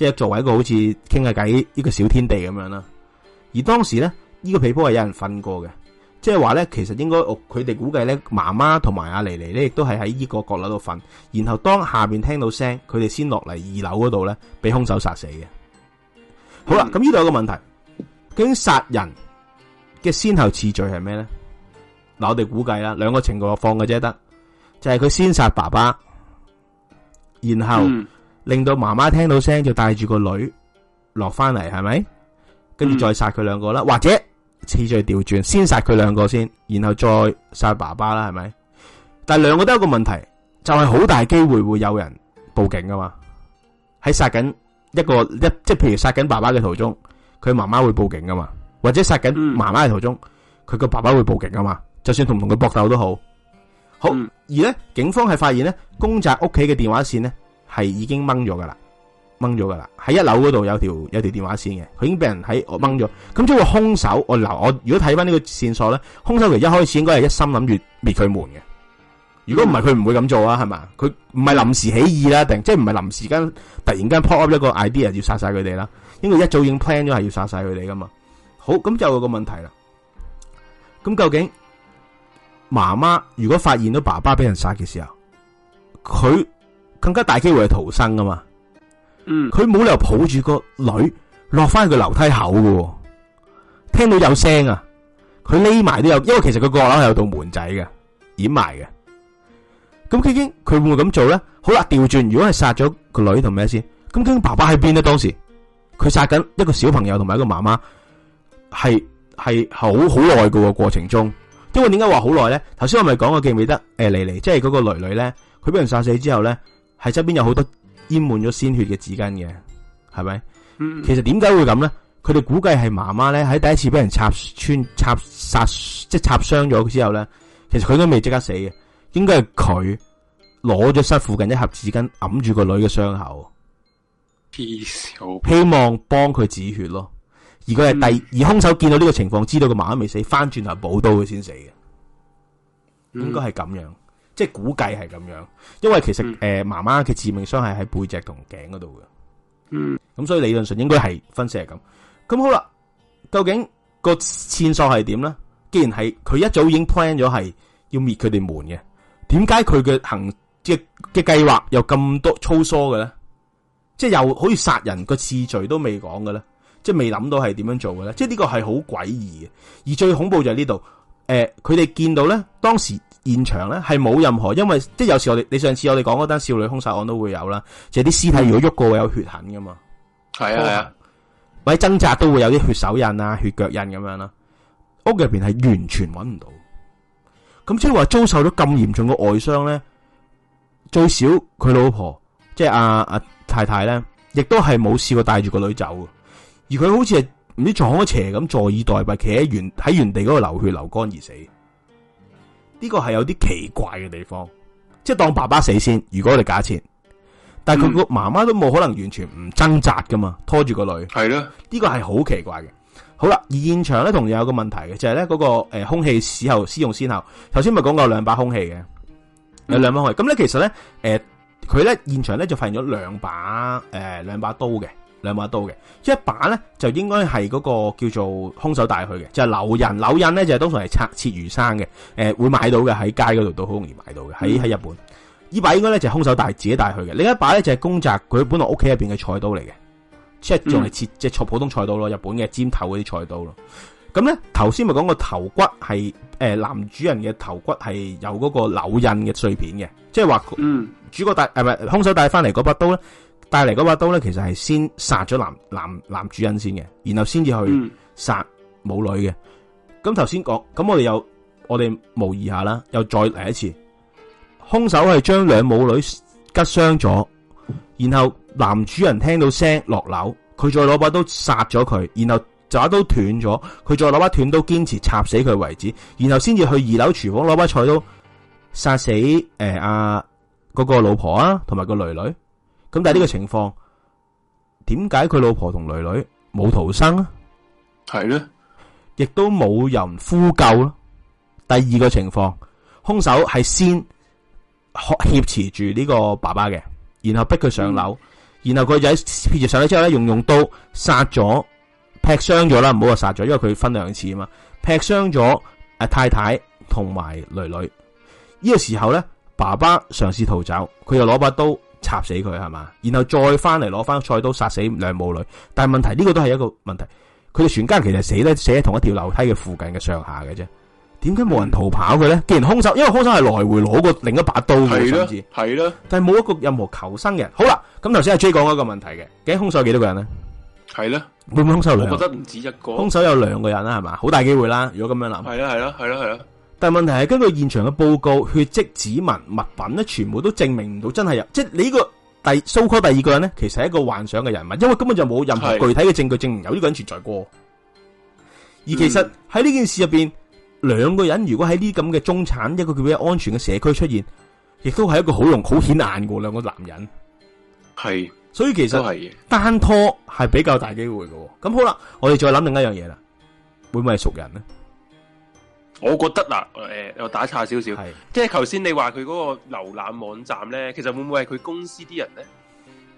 即係作為一個好似傾下偈呢個小天地咁樣啦，而當時咧呢、這個被鋪係有人瞓過嘅，即係話咧其實應該佢哋估計咧媽媽同埋阿妮妮咧亦都係喺呢個閣樓度瞓，然後當下面聽到聲，佢哋先落嚟二樓嗰度咧被凶手殺死嘅。好啦，咁呢度有個問題，究竟殺人嘅先後次序係咩咧？嗱、啊，我哋估計啦，兩個情況放嘅啫得，就係、是、佢先殺爸爸，然後。嗯令到媽媽聽到聲就帶住個女落翻嚟，係咪？跟住再殺佢兩個啦，或者次序調轉，先殺佢兩個先，然後再殺爸爸啦，係咪？但係兩個都有個問題，就係、是、好大機會會有人報警噶嘛？喺殺緊一個一，即係譬如殺緊爸爸嘅途中，佢媽媽會報警噶嘛？或者殺緊媽媽嘅途中，佢個、嗯、爸爸會報警噶嘛？就算同唔同佢搏鬥都好，好、嗯、而咧，警方係發現咧，公宅屋企嘅電話線咧。係已經掹咗噶啦，掹咗噶啦，喺一樓嗰度有條有條電話線嘅，佢已經俾人喺我掹咗。咁即係個兇手，我留我如果睇翻呢個線索咧，兇手其實一開始應該係一心諗住滅佢門嘅。如果唔係，佢唔會咁做啊，係嘛？佢唔係臨時起意啦，定即係唔係臨時間突然間 pop up 一個 idea 要殺晒佢哋啦？因為一早已經 plan 咗係要殺晒佢哋噶嘛。好，咁就有個問題啦。咁究竟媽媽如果發現到爸爸俾人殺嘅時候，佢？更加大機會係逃生噶嘛？嗯，佢冇理由抱住個女落翻去個樓梯口嘅。哦，聽到有聲啊，佢匿埋都有，因為其實佢閣樓係有道門仔嘅掩埋嘅。咁究竟佢會唔會咁做咧？好啦，調轉，如果係殺咗個女同咩先？咁究竟爸爸喺邊咧？當時佢殺緊一個小朋友同埋一個媽媽，係係好好耐嘅過程中。因為點解話好耐咧？頭先我咪講過記唔記得？誒、欸，麗麗即係嗰個女女咧，佢俾人殺死之後咧，係側邊有好多淹滿咗鮮血嘅紙巾嘅，係咪、嗯？其實點解會咁咧？佢哋估計係媽媽咧，喺第一次俾人插穿插殺，即係插傷咗之後咧，其實佢都未即刻死嘅，應該係佢攞咗室附近一盒紙巾揞住個女嘅傷口，希望幫佢止血咯。而佢係第、嗯、而兇手見到呢個情況，知道個媽媽未死，翻轉頭補刀佢先死嘅，應該係咁樣。嗯即係估計係咁樣，因為其實誒，媽媽嘅致命傷係喺背脊同頸嗰度嘅，嗯，咁所以理論上應該係分析係咁。咁好啦，究竟個線索係點咧？既然係佢一早已經 plan 咗係要滅佢哋門嘅，點解佢嘅行嘅嘅計劃又咁多粗疏嘅咧？即係又好似殺人個次序都未講嘅咧，即係未諗到係點樣做嘅咧？即係呢個係好詭異嘅，而最恐怖就係呢度，誒、呃，佢哋見到咧當時。現場咧係冇任何，因為即係有時候我哋你上次我哋講嗰單少女兇殺案都會有啦，就係啲屍體如果喐過會有血痕噶嘛，係啊，或者掙扎都會有啲血手印啊，血腳印咁樣啦，屋入邊係完全揾唔到，咁即係話遭受咗咁嚴重嘅外傷咧，最少佢老婆即係、啊、阿、啊、太太咧，亦都係冇試過帶住個女走，而佢好似係唔知撞咗邪咁坐以待斃，企喺原喺原地嗰度流血流乾而死。呢個係有啲奇怪嘅地方，即係當爸爸先死先，如果我哋假設，但係佢個媽媽都冇可能完全唔掙扎噶嘛，拖住個女。係咯，呢個係好奇怪嘅。好啦，而現場咧同樣有一個問題嘅，就係、是、咧、嗰個誒、呃、空氣先候使用先後，頭先咪講過兩把空氣嘅，有兩把空氣，咁咧、嗯、其實咧誒佢咧現場咧就發現咗兩把誒兩、呃、把刀嘅。兩把刀嘅，一把咧就應該係嗰個叫做凶手帶去嘅，就係、是、柳刃，柳刃咧就係、是、通常係拆切魚生嘅，誒、呃、會買到嘅喺街嗰度都好容易買到嘅，喺喺、嗯、日本。呢把應該咧就係凶手帶自己帶去嘅，另一把咧就係、是、宮澤佢本來屋企入邊嘅菜刀嚟嘅，即係用嚟切即係坐普通菜刀咯，日本嘅尖頭嗰啲菜刀咯。咁咧頭先咪講個頭骨係誒、呃、男主人嘅頭骨係有嗰個柳刃嘅碎片嘅，即係話，嗯，主角帶誒唔係凶手帶翻嚟嗰把刀咧。帶嚟嗰把刀咧，其實係先殺咗男男男主人先嘅，然後先至去殺母女嘅。咁頭先講，咁我哋又我哋模擬下啦，又再嚟一次。兇手係將兩母女拮傷咗，然後男主人聽到聲落樓，佢再攞把刀殺咗佢，然後就把刀斷咗，佢再攞把斷刀斷斷斷堅，持堅持插死佢為止，然後先至去二樓廚房攞把菜刀殺，殺死誒阿嗰個老婆啊，同埋個女女。咁但係呢個情況，點解佢老婆同女女冇逃生啊？係咧呢，亦都冇人呼救啦。第二個情況，兇手係先挾持住呢個爸爸嘅，然後逼佢上樓，嗯、然後佢就喺挾持上樓之後咧，用用刀殺咗、劈傷咗啦，唔好話殺咗，因為佢分兩次啊嘛，劈傷咗阿太太同埋女女。呢、呢個時候咧，爸爸嘗試逃走，佢又攞把刀。插死佢係嘛，然後再翻嚟攞翻菜刀殺死兩母女，但係問題，呢個都係一個問題。佢哋全家其實死咧，死喺同一條樓梯嘅附近嘅上下嘅啫，點解冇人逃跑嘅咧？既然兇手，因為兇手係來回攞過另一把刀嘅，係咯，甚至係咯，但係冇一個任何求生嘅人。好啦，咁頭先阿 J 講咗一個問題嘅，究竟凶手有幾多個人咧？係啦，會唔會兇手有兩個？我覺得唔止一個，兇手有兩個人啦，係嘛，好大機會啦。如果咁樣諗，係啦，係啦，係啦，係啦。但係問題係，根據現場嘅報告，血迹、指紋、物品咧，全部都證明唔到真係有。即係你呢、這個第二個第二個人咧，其實係一個幻想嘅人物，因為根本就冇任何具體嘅證據證明是有呢個人存在過。而其實喺呢、嗯、件事入邊，兩個人如果喺呢咁嘅中產一個叫咩安全嘅社區出現，亦都係一個好容易好顯眼嘅兩個男人。係是，所以其實是單拖係比較大機會嘅。咁好啦，我哋再諗另一樣嘢啦，會唔會係熟人呢？我覺得啦，誒、欸，我打岔少少，即係頭先你話佢嗰個瀏覽網站咧，其實會唔會係佢公司啲人咧？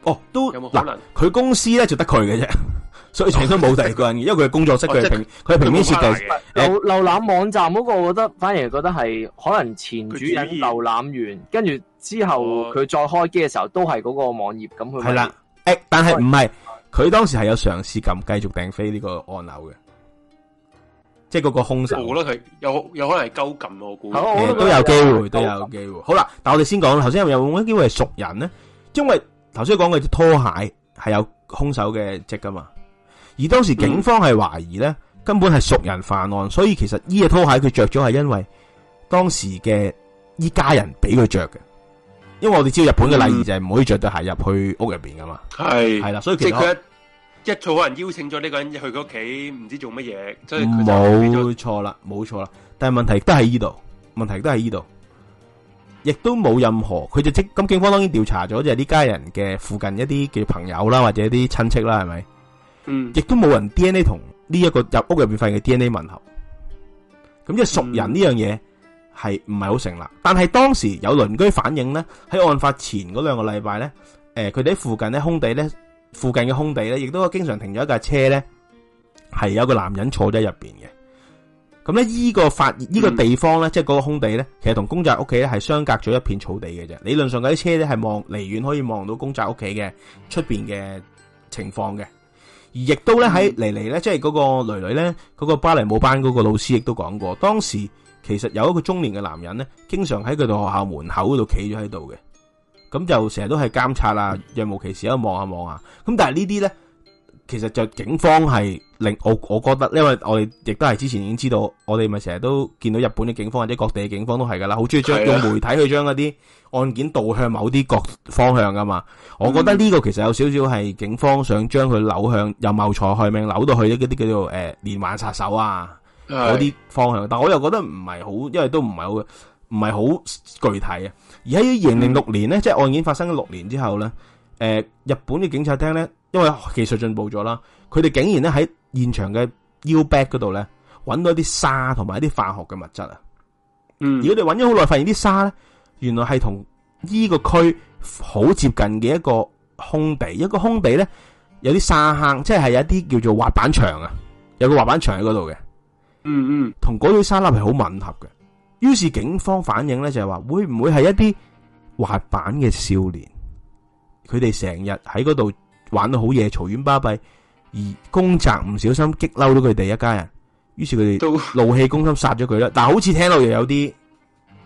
哦，都有冇可能？佢公司咧就得佢嘅啫，所以重新冇第二個人。因為佢嘅工作室佢、哦、平，佢係、哦、平面設計。瀏瀏覽網站嗰個，我覺得反而覺得係可能前主人瀏覽完，跟住之後佢再開機嘅時候，都係嗰個網頁咁。佢係啦，但係唔係佢當時係有嘗試撳繼續訂飛呢個按鈕嘅。即係嗰個兇手，我覺得佢有有可能係勾近我估，都有機會，都有機會。好啦，但係我哋先講，頭先有冇啲機會係熟人咧？因為頭先講嘅隻拖鞋係有兇手嘅跡噶嘛，而當時警方係懷疑咧，根本係熟人犯案，所以其實呢隻拖鞋佢着咗係因為當時嘅呢家人俾佢着嘅，因為我哋知道日本嘅禮儀就係唔可以着對鞋入去屋入邊噶嘛，係係啦，所以其實。一早有人邀請咗呢個人去佢屋企，唔知做乜嘢，所以冇錯啦，冇錯啦。但係問題都喺呢度，問題都喺呢度，亦都冇任何佢就即咁，警方當然調查咗，就係呢家人嘅附近一啲嘅朋友啦，或者一啲親戚啦，係咪？嗯，亦都冇人 D N A 同呢一個入屋入面發現嘅 D N A 吻合。咁即係熟人呢樣嘢係唔係好成立？但係當時有鄰居反映咧，喺案發前嗰兩個禮拜咧，誒，佢哋喺附近咧空地咧。附近嘅空地咧，亦都經常停咗一架車咧，係有個男人坐咗入邊嘅。咁咧呢個發呢、呢個地方咧，即係嗰個空地咧，其實同公宅屋企咧係相隔咗一片草地嘅啫。理論上嗰啲車咧係望離遠可以望到公宅屋企嘅出邊嘅情況嘅。而亦都咧喺嚟嚟咧，即係嗰個女女咧，嗰、嗰個芭蕾舞班嗰個老師亦都講過，當時其實有一個中年嘅男人咧，經常喺佢哋學校門口嗰度企咗喺度嘅。咁就成日都係監察啊，若無其事咁望下望啊。咁但係呢啲咧，其實就警方係令我我覺得，因為我哋亦都係之前已經知道，我哋咪成日都見到日本嘅警方或者各地嘅警方都係噶啦，好中意將用媒體去將嗰啲案件導向某啲個方向噶嘛。我覺得呢個其實有少少係警方想將佢扭向由謀財害命扭到去一啲啲叫做誒連環殺手啊嗰啲方向。但係我又覺得唔係好，因為都唔係好。唔係好具體啊！而喺二零零六年呢、嗯、即係案件發生咗六年之後咧、呃，日本嘅警察廳咧，因為技術進步咗啦，佢哋竟然咧喺現場嘅腰背嗰度咧，揾到啲沙同埋一啲化學嘅物質啊！嗯，如果佢哋揾咗好耐，發現啲沙咧，原來係同依個區好接近嘅一個空地，一個空地咧有啲沙坑，即係有一啲叫做滑板場，啊，有個滑板場喺嗰度嘅，嗯嗯，同嗰啲沙粒係好吻合嘅。於是警方反映呢，就係、是、話會唔會係一啲滑板嘅少年，佢哋成日喺嗰度玩到好嘢嘈喧、巴閉，而宮澤唔小心激嬲到佢哋一家人，於是佢哋都怒氣攻心殺咗佢啦。但係好似聽落又有啲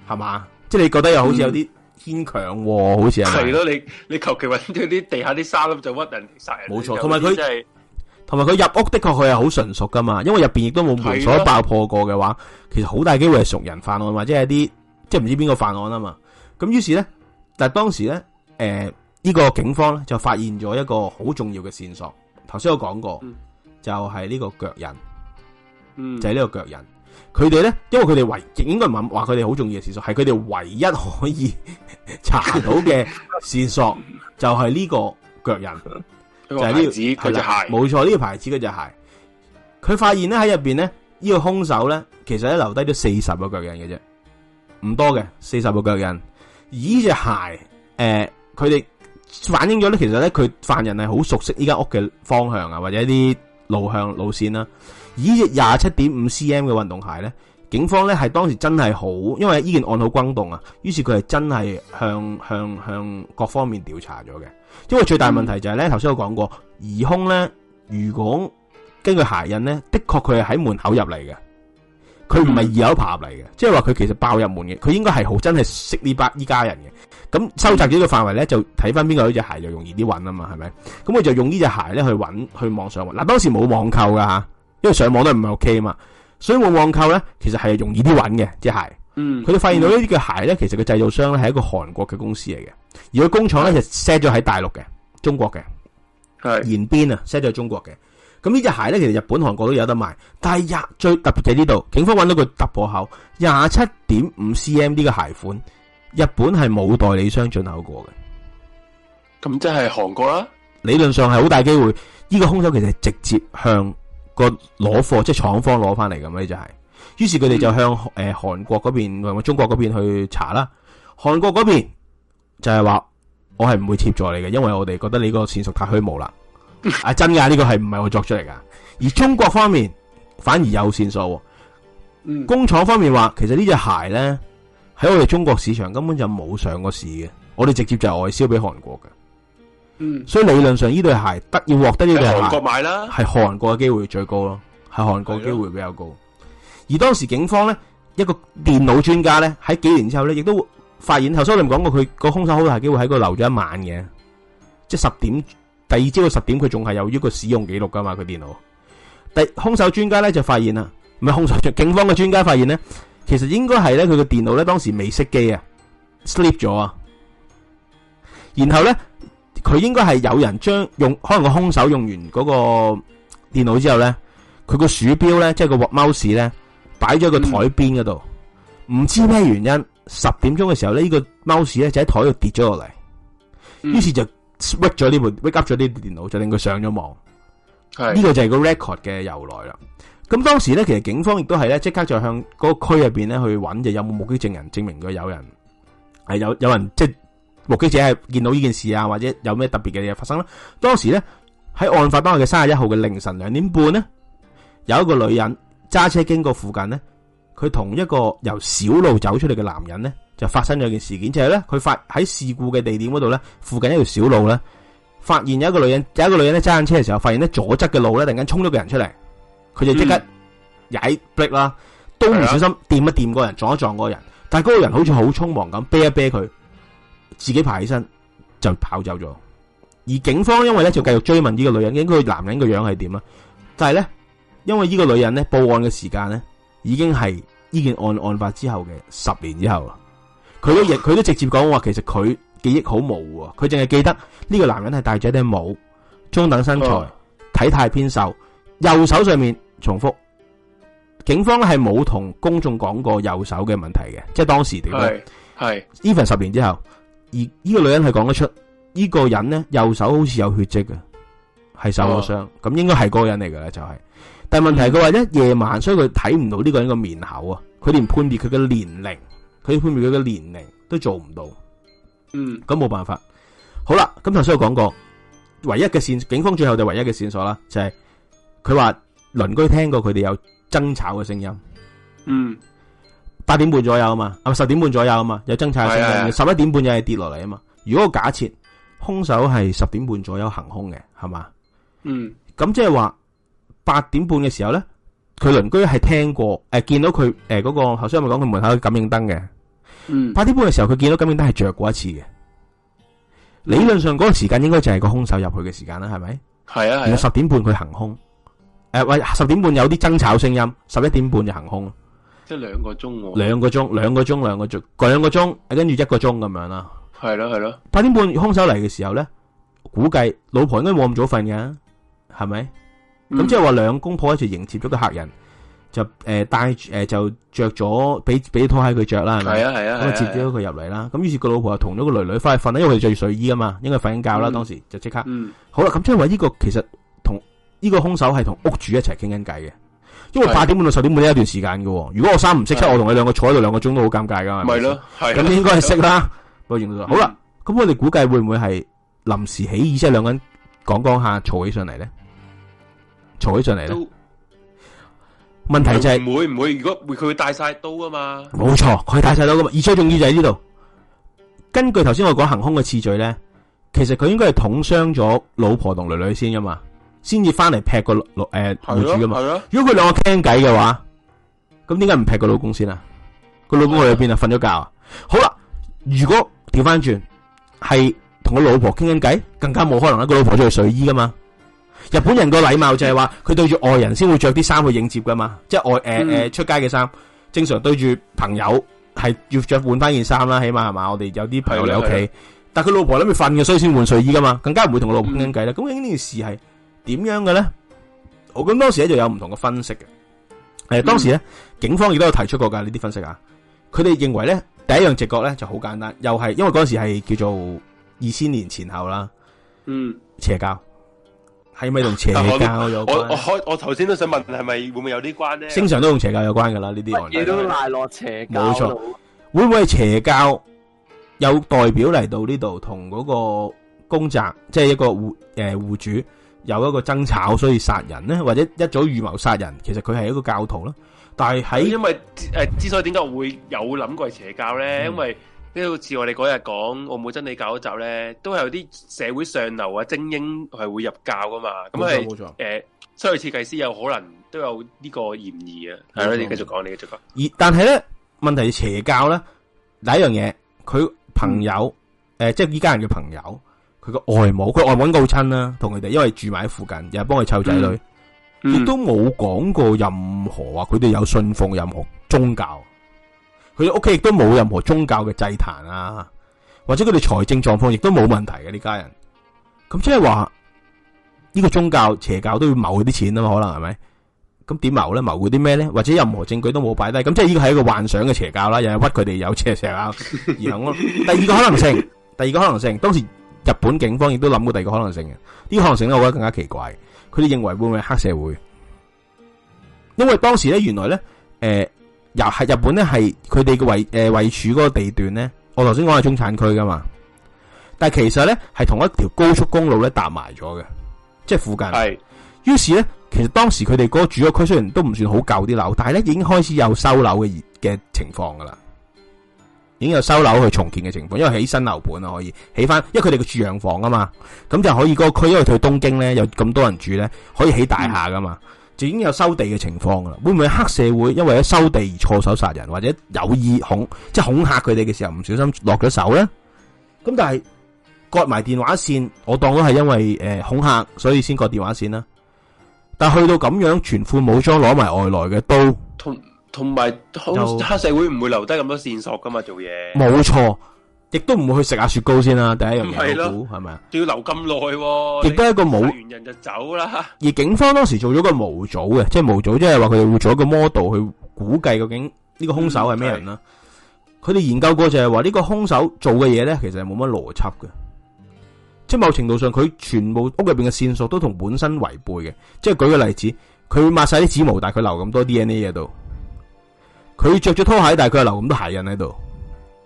係嘛，即係你覺得又好似有啲牽強，嗯、好似係。係咯，你你求其揾啲地下啲沙粒就屈人殺人。冇錯，同埋佢。同埋佢入屋的確佢係好純熟噶嘛，因為入邊亦都冇門鎖爆破過嘅話，其實好大機會係熟人犯案，犯案嘛，即係啲即係唔知邊個犯案啊嘛。咁於是咧，但係當時咧，誒、呃、呢、這個警方咧就發現咗一個好重要嘅線索。頭先我講過，就係、是、呢個腳印，嗯、就係呢個腳印。佢哋咧，因為佢哋唯，應該唔係話佢哋好重要嘅線索，係佢哋唯一可以查到嘅線索，就係呢個腳印。就係呢個牌子，佢隻鞋冇錯呢個牌子，佢隻鞋。佢發現咧喺入邊咧，呢個兇手咧，其實咧留低咗四十個腳印嘅啫，唔多嘅，四十個腳印。而呢隻鞋，誒、呃，佢哋反映咗咧，其實咧，佢犯人係好熟悉呢間屋嘅方向啊，或者啲路向路線啦。而呢隻廿七點五 cm 嘅運動鞋咧，警方咧係當時真係好，因為呢件案好轟動啊，於是佢係真係向向向各方面調查咗嘅。因為最大問題就係咧，頭先我講過，疑凶咧，如果根據鞋印咧，的確佢係喺門口入嚟嘅，佢唔係二樓爬入嚟嘅，即係話佢其實爆入門嘅，佢應該係好真係識呢班依家人嘅。咁收集這個範圍呢個範圍咧，就睇翻邊個呢隻鞋就容易啲揾啊嘛，係咪？咁佢就用這隻呢隻鞋咧去揾，去網上揾。嗱、啊，當時冇網購噶吓，因為上網都唔係 OK 啊嘛，所以冇網購咧其實係容易啲揾嘅隻鞋。嗯，佢哋發現到呢啲嘅鞋咧，其實個製造商咧係一個韓國嘅公司嚟嘅，而個工廠咧就 set 咗喺大陸嘅，的中國嘅係延邊啊，set 咗喺中國嘅。咁呢隻鞋咧，其實日本、韓國都有得賣，但係廿最特別就呢度，警方揾到個突破口，廿七點五 cm 呢個鞋款，日本係冇代理商進口過嘅。咁即係韓國啦。理論上係好大機會，呢個兇手其實係直接向個攞貨，即係廠方攞翻嚟咁呢隻鞋。於是佢哋就向誒韓國嗰邊同埋中國嗰邊去查啦。韓國嗰邊就係話我係唔會協助你嘅，因為我哋覺得你個線索太虛無啦。係、嗯啊、真噶，呢、這個係唔係我作出嚟噶？而中國方面反而有線索。嗯、工廠方面話，其實隻呢隻鞋咧喺我哋中國市場根本就冇上過市嘅，我哋直接就係外銷俾韓國嘅。嗯，所以理論上呢對鞋得要獲得呢對鞋，係韓國買啦，係韓國嘅機會最高咯，係韓、嗯、國機會比較高。而當時警方咧一個電腦專家咧喺幾年之後咧，亦都發現，頭先我哋講過佢個兇手好大機會喺度留咗一晚嘅，即十點第二朝嘅十點佢仲係有呢個使用記錄噶嘛佢電腦。第兇手專家咧就發現啦，唔係兇手專警方嘅專家發現咧，其實應該係咧佢嘅電腦咧當時未熄機啊，sleep 咗啊，然後咧佢應該係有人將用可能個兇手用完嗰個電腦之後咧，佢個鼠標咧即係個 mouse 咧。擺咗個台邊嗰度，唔、嗯、知咩原因，十點鐘嘅時候呢呢、這個 mouse 咧就喺台度跌咗落嚟，於、嗯、是就 wake 咗呢部 wake up 咗呢部電腦，就令佢上咗網。呢的個就係個 record 嘅由來啦。咁當時咧，其實警方亦都係咧即刻就向嗰個區入邊咧去揾，就有、是、冇目擊證人證明佢有人係有有人即目擊者係見到呢件事啊，或者有咩特別嘅嘢發生啦。當時咧喺案發當日嘅三十一號嘅凌晨兩點半呢，有一個女人。揸車經過附近呢，佢同一個由小路走出嚟嘅男人呢，就發生咗件事件，就係呢，佢發喺事故嘅地點嗰度呢，附近一條小路呢，發現有一個女人，有一個女人揸緊車嘅時候，發現呢左側嘅路呢，突然間衝咗個人出嚟，佢就即刻踩 brake 啦，都唔、嗯、小心掂一掂嗰人，撞一撞嗰人，但係嗰個人好似好匆忙咁，啤一啤佢，自己爬起身就跑走咗。而警方因為呢，就繼續追問呢個女人，應該男人嘅樣係點啊？就係呢。因為呢個女人咧報案嘅時間咧，已經係呢件案案發之後嘅十年之後啦。佢都亦佢都直接講話，其實佢記憶好模糊。佢淨係記得呢個男人係戴咗一頂帽，中等身材，體態偏瘦，右手上面重複。警方咧係冇同公眾講過右手嘅問題嘅，即係當時點都係。even 十年之後，而呢個女人係講得出呢、這個人咧右手好似有血迹嘅，係受咗傷，咁的應該係嗰個人嚟嘅啦，就係、是。但係問題，佢話一夜晚，所以佢睇唔到呢個人個面口啊，佢連判別佢嘅年齡，佢判別佢嘅年齡都做唔到，嗯，咁冇辦法。好啦，咁頭先我講過，唯一嘅線，警方最後就唯一嘅線索啦，就係佢話鄰居聽過佢哋有爭吵嘅聲音，嗯，八點半左右啊嘛，啊，十點半左右啊嘛，有爭吵嘅聲音，十一是的 點半又係跌落嚟啊嘛。如果假設兇手係十點半左右行兇嘅，係嘛，嗯就是說，咁即係話。八點半嘅時候咧，佢鄰居係聽過誒、呃，見到佢誒嗰個頭先我咪講佢門口感應燈嘅。嗯，八點半嘅時候佢見到感應燈係着過一次嘅。嗯、理論上嗰個時間應該就係個兇手入去嘅時間啦，係咪？係啊，啊然後十點半佢行兇。誒，喂，十點半有啲爭吵聲音，十一點半就行兇。即係兩個鐘、啊。兩個鐘，兩個鐘，兩個鐘，兩個鐘，跟住一個鐘咁樣啦。係咯、啊，係咯、啊。八點半兇手嚟嘅時候咧，估計老婆應該冇咁早瞓嘅，係咪？咁即係話兩公婆,一齊迎接咗個客人，就誒帶誒就着咗俾俾拖鞋佢着啦，係咪？係啊係啊。咁、啊、接咗佢入嚟啦。咁於是個、啊啊啊、老婆又同咗個女女翻去瞓啦，因為着住睡衣啊嘛，應該瞓緊覺啦。嗯、當時就即刻。嗯、好啦，咁即係話呢個其實同呢、這個兇手係同屋主一齊傾緊偈嘅，因為八點半到十點半呢一段時間噶。如果我三唔識七，啊、我同你兩個坐喺度兩個鐘都好尷尬噶。咪咯，係。咁應該係識啦。好啦，咁我哋估計會唔會係臨時起意，即係兩人講講下嘈起上嚟咧？嘈起上嚟啦！都問題就係、是、唔會唔會，如果會佢會帶晒刀啊嘛？冇錯，佢帶晒刀噶嘛。而且仲要就喺呢度，根據頭先我講行凶嘅次序咧，其實佢應該係捅傷咗老婆同女女先噶嘛，先至翻嚟劈個老誒戶主噶嘛。如果佢兩個傾偈嘅話，咁點解唔劈個老公先啊？個老公去咗邊啊？瞓咗覺啊？好啦，如果調翻轉係同個老婆傾緊偈，更加冇可能一個老婆出去睡衣噶嘛。日本人個禮貌就係話佢對住外人先會着啲衫去迎接噶嘛，即係外誒誒、呃嗯呃、出街嘅衫。正常對住朋友係要着換翻件衫啦，起碼係嘛？我哋有啲朋友嚟屋企，但係佢老婆諗住瞓嘅，所以先換睡衣噶嘛。更加唔會同佢老公傾偈啦。咁呢、嗯、件事係點樣嘅咧？我咁當時咧就有唔同嘅分析嘅。誒、嗯欸，當時咧警方亦都有提出過噶呢啲分析啊。佢哋認為咧，第一樣直覺咧就好簡單，又係因為嗰時係叫做二千年前後啦。嗯，邪教。係咪同邪教有關？我我開我頭先都想問，係咪會唔會有啲關咧？經常都同邪教有關噶啦，呢啲嘢都賴落邪教。冇錯，會唔會係邪教有代表嚟到呢度同嗰個公宅，即係一個戶誒戶主有一個爭吵，所以殺人咧，或者一早預謀殺人，其實佢係一個教徒囉。但係喺因為誒，之所以點解會有諗過係邪教咧，因為。即係好似我哋嗰日講澳門真理教一集咧，都係有啲社會上流啊精英係會入教噶嘛。咁係誒，所以設計師有可能都有呢個嫌疑啊。係咯錯，你繼續講，你繼續講。而但係咧，問題係邪教咧，第一樣嘢，佢朋友誒，即係依家人嘅朋友，佢個、嗯呃、外母，佢外母好親，啦，同佢哋，因為住埋喺附近，又係幫佢湊仔女，亦、嗯嗯、都冇講過任何話佢哋有信奉任何宗教。佢屋企亦都冇任何宗教嘅祭壇啊，或者佢哋財政狀況亦都冇問題嘅、啊、呢家人，咁即係話呢個宗教邪教都要謀佢啲錢啊嘛，可能係咪？咁點謀咧？謀佢啲咩咧？或者任何證據都冇擺低，咁即係呢個係一個幻想嘅邪教啦、啊，又屈佢哋有邪邪啦、啊，而講咯。第二個可能性，第二個可能性，當時日本警方亦都諗過第二個可能性嘅，呢、這個可能性咧，我覺得更加奇怪。佢哋認為會唔會係黑社會？因為當時咧，原來咧，誒、呃。又係日本咧，係佢哋嘅位誒位處嗰個地段咧，我頭先講係中產區噶嘛。但係其實咧係同一條高速公路咧搭埋咗嘅，即係附近的。係。於是咧，其實當時佢哋嗰個住宅區雖然都唔算好舊啲樓，但係咧已經開始有收樓嘅嘅情況噶啦，已經有收樓去重建嘅情況，因為起新樓盤啊可以起翻，因為佢哋嘅住洋房啊嘛，咁就可以嗰個區，因為佢東京咧有咁多人住咧，可以起大廈噶嘛。嗯就已經有收地嘅情況啦，會唔會黑社會因為收地而錯手殺人，或者有意恐即係恐嚇佢哋嘅時候唔小心落咗手咧？咁但係割埋電話線，我當咗係因為誒、呃、恐嚇，所以先割電話線啦。但係去到咁樣全副武裝攞埋外來嘅刀，同同埋黑黑社會唔會留低咁多線索噶嘛？做嘢，冇錯。亦都唔會去食下雪糕先啦、啊。第一樣嘢係咪啊？仲要留咁耐，亦都係一個冇完人就走啦。而警方當時做咗個模組嘅，即係模組，即係話佢哋會做一個 model 去估計究竟呢個凶手係咩人啦、啊。佢哋的研究過就係話呢個凶手做嘅嘢咧，其實係冇乜邏輯嘅，即係某程度上佢全部屋入邊嘅線索都同本身違背嘅。即係舉個例子，佢抹晒啲指模，但係佢留咁多 D N A 喺度；佢着咗拖鞋，但係佢係留咁多鞋印喺度，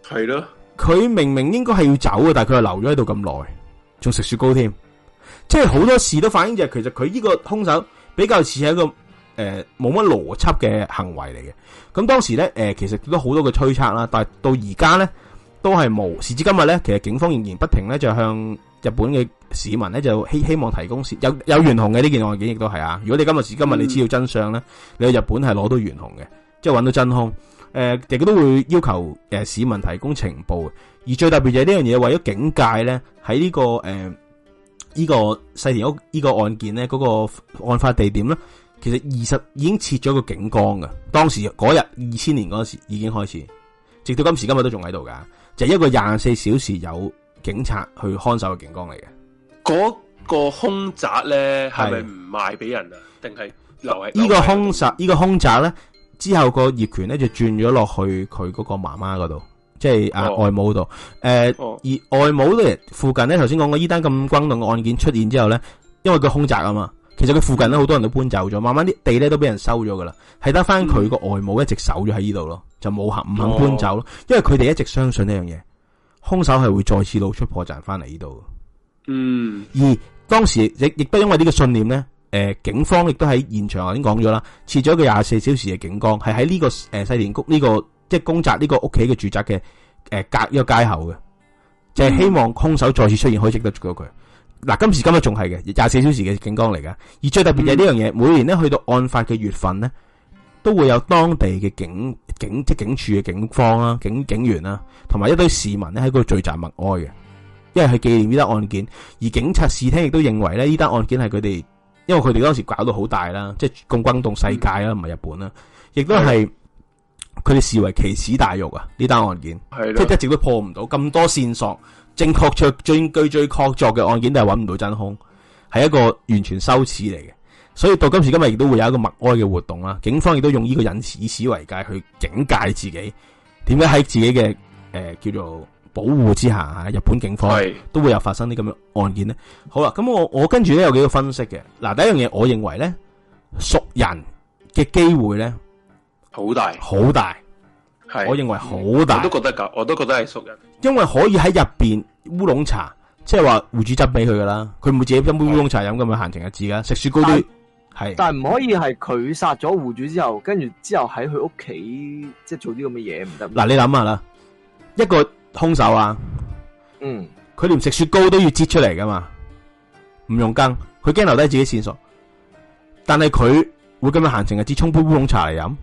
係咯。佢明明應該係要走嘅，但係佢係留咗喺度咁耐，仲食雪糕添，即係好多事都反映就係、呃呃，其實佢呢個兇手比較似係一個誒冇乜邏輯嘅行為嚟嘅。咁當時咧，誒其實都好多嘅推測啦，但係到而家咧都係無。時至今日咧，其實警方仍然不停咧就向日本嘅市民咧就希希望提供有有懸紅嘅呢件案件，亦都係啊。如果你今日時今日你知道真相咧，你去日本係攞到懸紅嘅，即係揾到真兇。誒，亦都、呃、都會要求誒、呃、市民提供情報，而最特別就係呢樣嘢為咗警戒咧，喺呢、這個誒呢、呃這個世田谷呢個案件咧，嗰、那個案發地點咧，其實二十已經設咗個警崗㗎。當時嗰日二千年嗰時已經開始，直到今時今日都仲喺度噶，就係、是、一個廿四小時有警察去看守嘅警崗嚟嘅。嗰個空宅咧係咪唔賣俾人啊？定係留喺？呢個空宅呢個空宅咧？這個之後個葉權咧就轉咗落去佢嗰個媽媽嗰度，即、就、係、是、啊、oh. 外母度。誒、呃，oh. 而外母咧附近咧，頭先講過呢單咁轟動嘅案件出現之後咧，因為佢空宅啊嘛，其實佢附近咧好多人都搬走咗，mm. 慢慢啲地咧都俾人收咗噶啦，係得翻佢個外母一直守咗喺呢度咯，就冇行唔肯搬走咯，oh. 因為佢哋一直相信呢樣嘢，兇手係會再次露出破綻翻嚟呢度。嗯，mm. 而當時亦亦都因為呢個信念咧。誒、呃，警方亦都喺現場我已經講咗啦，設咗一個廿四小時嘅警崗，係喺呢個誒世、呃、田谷呢、這個即係公宅呢個屋企嘅住宅嘅誒隔一個街口嘅，就係、是、希望兇手再次出現可以捉到佢。嗱、啊，今時今日仲係嘅廿四小時嘅警崗嚟噶，而最特別嘅呢樣嘢，嗯、每年呢去到案發嘅月份呢，都會有當地嘅警警即警署嘅警方啦、啊、警警員啦、啊，同埋一堆市民呢喺度聚集默哀嘅，因為係紀念呢單案件。而警察試聽亦都認為咧呢單案件係佢哋。因為佢哋當時搞到好大啦，即係共轟動世界啦，唔係日本啦，亦都係佢哋視為奇恥大辱啊！呢單案件係的即一直都破唔到咁多線索，正確最最最確鑿嘅案件都係揾唔到真凶，係一個完全羞恥嚟嘅。所以到今時今日亦都會有一個默哀嘅活動啦。警方亦都用呢個引以此為戒去警戒自己，點解喺自己嘅誒、呃、叫做。保護之下，日本警方是都會有發生啲咁嘅案件呢。好啦，咁我我跟住咧有幾個分析嘅。嗱，第一樣嘢，我認為呢，熟人嘅機會呢，好大，好大，係是我認為好大，嗯，我都覺得噶，我都覺得係熟人，因為可以喺入邊烏龍茶，即係話戶主斟俾佢噶啦，佢唔會自己斟杯烏龍茶飲噶嘛，閒情逸致噶，食雪糕都係，但係唔是可以係佢殺咗戶主之後，跟住之後喺佢屋企即係做啲咁嘅嘢唔得。嗱，你諗下啦，一個。凶手啊，嗯，佢連食雪糕都要擠出嚟噶嘛，唔用羹，佢驚留低自己線索。但係佢會咁樣閒情係支沖杯烏龍茶嚟飲，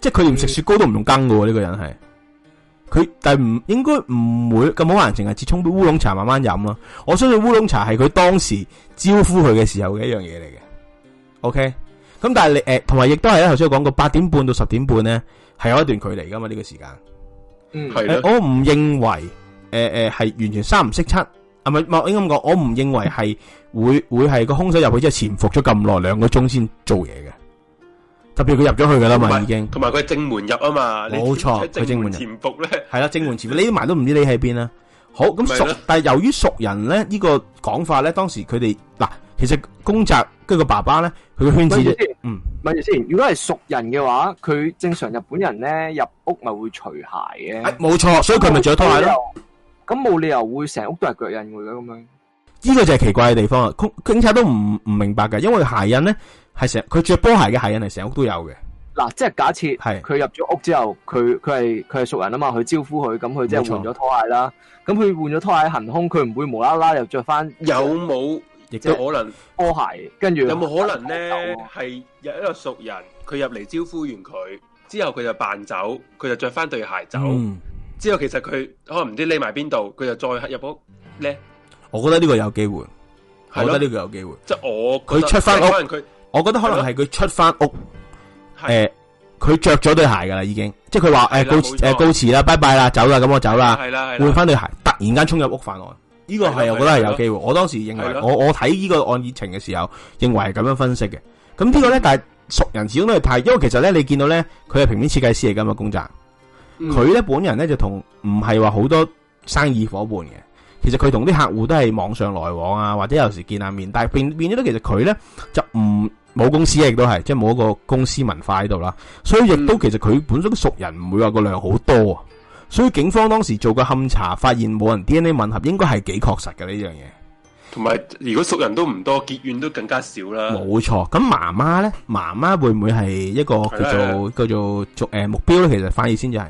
即係佢連食雪糕都唔用羹噶、啊。呢、這個人係佢，但係唔應該唔會咁好閒情係支沖杯烏龍茶慢慢飲咯、啊。我相信烏龍茶係佢當時招呼佢嘅時候嘅一樣嘢嚟嘅。O K，咁但係你誒，同埋亦都係喺頭先我講講過，八點半到十點半咧係有一段距離噶嘛呢、這個時間。嗯，係啦。我唔認為，誒誒，係完全三唔識七，啊唔係，我應該咁講，我唔認為係會會係個兇手入去之後潛伏咗咁耐兩個鐘先做嘢嘅。特別佢入咗去噶啦嘛，已經。同埋佢係正門入啊嘛。冇錯，佢正門入。潛伏咧。係啦，正門潛伏，匿埋都唔知匿喺邊啊。好，咁熟，但係由於熟人咧呢個講法咧，當時佢哋嗱。其實宮澤跟住個爸爸咧，佢個圈子等等，嗯，咪住先。如果係熟人嘅話，佢正常日本人咧，入屋咪會除鞋嘅。冇錯、哎，所以佢咪着拖鞋咯。咁冇理，理由會成屋都係腳印嘅咁樣。呢個就係奇怪嘅地方啊！警察都唔唔明白嘅，因為鞋印咧係成，佢着波鞋嘅鞋印係成屋都有嘅。嗱，即係假設係佢入咗屋之後，佢佢係佢係熟人啊嘛，佢招呼佢，咁佢即係換咗拖鞋啦。咁佢換咗拖鞋行空，佢唔會無啦啦又着翻。有冇？亦都可能波鞋，跟住有冇可能咧，係有一個熟人佢入嚟，招呼完佢之後佢就扮走，佢就着翻對鞋走。之後其實佢可能唔知匿埋邊度，佢就再入屋咧。我覺得呢個有機會，我覺得呢個有機會。即係我佢出翻屋，我覺得可能係佢出翻屋。誒，佢着咗對鞋噶啦，已經即係佢話誒告、誒告辭啦，拜拜啦，走啦，咁我走啦，係啦，換翻對鞋，突然間衝入屋犯案。呢個係，是的我覺得係有機會。的我當時認為，的我的我睇呢個案情嘅時候，認為係咁樣分析嘅。咁呢個咧，但係熟人始終都係太，因為其實咧，你見到咧，佢係平面設計師嚟噶嘛，工作、嗯，佢咧本人咧就同唔係話好多生意夥伴嘅。其實佢同啲客戶都係網上來往啊，或者有時見下面。但係變變咗咧，其實佢咧就唔冇公司亦都係，即係冇一個公司文化喺度啦。所以亦都、嗯、其實佢本身熟人唔會話個量好多啊。所以警方當時做個勘查，發現冇人 DNA 吻合，應該係幾確實嘅呢樣嘢。同埋，如果熟人都唔多，結怨都更加少啦。冇錯，咁媽媽咧，媽媽會唔會係一個叫做是的 叫做叫做誒、呃、目標咧？其實反而先至係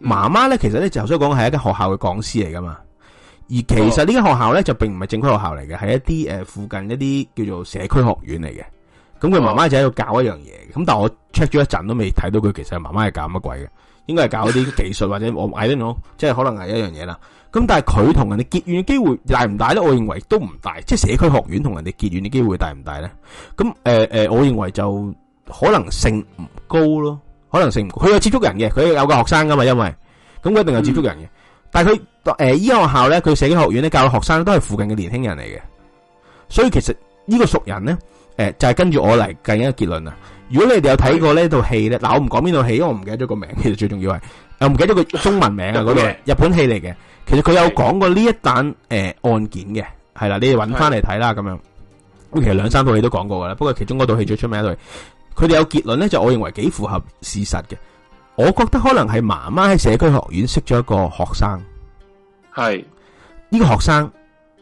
媽媽咧，其實咧就頭先講係一間學校嘅講師嚟噶嘛。而其實呢間學校咧就並唔係正規學校嚟嘅，係一啲誒、呃、附近一啲叫做社區學院嚟嘅。咁佢媽媽就喺度教一樣嘢。咁、哦、但係我 check 咗一陣都未睇到佢，其實媽媽係搞乜鬼嘅。應該係搞啲技術或者我 I don't know，即係可能係一樣嘢啦。咁但係佢同人哋結怨嘅機會大唔大咧？我認為都唔大，即係社區學院同人哋結怨嘅機會大唔大咧？咁誒誒，我認為就可能性唔高咯，可能性唔高。佢有接觸人嘅，佢有個學生噶嘛，因為咁佢一定有接觸人嘅。嗯、但係佢誒，依、呃、學校咧，佢社區學院咧教嘅學生都係附近嘅年輕人嚟嘅，所以其實呢個熟人咧，誒、呃，就係、是、跟住我嚟近一個結論啊。如果你哋有睇過呢套戲咧，嗱，我唔講邊套戲，因為我唔記得咗個名。其實最重要係，我唔記得個中文名啊，嗰套日本戲嚟嘅。其實佢有講過呢一單誒，案件嘅，係啦，你哋搵翻嚟睇啦，咁樣。咁其實兩三套戲都講過噶啦，不過其中嗰套戲最出名一對，佢哋有結論咧，就我認為幾符合事實嘅。我覺得可能係媽媽喺社區學院識咗一個學生，係呢個學生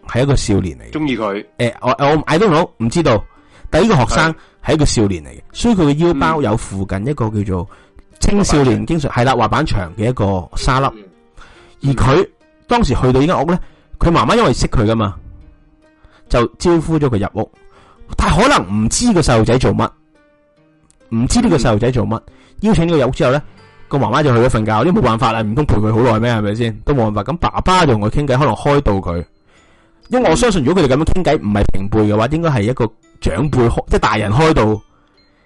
係一個少年嚟，中意佢。誒，我我嗌都好唔知道。第一個學生係一個少年嚟嘅，所以佢嘅腰包有附近一個叫做青少年經常係啦滑板場嘅一個沙粒，而佢當時去到呢間屋咧，佢媽媽因為識佢噶嘛，就招呼咗佢入屋，但可能唔知個細路仔做乜，唔知呢個細路仔做乜，邀請呢個入屋之後咧，個媽媽就去咗瞓覺，因為冇辦法啦，唔通陪佢好耐咩？係咪先？都冇辦法。咁爸爸同佢傾偈，可能開導佢，因為我相信如果佢哋咁樣傾偈唔係平輩嘅話，應該係一個。長輩開即係大人開到，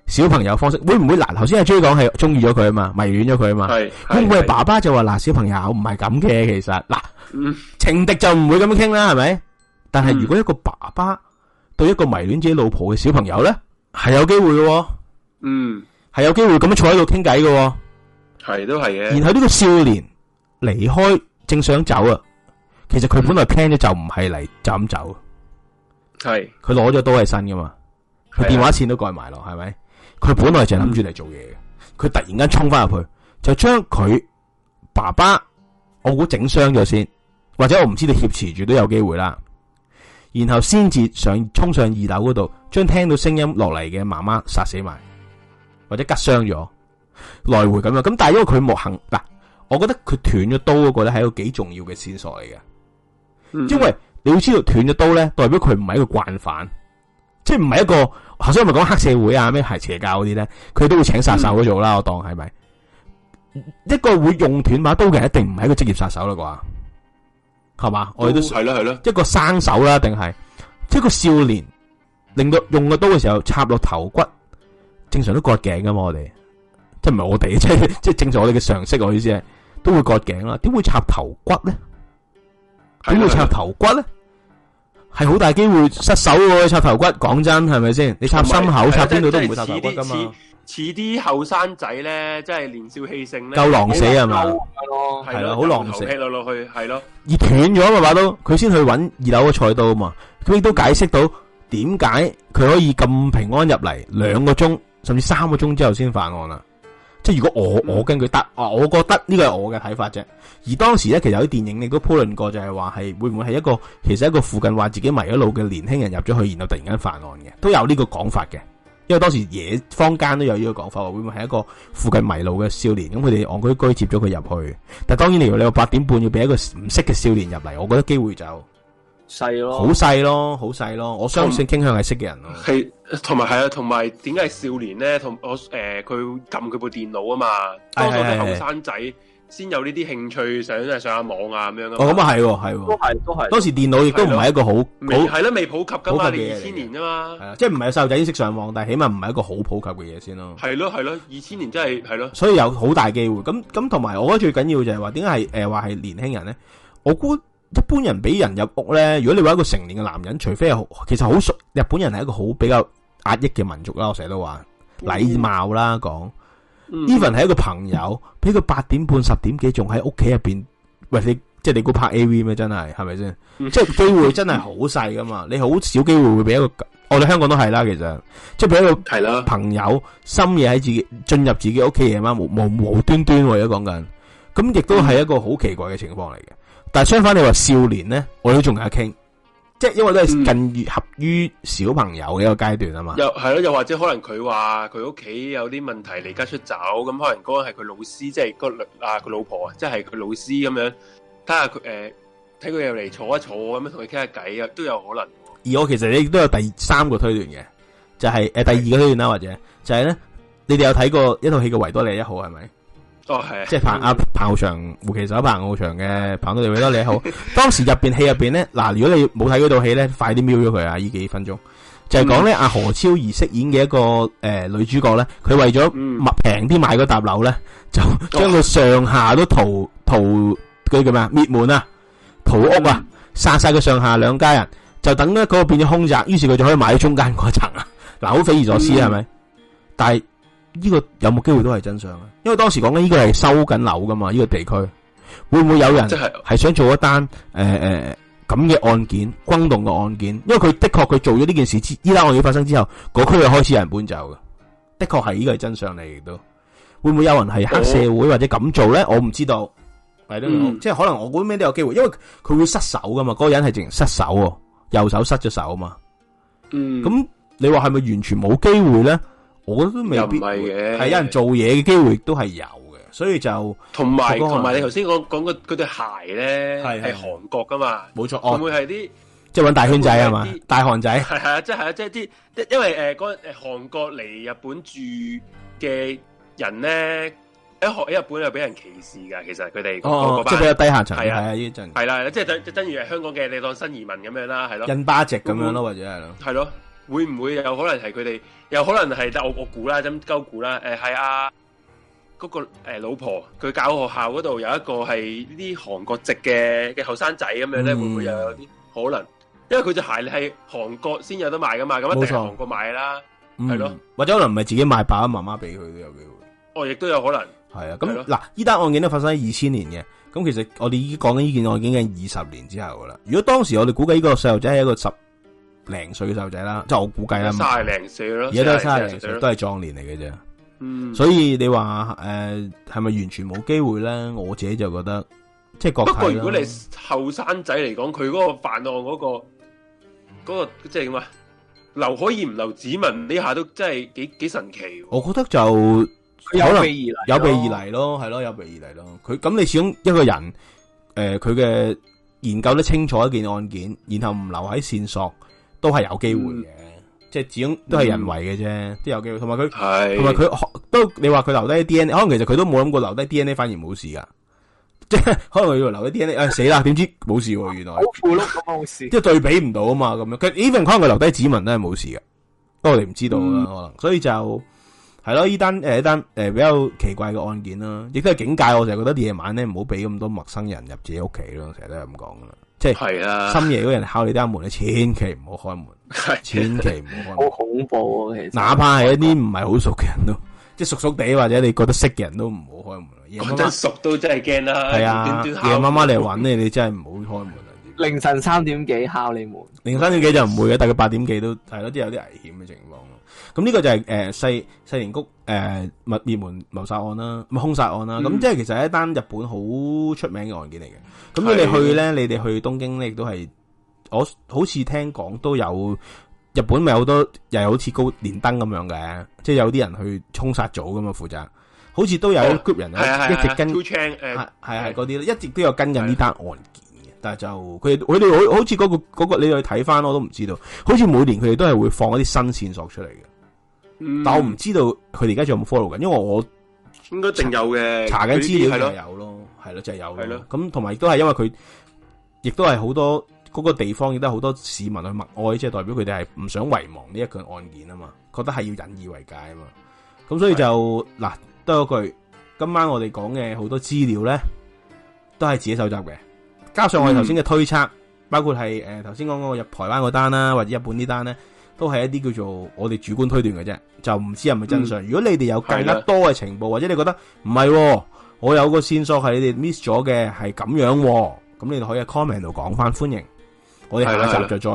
小朋友方式會唔會嗱？頭先阿 J 講係中意咗佢啊嘛，迷戀咗佢啊嘛。係咁個爸爸就話嗱說，小朋友唔係咁嘅，其實嗱，情敵就唔會咁樣傾啦，係咪、嗯？但係如果一個爸爸對一個迷戀自己老婆嘅小朋友咧，係有機會嘅。嗯，係有機會咁樣坐喺度傾偈嘅。係都係嘅。然後呢個少年離開，正想走啊。其實佢本來 plan 咗就唔係嚟就咁走。係，佢攞咗刀喺身噶嘛？佢電話線都蓋埋落，係咪？佢、嗯、本來就諗住嚟做嘢嘅，佢突然間衝翻入去，就將佢爸爸我估整傷咗先，或者我唔知你挾持住都有機會啦。然後先至上衝上二樓嗰度，將聽到聲音落嚟嘅媽媽殺死埋，或者拮傷咗，來回咁樣。咁但係因為佢冇行嗱，我覺得佢斷咗刀嗰個咧係一個幾重要嘅線索嚟嘅，嗯、因為。你要知道斷咗刀咧，代表佢唔係一個慣犯，即係唔係一個頭先係咪講黑社會啊咩係邪教嗰啲咧？佢都會請殺手去做啦。我當係咪、嗯、一個會用斷把刀嘅，一定唔係一個職業殺手啦啩？係嘛？都我哋都係啦，係啦，一個生手啦定係一個少年，令到用個刀嘅時候插落頭骨，正常都割頸噶嘛？我哋即係唔係我哋，即係即係正常我哋嘅常識，我意思係都會割頸啦。點會插頭骨咧？點會插頭骨咧？係好大機會失手去插頭骨，講真係咪先？你插心口插邊度都唔會插頭骨噶嘛？似啲後生仔咧，即係年，年少氣盛咧，夠狼死係嘛？係咯，係咯，好狼死，落落去係咯，而斷咗嘛把刀，佢先去搵二樓嘅菜刀啊嘛。佢亦都解釋到點解佢可以咁平安入嚟，兩個鐘甚至三個鐘之後先犯案啦。即係如果我我根據得啊，我覺得呢個係我嘅睇法啫。而當時咧，其實有啲電影你都討論過，就係話係會唔會係一個其實一個附近話自己迷咗路嘅年輕人入咗去，然後突然間犯案嘅，都有呢個講法嘅。因為當時野坊間都有呢個講法，會唔會係一個附近迷路嘅少年咁，佢哋戇居居接咗佢入去。但當然，你如你話八點半要俾一個唔識嘅少年入嚟，我覺得機會就。細細咯，咯，好細咯，好細咯，我相信傾向係識嘅人咯。係同埋係啊，同埋點解係少年咧？同我誒，佢撳佢部電腦啊嘛，多數啲後生仔先有呢啲興趣，想誒上下網啊咁樣。哦，咁啊係，係都係都係。當時電腦亦都唔係一個好好係咯，未的多普及噶嘛，你二千年啊嘛，即係唔係細路仔先識上網，但係起碼唔係一個好普及嘅嘢先咯。係咯，係咯，二千年真係係咯。所以有好大機會。咁咁同埋，我覺得最緊要就係話，點解係誒話係年輕人咧？我估。一般人俾人入屋咧，如果你話一個成年嘅男人，除非係好其實好熟，日本人係一個好比較壓抑嘅民族啦。我成日都話禮貌啦，講 even 係一個朋友俾佢八點半十點幾仲喺屋企入邊，喂，你即係你估拍 AV 咩？真係係咪先？嗯、即係機會真係好細噶嘛，你好少機會會俾一個我哋、哦、香港都係啦，其實即係俾一個係啦朋友深夜喺自己進入自己屋企夜晚無無，無，無端端而家講緊，咁亦都係一個好奇怪嘅情況嚟嘅。但相反說，你話少年咧，我都仲有傾，即係因為都係近於合於小朋友嘅一個階段啊嘛。嗯、是嗎又係咯，又或者可能佢話佢屋企有啲問題離家出走，咁可能嗰個係佢老師，即、就、係、是那個阿佢、啊、老婆啊，即係佢老師咁樣，睇下佢誒，睇佢入嚟坐一坐咁樣，同佢傾下偈啊，都有可能。而我其實你亦都有第三個推斷嘅，就係、是、誒、呃、第二個推斷啦，或者就係、是、咧，你哋有睇過一套戲嘅維多利亞一號係咪？是哦係，是即係彭阿、嗯啊、彭浩翔胡其實係彭浩翔嘅彭到你位咯，你好。 (laughs) 當時入邊戲入邊咧，嗱、啊、如果你冇睇嗰套戲咧，快啲瞄咗佢啊！呢幾分鐘、嗯、就係講咧阿何超儀飾演嘅一個誒、呃、女主角咧，佢為咗平啲買個搭樓咧，就將個、嗯、上下都屠屠嗰叫咩啊滅門啊屠屋啊殺晒佢上下兩家人，就等咧嗰個變咗空宅，於是佢就可以買到中間嗰層啊！嗱，好匪夷所思啊，係咪？但係。呢個有冇機會都係真相咧？因為當時講緊，呢個係收緊樓噶嘛，呢個地區會唔會有人係想做一單誒誒咁嘅案件轟動嘅案件？因為佢的確佢做咗呢件事之後，依單案件發生之後，嗰、那個、區又開始有人搬走嘅。的確係呢、這個係真相嚟，都會唔會有人係黑社會或者咁做咧？我唔知道，係咯、嗯，即係可能我估咩都有機會，因為佢會失手噶嘛，嗰、那個人係直情失手，右手失咗手啊嘛。嗯，咁你話係咪完全冇機會咧？我覺得未必係嘅，係有人做嘢嘅機會都係有嘅，所以就同埋同埋你頭先講講嘅嗰對鞋咧，係韓國㗎嘛？冇錯，會唔會係啲即係揾大圈仔係嘛？大韓仔係係啊，即係即係啲，因為誒嗰誒韓國嚟日本住嘅人咧，喺學喺日本又俾人歧視㗎，其實佢哋即係比較低下層係啊，呢陣係啦，即係等即係等於係香港嘅你當新移民咁樣啦，係咯，印巴籍咁樣咯，或者係咯，係咯。會唔會有可能係佢哋，有可能係，但我我估啦，咁鳩估啦，誒、嗯，係啊嗰個誒、呃、老婆，佢教學校嗰度有一個係呢啲韓國籍嘅嘅後生仔咁樣咧，會唔會又有啲可能？因為佢隻鞋係韓國先有得賣噶嘛，咁一定係韓國買啦，係咯，嗯啊、或者可能唔係自己買，爸爸媽媽俾佢都有機會，哦，亦都有可能，係啊，咁嗱，依單、啊啊、案件都發生喺二千年嘅，咁其實我哋已經講緊呢件案件嘅二十年之後噶啦，如果當時我哋估計呢個細路仔係一個十。零歲嘅細路仔啦，即係我估計啦，歲三廿零歲咯，而家都係三廿零歲，都係壯年嚟嘅啫。嗯，所以你話誒係咪完全冇機會咧？我自己就覺得即係。不過如果你後生仔嚟講，佢嗰個犯案嗰、嗰個嗰、嗯嗰個即係點啊？留可以唔留指紋呢？下、嗯、都真係幾幾神奇。我覺得就有備而能有備而嚟咯，係咯、哦，有備而嚟咯。佢咁你始終一個人誒，佢、呃、嘅研究得清楚一件案件，然後唔留喺線索。嗯都係有機會嘅，即係始終都係人為嘅啫，嗯、都有機會。同埋佢，同埋佢都，你話佢留低 DNA，可能其實佢都冇諗過留低 DNA，反而冇事噶即係可能要留低 DNA，哎、死啦！點知冇事喎，原來冇事，即係對比唔到啊嘛，咁樣。佢 even 可能佢留低指紋都係冇事噶不過我哋唔知道啦，嗯、可能。所以就係咯，依單誒，依單誒，比較奇怪嘅案件啦，亦都係警戒。我成日覺得夜晚咧，唔好俾咁多陌生人入自己屋企咯，成日都係咁講噶啦。即係啊，深夜嗰人敲你家門咧，你千祈唔好開門，千祈唔好開門，係嘅，千祈唔好開門，好恐怖啊！其實，哪怕係一啲唔係好熟嘅人都，即係熟熟哋或者你覺得識嘅人都唔好開門。咁真熟都真係驚啦，係啊，夜媽媽嚟揾你，你真係唔好開門。凌晨三點幾敲你門，凌晨三點幾就唔會嘅，大概八點幾都係咯，即有啲危險嘅情況。咁呢個就係誒世田谷。誒，滅、呃、門謀殺案啦，咪、呃、凶殺案啦，咁、嗯、即係其實係一單日本好出名嘅案件嚟嘅。咁的你哋去咧，你哋去東京咧，亦都係我好似聽講都有日本咪好多，又有好似高連登咁樣嘅，即係有啲人去衝殺組咁樣負責，好似都有 group 人的一直跟，係係嗰啲一直都有跟緊呢單案件嘅。的但係就佢佢哋好似嗰個嗰個，嗰個、你去睇翻我都唔知道，好似每年佢哋都係會放一啲新線索出嚟嘅。但我唔知道佢哋而家仲有冇 follow 緊，因為我應該淨有嘅，查緊資料係有咯，係咯的就係、是、有咯。咁同埋亦都係因為佢，亦都係好多嗰個地方亦都係好多市民去默哀，即、就、係、是、代表佢哋係唔想遺忘呢一個案件啊嘛，覺得係要引以為戒啊嘛。咁所以就嗱的，多一句今晚我哋講嘅好多資料咧，都係自己搜集嘅，加上我哋頭先嘅推測，嗯、包括係誒頭先講嗰個入台灣嗰單啦、啊，或者日本呢單咧、啊。都係一啲叫做我哋主觀推斷嘅啫，就唔知係咪真相。嗯、如果你哋有計得多嘅情報，的或者你覺得唔係、啊，我有個線索係你哋 miss 咗嘅，係咁樣、啊，咁你哋可以喺 comment 度講返，歡迎我哋下一集再咗。